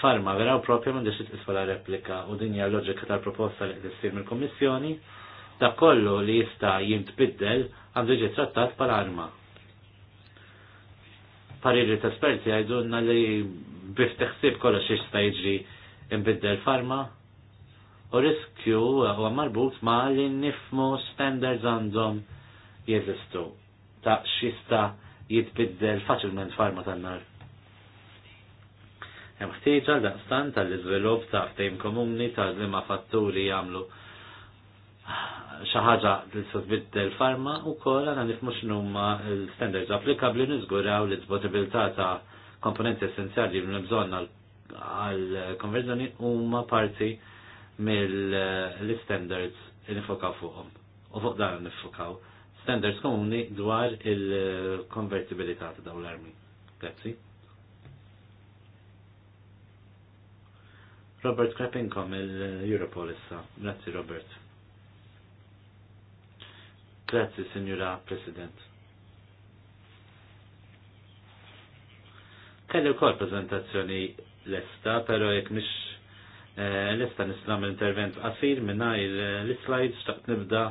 farma vera u propja minn diċit isfala replika u dinja loġika tal-proposta li t-sir mill kommissjoni da kollu li jista jintbiddel għandu ġi trattat pal arma. Pariri ta' esperti għajdunna li bif teħsib kollox jista jġi jimbiddel farma u riskju u marbut ma li nifmu standards għandhom jeżistu ta' xista jitbiddel faċilment farma tan-nar. Hemm ħtieġa daqstant tal-iżvilupp ta' ftehim komuni ta' liema fatturi jagħmlu xi ħaġa li tbiddel farma wkoll għandna nifhmu x'numa l-standards applikabbli niżguraw l-izbotibilità ta' komponenti essenzjali li bżonn għall konverżjoni huma parti mill-standards li nifokaw fuqhom. U fuq dan nifokaw standards komuni dwar il-konvertibilità ta' dawn l-armi. Grazie. Robert Krepinkom il-Europol issa. Grazzi Robert. Grazzi Signora President. Kelli wkoll prezentazzjoni lesta, pero jekk mhix eh, lesta nislam l-intervent qasir minna eh, l slide taqt nibda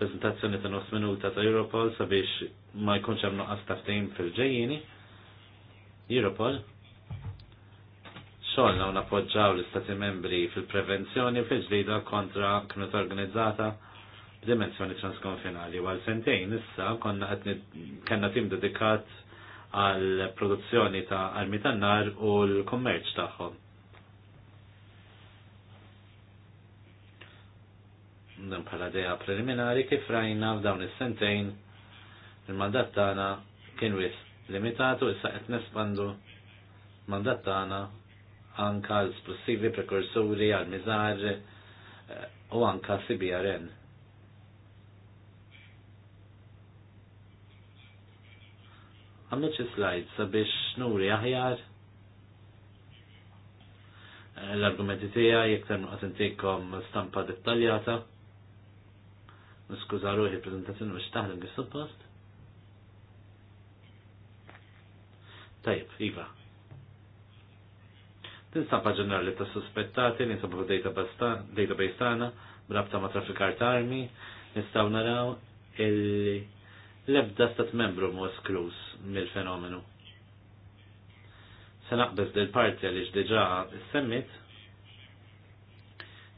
prezentazzjoni ta' nofs minuta ta' Europol sabiex ma jkunx hemm noqqas taftim fil ġejjini Europol, xolna u nappoġġaw l-Istati membri fil-prevenzjoni u fil-ġlida kontra kmet organizzata b'dimensjoni transkonfinali. Għal sentejn issa konna qed kellna tim dedikat għal produzzjoni ta' armi tan-nar u l-kummerċ tagħhom. Dan bħala dejja preliminari kif rajna f'dawn is-sentejn il-mandat tagħna kien wis limitatu issa qed nespandu mandat tagħna anka l-splussivi prekursuri għal-mizar eh, u anka CBRN. Għamlu ċi slide sabiex nuri aħjar eh, l-argumenti tija jektar nuqatintikom stampa dettaljata. Nuskuza ruħi prezentazzjoni biex taħdem għis-suppost. Tajib, Iva l ġenerali ta' suspettati li nsabu database tagħna b'rabta ma' traffikar ta' armi, nistgħu naraw illi l-ebda stat membru mu esklus mill-fenomenu. Se naqbes del parti għaliex diġà semmit,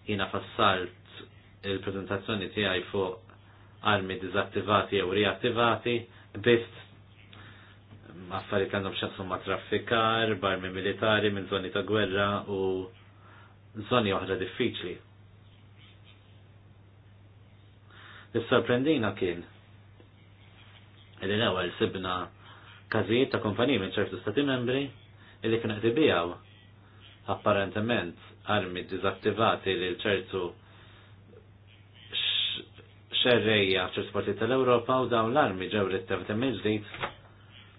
jiena fassalt il-prezentazzjoni tiegħi fuq armi disattivati jew riattivati bist affarijiet għandhom x'assu ma' traffikar, barmi militari minn zoni ta' gwerra u zoni oħra diffiċli. Is-sorprendina kien li l-ewwel sibna każijiet ta' kumpaniji minn ċertu stati membri illi kien qed ibijaw apparentement armi dizattivati li ċertu xerreja ċertu parti tal-Ewropa u dawn l-armi ġew t mill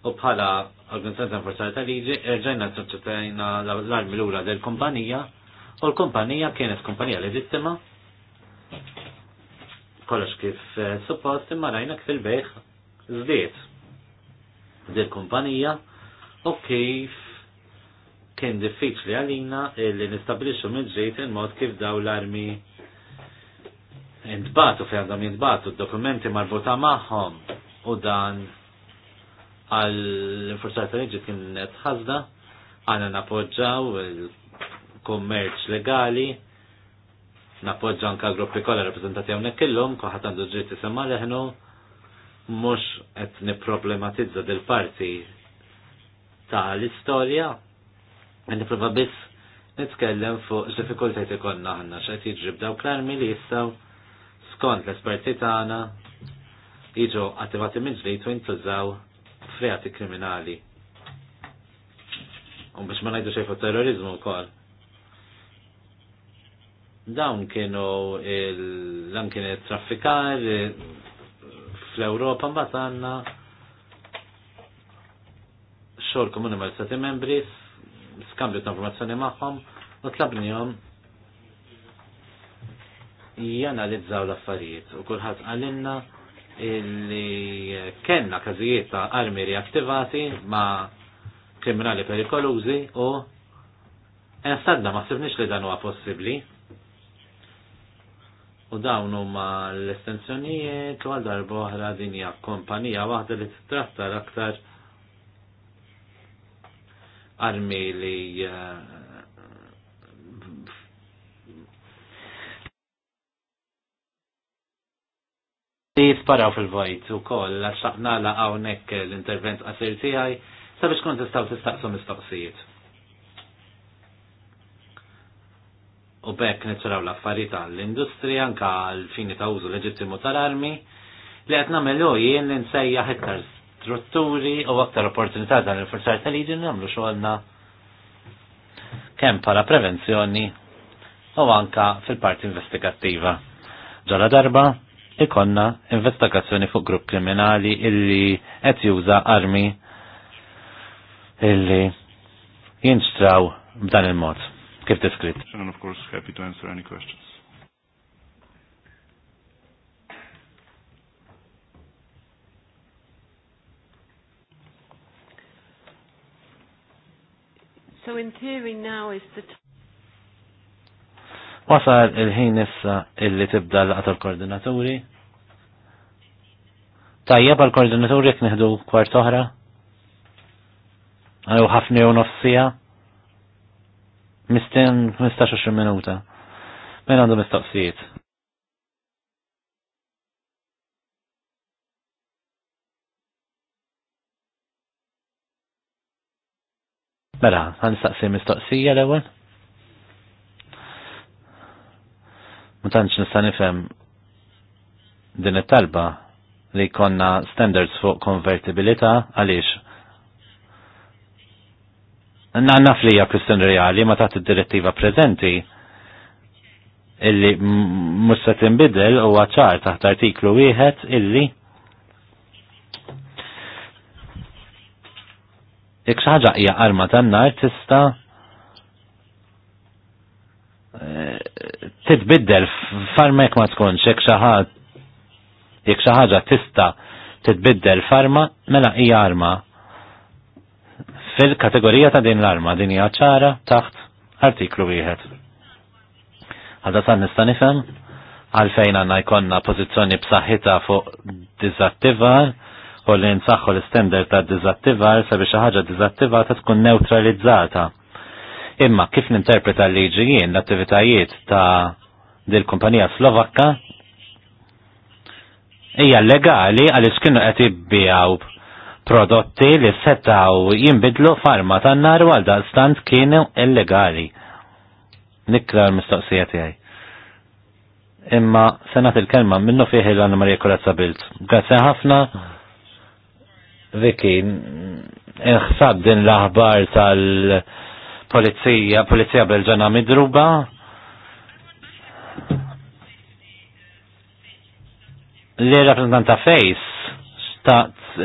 u bħala organizzazzjoni forzata ta' liġi rġajna s-sottotajna l-armi l-ura del-kumpanija u l-kumpanija kienet kumpanija leġittima kollox kif eh, suppost imma rajna kif il-bejħ zdiet dil-kumpanija u kif kien diffiċli għalina li nistabilixu mid-ġejt il-mod kif daw l-armi intbatu fejn għandhom jintbatu, dokumenti marbuta maħħom u dan għal infurzat tal-liġi kienet ħazda, għana napoġġaw il-kommerċ legali, napoġġaw anka gruppi kolla rappresentati hawnhekk kellum, kulħadd għandu ġriet isemma leħnu, mhux qed nipproblematizza dil parti ta' l-istorja, nipprova biss nitkellem fuq diffikultajt ikonna għanna, x'qed jiġri b'dawk l-armi li jistaw skont l-esperti tagħna jiġu attivati minn ġdid u jintużaw reati kriminali. U biex ma najdu xejfu terrorizmu wkoll. Dawn kienu dan kien traffikar fl-Ewropa mbagħad għandna xogħol komuni mal-Stati membri, skambju ta' informazzjoni magħhom u tlabnihom janalizzaw l-affarijiet u kulħadd għalinna illi kenna kazijiet ta' armi riattivati ma' kriminali perikolużi u ensadda ma' sibnix li dan huwa possibbli. U dawn huma l-estensjonijiet u għal darba oħra din hija kompanija waħda li trattar aktar armi li eh, jisparaw fil-vojt u koll, għax xaqna la l-intervent għasir tijaj, sabiex kont t tistaqsu mistoqsijiet. U bekk nitturaw l-affarijiet għall-industrija, anka għal-fini ta' użu leġittimu tal-armi, li għet namelu jien li nsejja iktar strutturi u aktar opportunità dan il-forzar tal-liġi namlu xoħalna kem para prevenzjoni u anka fil-parti investigattiva. Ġala darba, ikonna investigazzjoni fuq grupp kriminali illi qed juża armi illi jinstraw b'dan il-mod. Kif deskritt? And of course happy to answer any questions. So in theory now is the time Wasal il-ħin issa illi tibda l-qata koordinaturi Tajjeb għal-koordinaturi jek neħdu kwart oħra. Għaw ħafna u nofsija. Mistin 15 minuta. Men għandu mistoqsijiet. Mela, għan staqsi mistoqsija l-ewel? ma tantx nista' nifhem din it-talba li jkollna standards fuq konvertibilità għaliex. Nanna flija kustin reali ma taħt id-direttiva preżenti illi mhux se tinbidel għacħar ċar taħt artiklu wieħed illi jekk xi hija arma tan-nar tista' titbiddel farma jekk ma tkunx jekk xi jekk ħaġa tista' titbiddel farma mela hija arma. Fil-kategorija ta' din l-arma din hija ċara taħt artiklu wieħed. Għadha san nista' nifhem għalfejn għandna jkollna pożizzjoni b'saħħitha fuq diżattivar u li nsaħħu l-istender ta' diżattivar sabiex xi ħaġa diżattivata tkun neutralizzata Imma kif ninterpreta l-liġi jien l-attivitajiet ta' dil-kumpanija Slovakka hija legali għaliex kienu qed jibbijaw prodotti li setaw jimbidlu farma tan-nar għal daqstant kienu illegali. Nikla l-mistoqsija tiegħi. Imma senat il-kelma minnu fih l-Anna Marija Kurazza Bilt. Grazzi ħafna. Viki, inħsab din l-aħbar tal- polizija, polizija belġana midruba. Li rappresentanta fejs, eh, xtaqt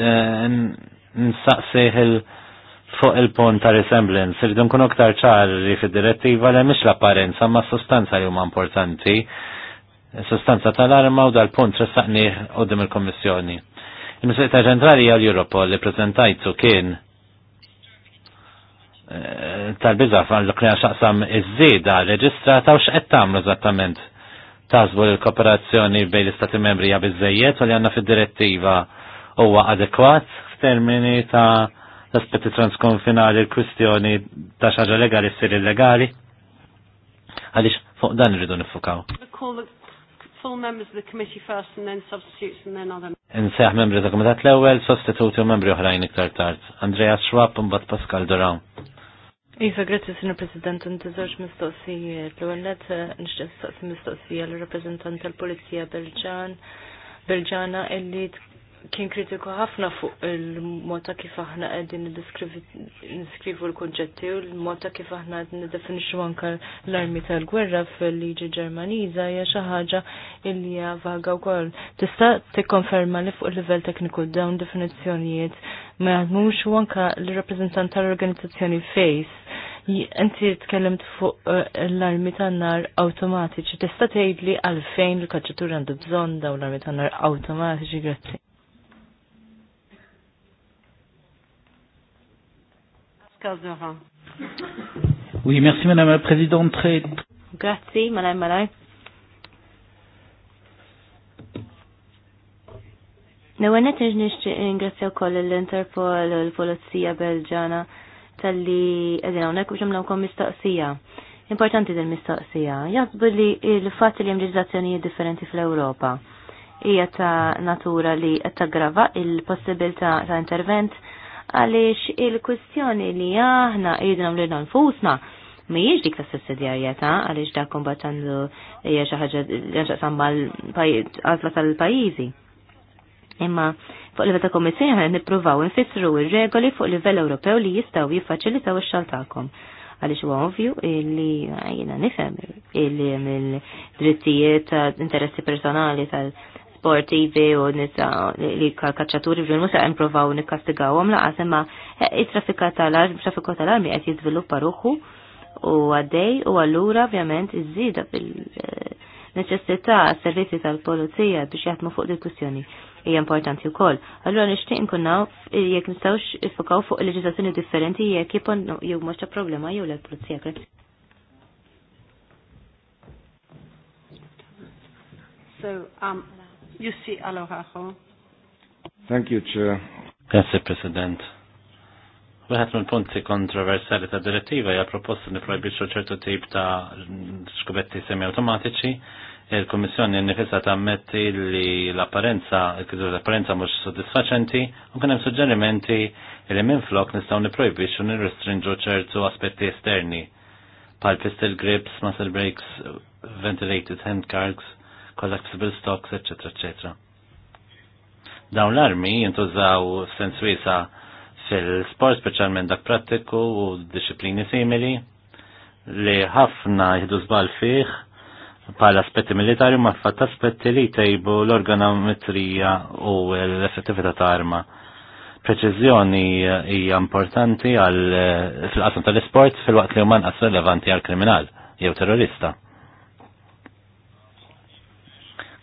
nsaqsiħ il- fuq il-pont ta' resemblance, irridu nkunu aktar ċari fid-direttiva li mhix l-apparenza ma' sostanza li huma importanti, sostanza tal-arma u dal-punt ressaqni qudiem il-Kommissjoni. Il-Mislieta Ġentrali għal Europol li prezentajtu kien tal-bidra għal l kena xaqsam iż-żieda reġistrata u x'qed tagħmlu eżattament tażbu l-kooperazzjoni bejn l-Istati membri ja biżejjed u li għandna fid-direttiva huwa adekwat f'termini ta' l-aspetti transkonfinali l-kwistjoni ta' xaġa legali ssir illegali. Għaliex fuq dan irridu nifukaw. Inseħ membri ta' komitat l-ewwel, sostituti u membri oħrajn iktar tard. Andreas Schwab mbat Pascal Doran. Iva, grazie, Sinu President, Un tiżoċ mistoqsijiet. L-għannet eh, nxġess mistoqsija l-reprezentant tal-Polizija Belġan, Belġana, illi kien kritiku ħafna fuq il-mod ta' kif aħna qegħdin niskrivu l konġetti u l-mod kif aħna qegħdin niddefinixxu anke l-armi tal-gwerra fil-liġi Ġermaniza hija xi ħaġa illi hija vaga wkoll. Tista' tikkonferma li fuq il-livell tekniku dawn definizzjonijiet ma għadmux u anka l reprezentant tal-organizzazzjoni Face. Inti tkellimt fuq eh, l-armi tan-nar awtomatiċi. Tista' tgħidli għalfejn l kaċċatur għandu bżonn dawn l-armi tan-nar automatiċi, grazzi. Calderin. Oui, merci Madame la Présidente. Très... Merci Madame Malay. Nawennet nixtieq ingrazzja wkoll l-Interpol u l-Polizija Belġana tal-li qegħdin hawnhekk biex nagħmlhom mistoqsija. Importanti din mistoqsija. Jaħsbu li l-fatt li hemm leġiżlazzjonijiet differenti fl-Ewropa hija ta' natura li qed taggrava il-possibilità ta' intervent għaliex il-kwistjoni li aħna jidna nagħmlu nfusna mhijiex dik ta' sussidjarjetà għaliex dak kumbat għandu hija xi ħaġa janxaqsam tal-pajjiżi. Imma fuq livell ta' Kommissjoni għan nippruvaw infissru il regoli fuq livell Ewropew li jistgħu jiffaċilitaw ix-xogħol tagħkom għalix huwa ovvju illi jina nifhem illi mill-drittijiet ta' interessi personali tal sportivi u nisa li kacċaturi ġun musa improvaw nikastigawhom laqas imma it-traffika tal-armi traffika tal-armi qed ruħu u għaddej u allura ovvjament iżida fil-neċessità servizzi tal-polizija biex jaħdmu fuq diskussjoni hija importanti wkoll. Allura nixtieq nkun naw jekk nistgħux ifokaw fuq leġiżlazzjoni differenti jekk jipon jew mhux ta' problema jew l pulizija. So um, Jussi Alohaho. Thank you, Chair. Grazie, President. Wieħed mill-punti kontroversali ta' direttiva hija proposta li projbixxu ċertu tip ta' skubetti semi-automatiċi. Il-Kummissjoni nifisa tammetti li l-apparenza, il-kidur l-apparenza mhux soddisfaċenti u kien hemm suġġerimenti li minflok nistgħu nipprojbixxu nirrestrinġu ċertu aspetti esterni bħal pistol grips, muscle brakes, ventilated hand cargs kollha ksibil stocks, eċetera, eċetera. Dawn l-armi jintużaw sens wiesa fil-sport, speċjalment dak prattiku u disciplini simili li ħafna jihdu zbal fih pal aspetti militari ma fatt aspetti li tejbu l-organometrija u l-effettività ta' arma. Preċizjoni hija importanti għal fil-qasam tal-isport fil-waqt li huma nqas relevanti għal kriminal jew terrorista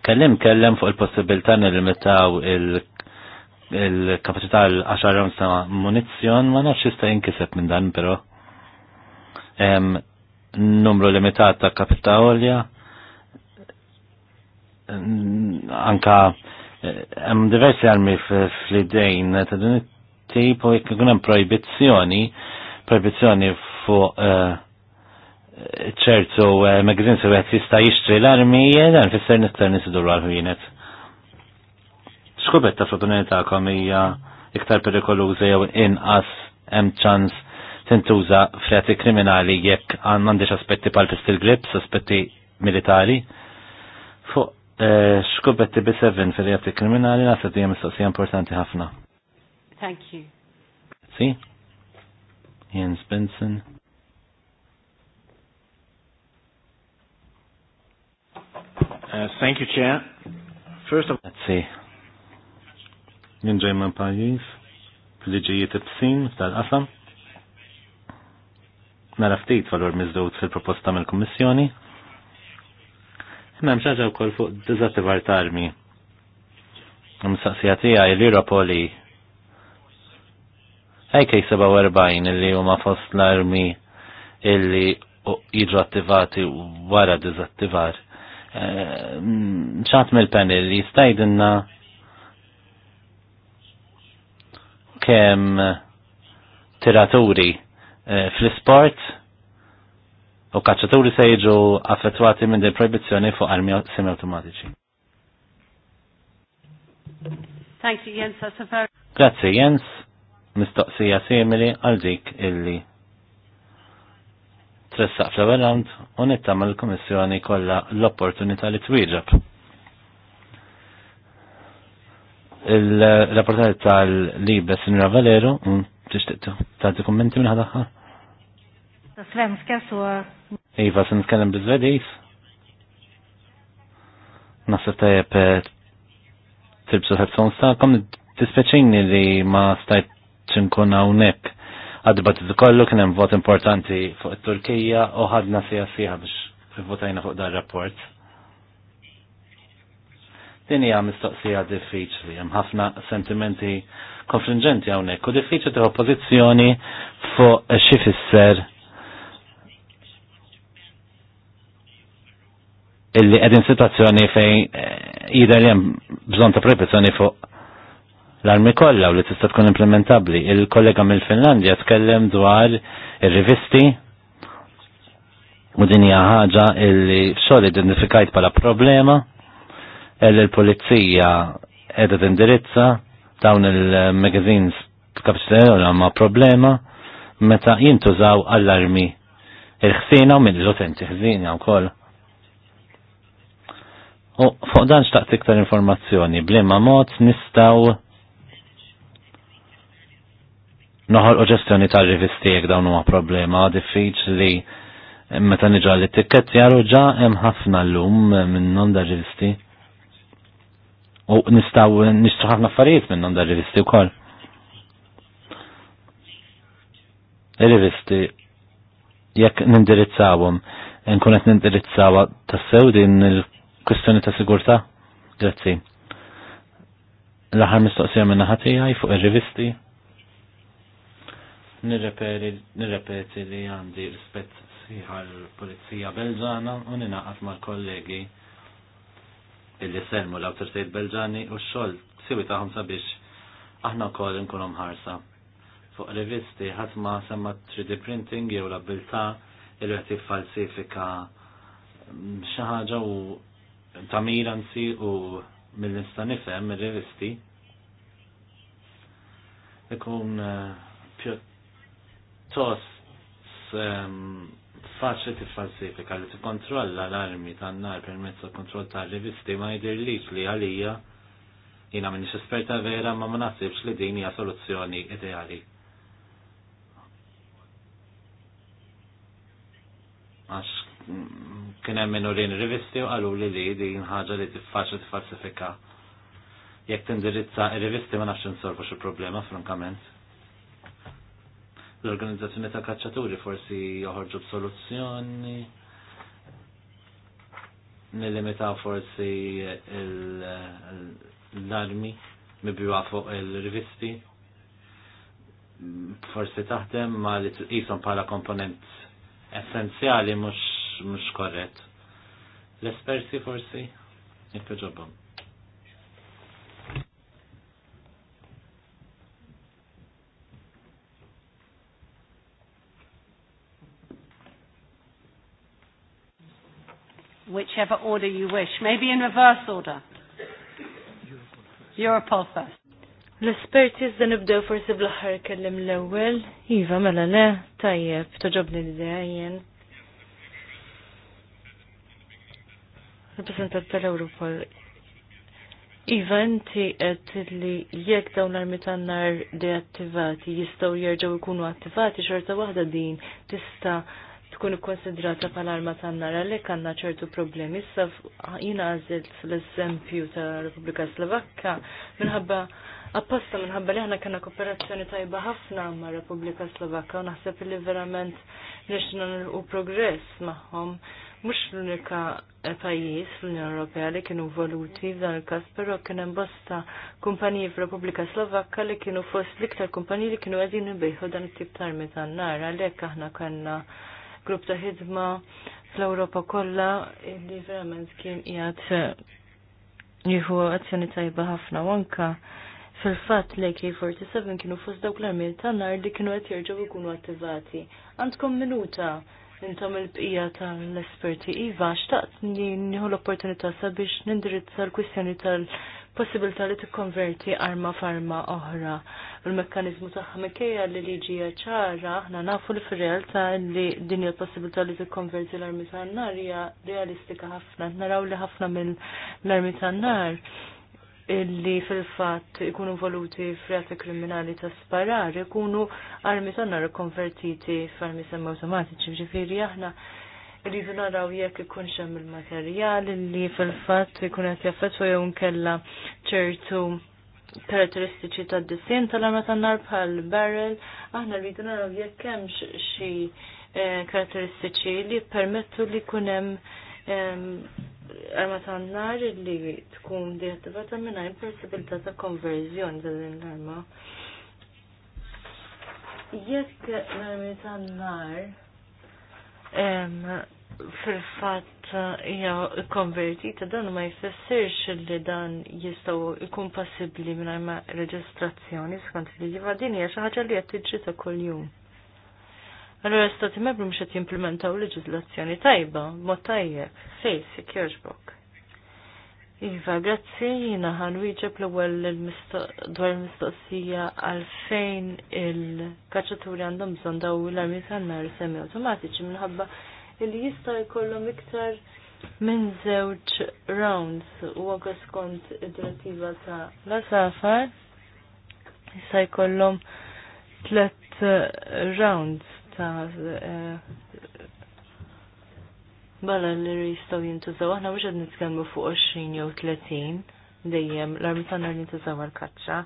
kellim kellem fuq il-possibilità nillimitaw il-kapacità il possibilità limitaw il kapacità il l 10 sa munizzjon, ma nafx jista' jinkiseb minn dan però. Numru limitat ta' kapacità olja, anka hemm diversi armi fl-idejn ta' din it-tip u jekk ikun hemm proibizzjoni, proibizzjoni fuq uh, ċertu eh, magazin se għet jista jixtri l-armi, eh, dan fisser nistar nisidur għal-ħujinet. Xkubet ta' kom hija iktar perikolużi jew inqas hemm ċans tintuża f'reati kriminali jekk għandix aspetti pal pistil grips, aspetti militari. Fuq eh, xkubet TB7 fil-reati kriminali li hija mistoqsija importanti ħafna. Thank you. Si? Jens Benson. Uh, thank you, Chair. First of all, let's see. Ninġej pajis, liġijiet ibsin tal-qasam. Nara ftit valur miżdud fil-proposta mill-Kummissjoni. Imma hemm u wkoll fuq dizzati ta' armi. Mistaqsija tiegħi li Rapoli AK-47 illi huma fost l-armi illi jidru attivati wara diżattivar ċat mill-panel li jistajdinna kem tiraturi eh, fl-sport u kacċaturi se jiġu affettwati minn del proibizzjoni fuq armi semi-automatiċi. Thank you, Grazie, Jens. Mistoqsija simili għal dik illi tressaq fl-ewwel round u nittam l-Kummissjoni kollha l-opportunità li twieġab. Il-rapportari tal-Libe Sinra Valero, mm, t tagħti kummenti minn ħadaħħa? Svenska so. Uh, iva, se nitkellem biż-Żvedis. Naħseb tajjeb eh, tilbsu headphones tagħkom tispeċini li ma stajt ċinkun hawnhekk għad-dibattitu kollu kien hemm vot importanti fuq it-Turkija u ħadna fija sija biex votajna fuq dar rapport. Din hija mistoqsija diffiċli, hemm ħafna sentimenti konfringenti hawnhekk u diffiċli tieħu pożizzjoni fuq xi fisser illi qegħdin situazzjoni fejn jidher li hemm bżonn ta' proibizzjoni fuq l-armi kollha u li tista' tkun implementabbli. Il-kollega mill-Finlandja tkellem dwar ir-rivisti u din hija ħaġa li xogħol identifikajt bħala problema l pulizija qiegħda tindirizza dawn il-magazines kapsitelhom ma' problema meta jintużaw allarmi il-ħsina u mill utenti ħsina wkoll. U fuq dan xtaqt iktar informazzjoni, blima mod nistaw noħolqu ġestjoni tar-rivisti jekk dawn huma problema diffiċli meta niġu għall tikket jaru ġa hemm ħafna llum minnhom da rivisti. U nistgħu nixtru ħafna affarijiet minnhom da rivisti wkoll. Il-rivisti jekk nindirizzawhom nkun qed nindirizzawa tassew din il-kwistjoni ta' sigurtà. Grazzi. L-aħħar mistoqsija minn ħati fuq ir-rivisti nirrepeti li għandi rispett siħar polizija belġana u ninaqat mal kollegi illi selmu l-autoritet belġani u xol siwi taħom sabiex aħna kol nkunu mħarsa. Fuq rivisti ħatma semma 3D printing jew l-abilta il għati falsifika xaħġa u tamiranzi u mill-nista nifem il-rivisti ikun eh, pjott tos faċli falsifika li tikkontrolla l-armi tan-nar permezz tal-kontroll ta' rivisti ma jidhirlix li għalija jina minni esperta vera ma ma nasibx li din hija soluzzjoni ideali. Għax mm, kien hemm minnu rin rivisti u qalu li li din ħaġa li ti tifalsifika. Jekk tindirizza ir-rivisti ma nafx insolvu xi problema frankament l-organizzazzjoni ta' kaċċaturi forsi joħorġu b'soluzzjoni nilimita forsi l-armi mibjuwa fuq il-rivisti forsi taħdem ma li tqisom bħala komponent essenzjali mhux korret L-esperti forsi jekk ġobhom. whichever order you wish, maybe in reverse order. Europol first. L-esperti jizda nibdew forsi bl-ħar kellim l-ewel, Iva mela le, tajjeb, toġobni l-idea jien. Rappresentant tal-Europol. Iva, inti għed li jekk dawn l-armi tan-nar deattivati jistaw jirġaw ikunu attivati xorta waħda din tista' tkun ikkonsidrata pal arma tan nara għalhekk għandna ċertu problemi. Issa jina għażilt l-eżempju ta' Repubblika Slovakka minħabba apposta minħabba li aħna kellna kooperazzjoni tajba ħafna ma' Repubblika Slovakka u naħseb li verament nixna u progress magħhom. Mhux l-unika pajjiż fl-Unjoni Ewropea li kienu voluti f'dan il kas però kien hemm bosta kumpaniji f'Repubblika Slovakka li kienu fost l-iktar kumpaniji li kienu għedin bejħu dan it-tip ta' tan-nar għalhekk aħna kellna grupp ta' ħidma fl-Ewropa kollha li verament kien qiegħed eh, jieħu azzjoni tajba ħafna wanka fil-fatt l k 47 kienu fost dawk l-armil ta' nar li kienu qed jerġgħu jkunu attivati. Għandkom minuta intom il-bqija tal-esperti Iva, xtaqt nieħu l-opportunità sabiex nindirizza l-kwistjoni tal-possibilità li tikkonverti arma f'arma oħra il l-mekkanizmu tagħha minkejja li li ġija ċara aħna nafu li fir-realtà li din il-possibilità li tikkonverti l-armi tan-nar hija realistika ħafna. Naraw li ħafna minn l-armi tan-nar illi fil-fat ikunu voluti f'rati kriminali ta' sparar, ikunu armi tannar konvertiti f'armi semma automatiċi, ġifiri aħna rridu naraw jekk ikun xemm il-materjal illi fil-fat ikun qed u jew nkella ċertu karatteristiċi ta' dissin tal-arma tan nar bħal barrel, aħna rridu naraw jekk kemm xi eh, karatteristiċi li permettu li jkun hemm arma tan nar li tkun deattivata mingħajr possibilità ta' konverżjoni ta' din l-arma. Jekk l-armi tan nar fil-fatt eh, hija konvertita dan ma jfessirx li dan jistgħu ikun passibli mingħajr ma reġistrazzjoni skont li jiva din hija xi ħaġa li qed tiġri ta' kuljum. Allora stati mebru mhux qed jimplementaw leġiżlazzjoni tajba, mod tajjeb, fejsik jogħġbok. Iva, grazzi, jina ħan wieġeb l-ewwel dwar il-mistoqsija għalfejn il-kaċċaturi għandhom bżonn daw l-armi tan-nar semi awtomatiċi minħabba Il jista' jkollhom iktar minn żewġ rounds u skont id-direttiva ta' l-asafar jista' jkollhom tlet eh, rounds ta' eh, Bala li jistaw jintużaw, aħna mux għad nitkellmu fuq 20 jew 30 dejjem l-armi tagħna li jintużaw għal-kaċċa.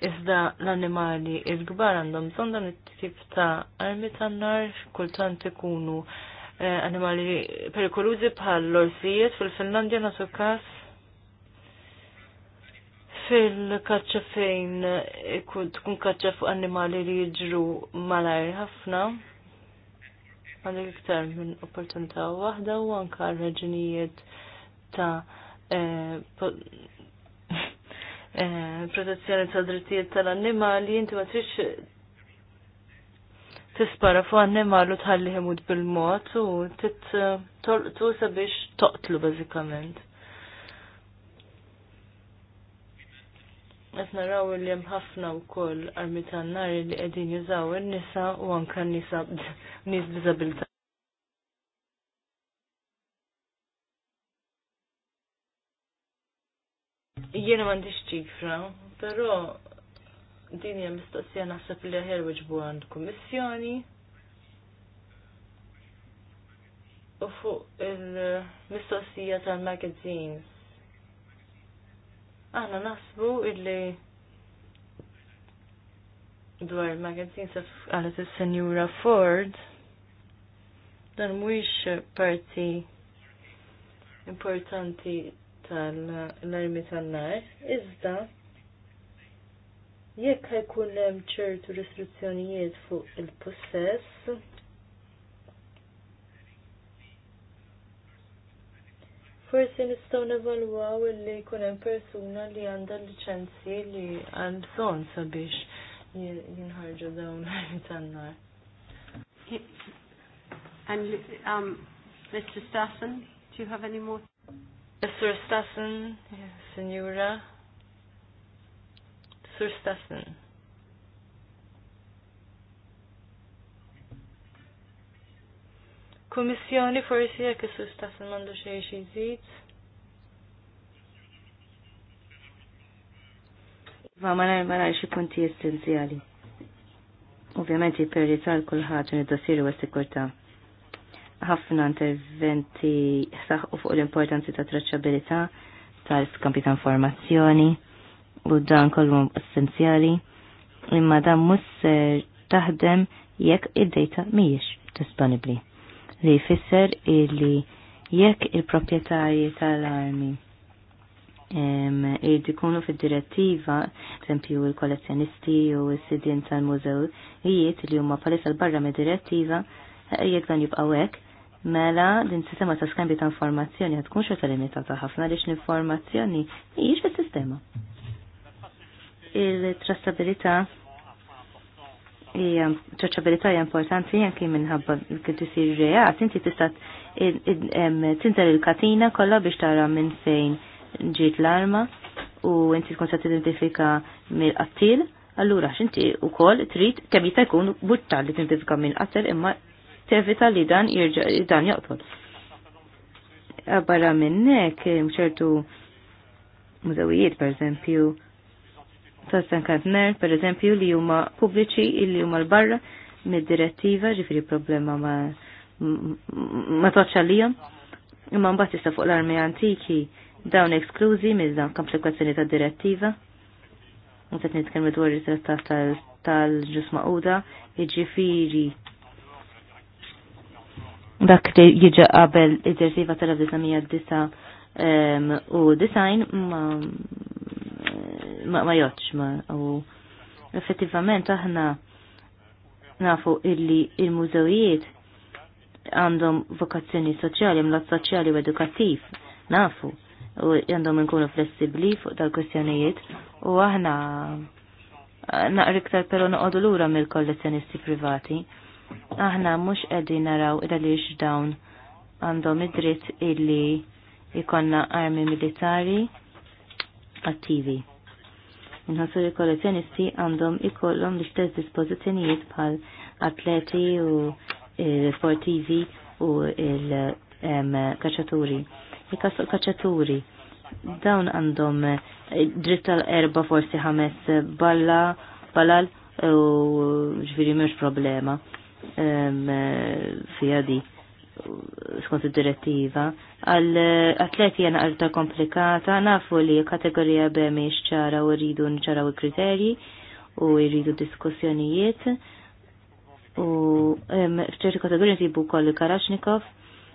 Iżda l-animali il-gbar għandhom bżonn dan it-tip ta' armi tan-nar kultant ikunu eh, animali perikolużi bħal l-orsijiet fil-Finlandja natu kas fil-kaċċa fejn tkun kaċċa fuq animali li jiġru malajr ħafna għandek iktar minn opportunità waħda u anka raġunijiet ta' eh, Eh, protezzjoni ta' drittijiet tal-annimali, inti ma trix tispara fuq u tħalli ħimud bil-mod u titolqtu eh, sabiex toqtlu bażikament. Qed naraw li jem ħafna u armi tan nari li qegħdin jużaw il nisa u anke n-nisa nies b'diżabilità. Jiena m'għandix ċifra, però din hija mistoqsija naħseb li aħjar weġbu għand kummissjoni. U fuq il-mistoqsija tal-magazines. Aħna naħsbu illi dwar il-magazines għalet il-Senjura Ford dan mhuwiex parti importanti tal-armi tal nar iżda jekk ħajkun hemm ċertu restrizzjonijiet fuq il-possess, forsi nistgħu nevalwaw illi jkun hemm persuna li għandha liċenzji li għand bżonn sabiex jinħarġu dawn l-armi tan-nar. And um, Mr. Stassen, do you have any more? Sur Stassen, Signora. Sur Stassen. Kummissjoni forsi jekk is-Sur Stassen m'għandu xejn xi jżid. Ma ma nara ma xi punti essenzjali. Ovvjament jipperdi tal kulħadd id-dossier u s ħafna interventi saħqu fuq l-importanzi ta' traċċabilità tal-skampi ta' informazzjoni u dan kollu essenzjali imma dan musser taħdem jekk id-data mhijiex disponibbli. Li jfisser illi jekk il-proprjetarji tal-armi irrid ikunu fid-direttiva, tempju il-kollezzjonisti u s sidien tal-mużew, li huma palissa l-barra mid-direttiva, jekk dan jibqaw hekk, Mela, din sistema ta' skambi ta' informazzjoni għad tkun xorta limitata ħafna li l-informazzjoni iġ fis-sistema. Il-trassabilità hija traċabilità hija importanti anke minħabba kien tisir reat, inti tista' tinter il-katina kollha biex tara minn fejn ġiet l-arma u inti tkun se tidentifika mill-qattil. Allura, xinti u kol trid kemm jista' jkun buttar li tidentifika minn qattil imma tevita li dan jirġa dan jaqtol. Barra minnek eh, mċertu mużawijiet, per eżempju tostan kant Kantner per eżempju li huma pubbliċi li huma l-barra mid-direttiva ġifiri problema ma ma jom. imma mbagħad tista' fuq l-armi antiki dawn eksklużi minn dan komplikazzjoni ta' direttiva. qed nitkellmu dwar it-trattat tal ġusma uda, jiġifieri dak li jiġa qabel id-dirsiva tal 1999 u design ma ma joċ ma u effettivament aħna nafu illi il-mużewijiet għandhom vokazzjoni soċjali, mlad soċjali u edukattiv, nafu, u għandhom nkunu flessibli fuq dal-kwestjonijiet u aħna naqriktar pero noqodu lura mill-kollezzjonisti privati aħna mhux qegħdin naraw għaliex dawn għandhom id-dritt illi jkollna armi militari attivi. Inħassu li kollezzjonisti għandhom ikollhom l-istess dispożizzjonijiet bħal atleti u sportivi u il kacċaturi il kacċaturi dawn għandhom dritt tal-erba forsi ħames balla, balal u ġviri mux problema fija di skont id-direttiva. Għal atleti jena arta komplikata, nafu li kategorija B miex ċara u rridu nċara u kriterji u rridu diskussjonijiet. U fċerti kategorija nsibu koll Karashnikov,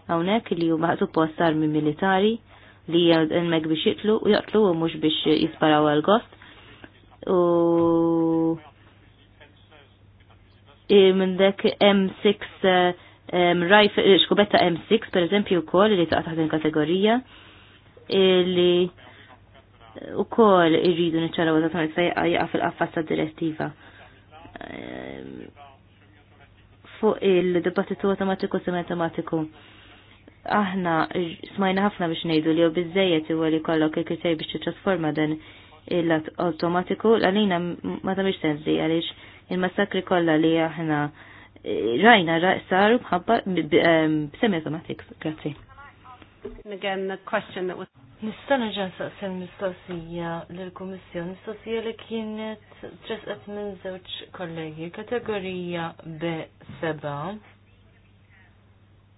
għawnek li ju maħtu post armi militari li jgħal biex jitlu u jaqtlu u mux biex jisparaw għal-gost. U Eh, minn dek M6 eh, rajf, eh, xkubetta M6 per eżempju kol li taqa taħt kategorija li u kol irridu nċaraw ta' tamet fejqa fil-qaffas ta' direttiva. Fuq il-dibattitu automatiku semi automatiku. Aħna smajna ħafna biex nejdu li u bizzejet u li kollok il-kriterji biex t-trasforma dan il-automatiku l-għalina ma tamiex sensi għalix il-massakri kollha li aħna eh, rajna saru bħabba b'semi automatics. Grazzi. Again, the question that was Nista' nerġa' mistoqsija lill-Kummissjoni, mistoqsija li kienet tresqet minn żewġ kollegi, kategorija B7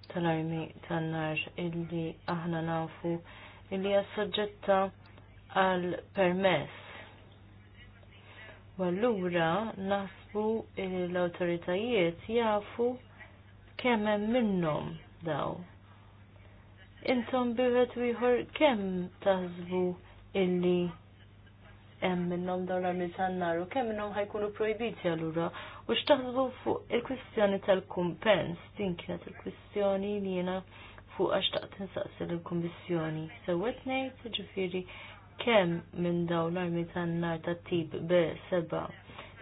tal-armi tan-nar illi aħna nafu illi għas soġġetta għal permess. Wallura allura li l-autoritajiet jafu kemm hemm minnhom daw. Intom bivet wieħor kemm taħsbu illi hemm minnhom dawn l-armi tan-nar u kemm minnhom ħajkunu projbiti allura u x'taħsbu fuq il-kwistjoni tal-kumpens din kienet il-kwistjoni li jiena fuq għax taqt insaqsi lill-kummissjoni. Sewwet ngħid ġifieri kemm minn dawn l-armi tan-nar tat-tip B7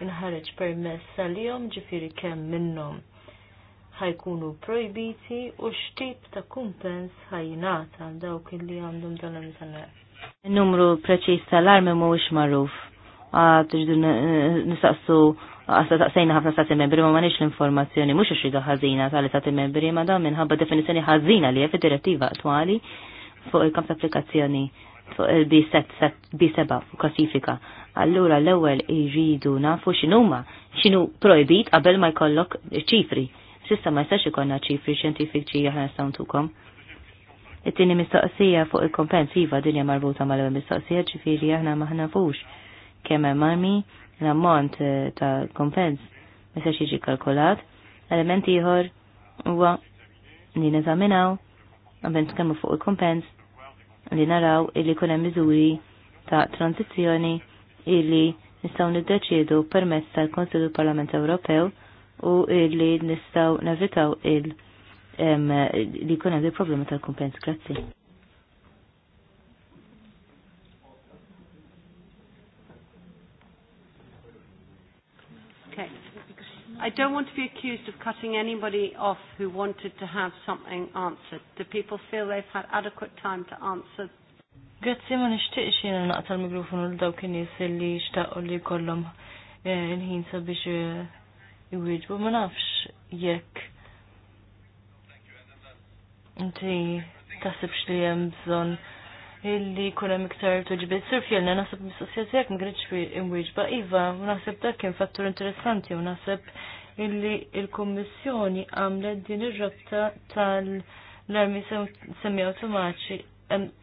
inħareġ permess għalihom ġifieri kemm minnhom ħajkunu projbiti u x'tip ta' kumpens ħajnata għal dawk li għandhom dan l-internet. numru preċis tal-armi mhuwiex magħruf. Għad ah, nistaqsu għasta ah, taqsejna ħafna stati membri ma manix l-informazzjoni mhux xridu ħażina tal-istati membri ma minn minħabba definizjoni ħażina li hija fid-direttiva attuali fuq il-kamp ta' applikazzjoni fuq il-B7 fuq kasifika, Allura l-ewwel jridu nafu x'inhuma x'inhu projbit qabel ma jkollok ċifri. Sista ma jistax ikollna ċifri xjentifiċi aħna nistgħu ntukom. It-tieni mistoqsija fuq il-kompens iva dinja marbuta mal-ewwel mistoqsija ċifiri aħna ma ħnafux kemm hemm l-ammont eh, ta' kompens ma jistax jiġi kalkulat. Element ieħor huwa li neżaminaw għabent kemmu fuq il-kompens li naraw illi kunem miżuri ta' tranzizjoni illi nistaw niddeċiedu permezz tal-Konsilu Parlament Ewropew u illi nistaw nevitaw il- li kunem di problemi tal-kumpens. Grazie. I don't want to be accused of cutting anybody off who wanted to have something answered. Do people feel they've had adequate time to answer? Grazzi ma nishtiqx jena naqta l-mikrofonu l dawk in-nies li xtaqgħu li jkollhom eh, il-ħin sabiex eh, iwieġbu ma nafx jekk inti tasibx li jem bżon illi kunem iktar tuġbit surfjelna nasib mis-sosjatijak mgħriċ imwiġba iva, nasib dak kien fattur interessanti, u nasib illi il-kommissjoni għamlet din ir-rabta tal-armi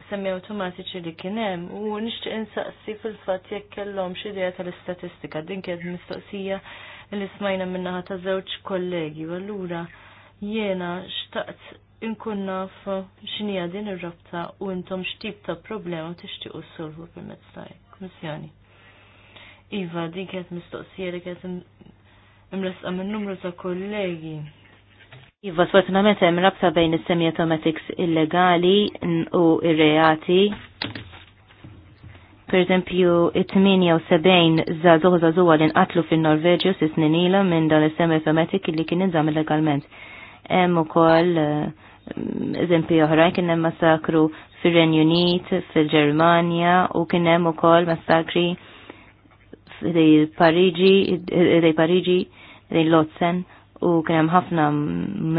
semi automatiċi li kienem u nixtieq insaqsi fil-fatt jekk kellhom xi idea tal-istatistika din kienet mistoqsija li smajna minnaħa ta' żewġ kollegi u allura jiena xtaqt inkun naf x'inija din ir-rabta u intom x'tip ta' problema tixtiequ ssolvu permezz ta' kummissjoni. Iva, din kienet mistoqsija li kienet imresqa minn numru ta' kollegi. Iva, sfortunament hemm rabta bejn is automatics illegali u ir-reati. Per eżempju, 78 zazuħ zazuwa li nqatlu fin-Norveġju s-snin ilha minn dan is automatic li kien inżamm illegalment. Hemm ukoll uh, eżempi oħra, kien hemm massakru fir-Renju Unit, fil-Ġermanja u kien hemm ukoll massakri dej Pariġi, dej Pariġi, dej Lotzen u kien hemm ħafna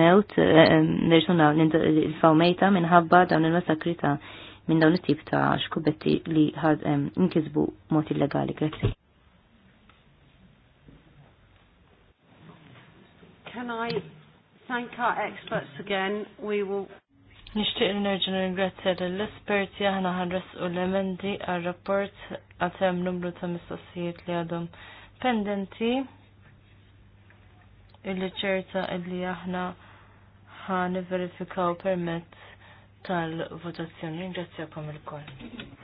mewt eh, eh, persuna l-fawmejta minħabba dawn il-massakri ta' minn dawn it-tip ta' xkubetti li ħad eh, inkisbu mod illegali. Grazzi. Can I Thank our experts again. We will Nishtiq nerġu ringrazzja l-esperti aħna ħarres u l-emendi għal-rapport għatem numru ta' mistoqsijiet li għadhom pendenti illi ċerta illi aħna ħan verifikaw permezz tal-votazzjoni. Ringrazzjakom il-koll.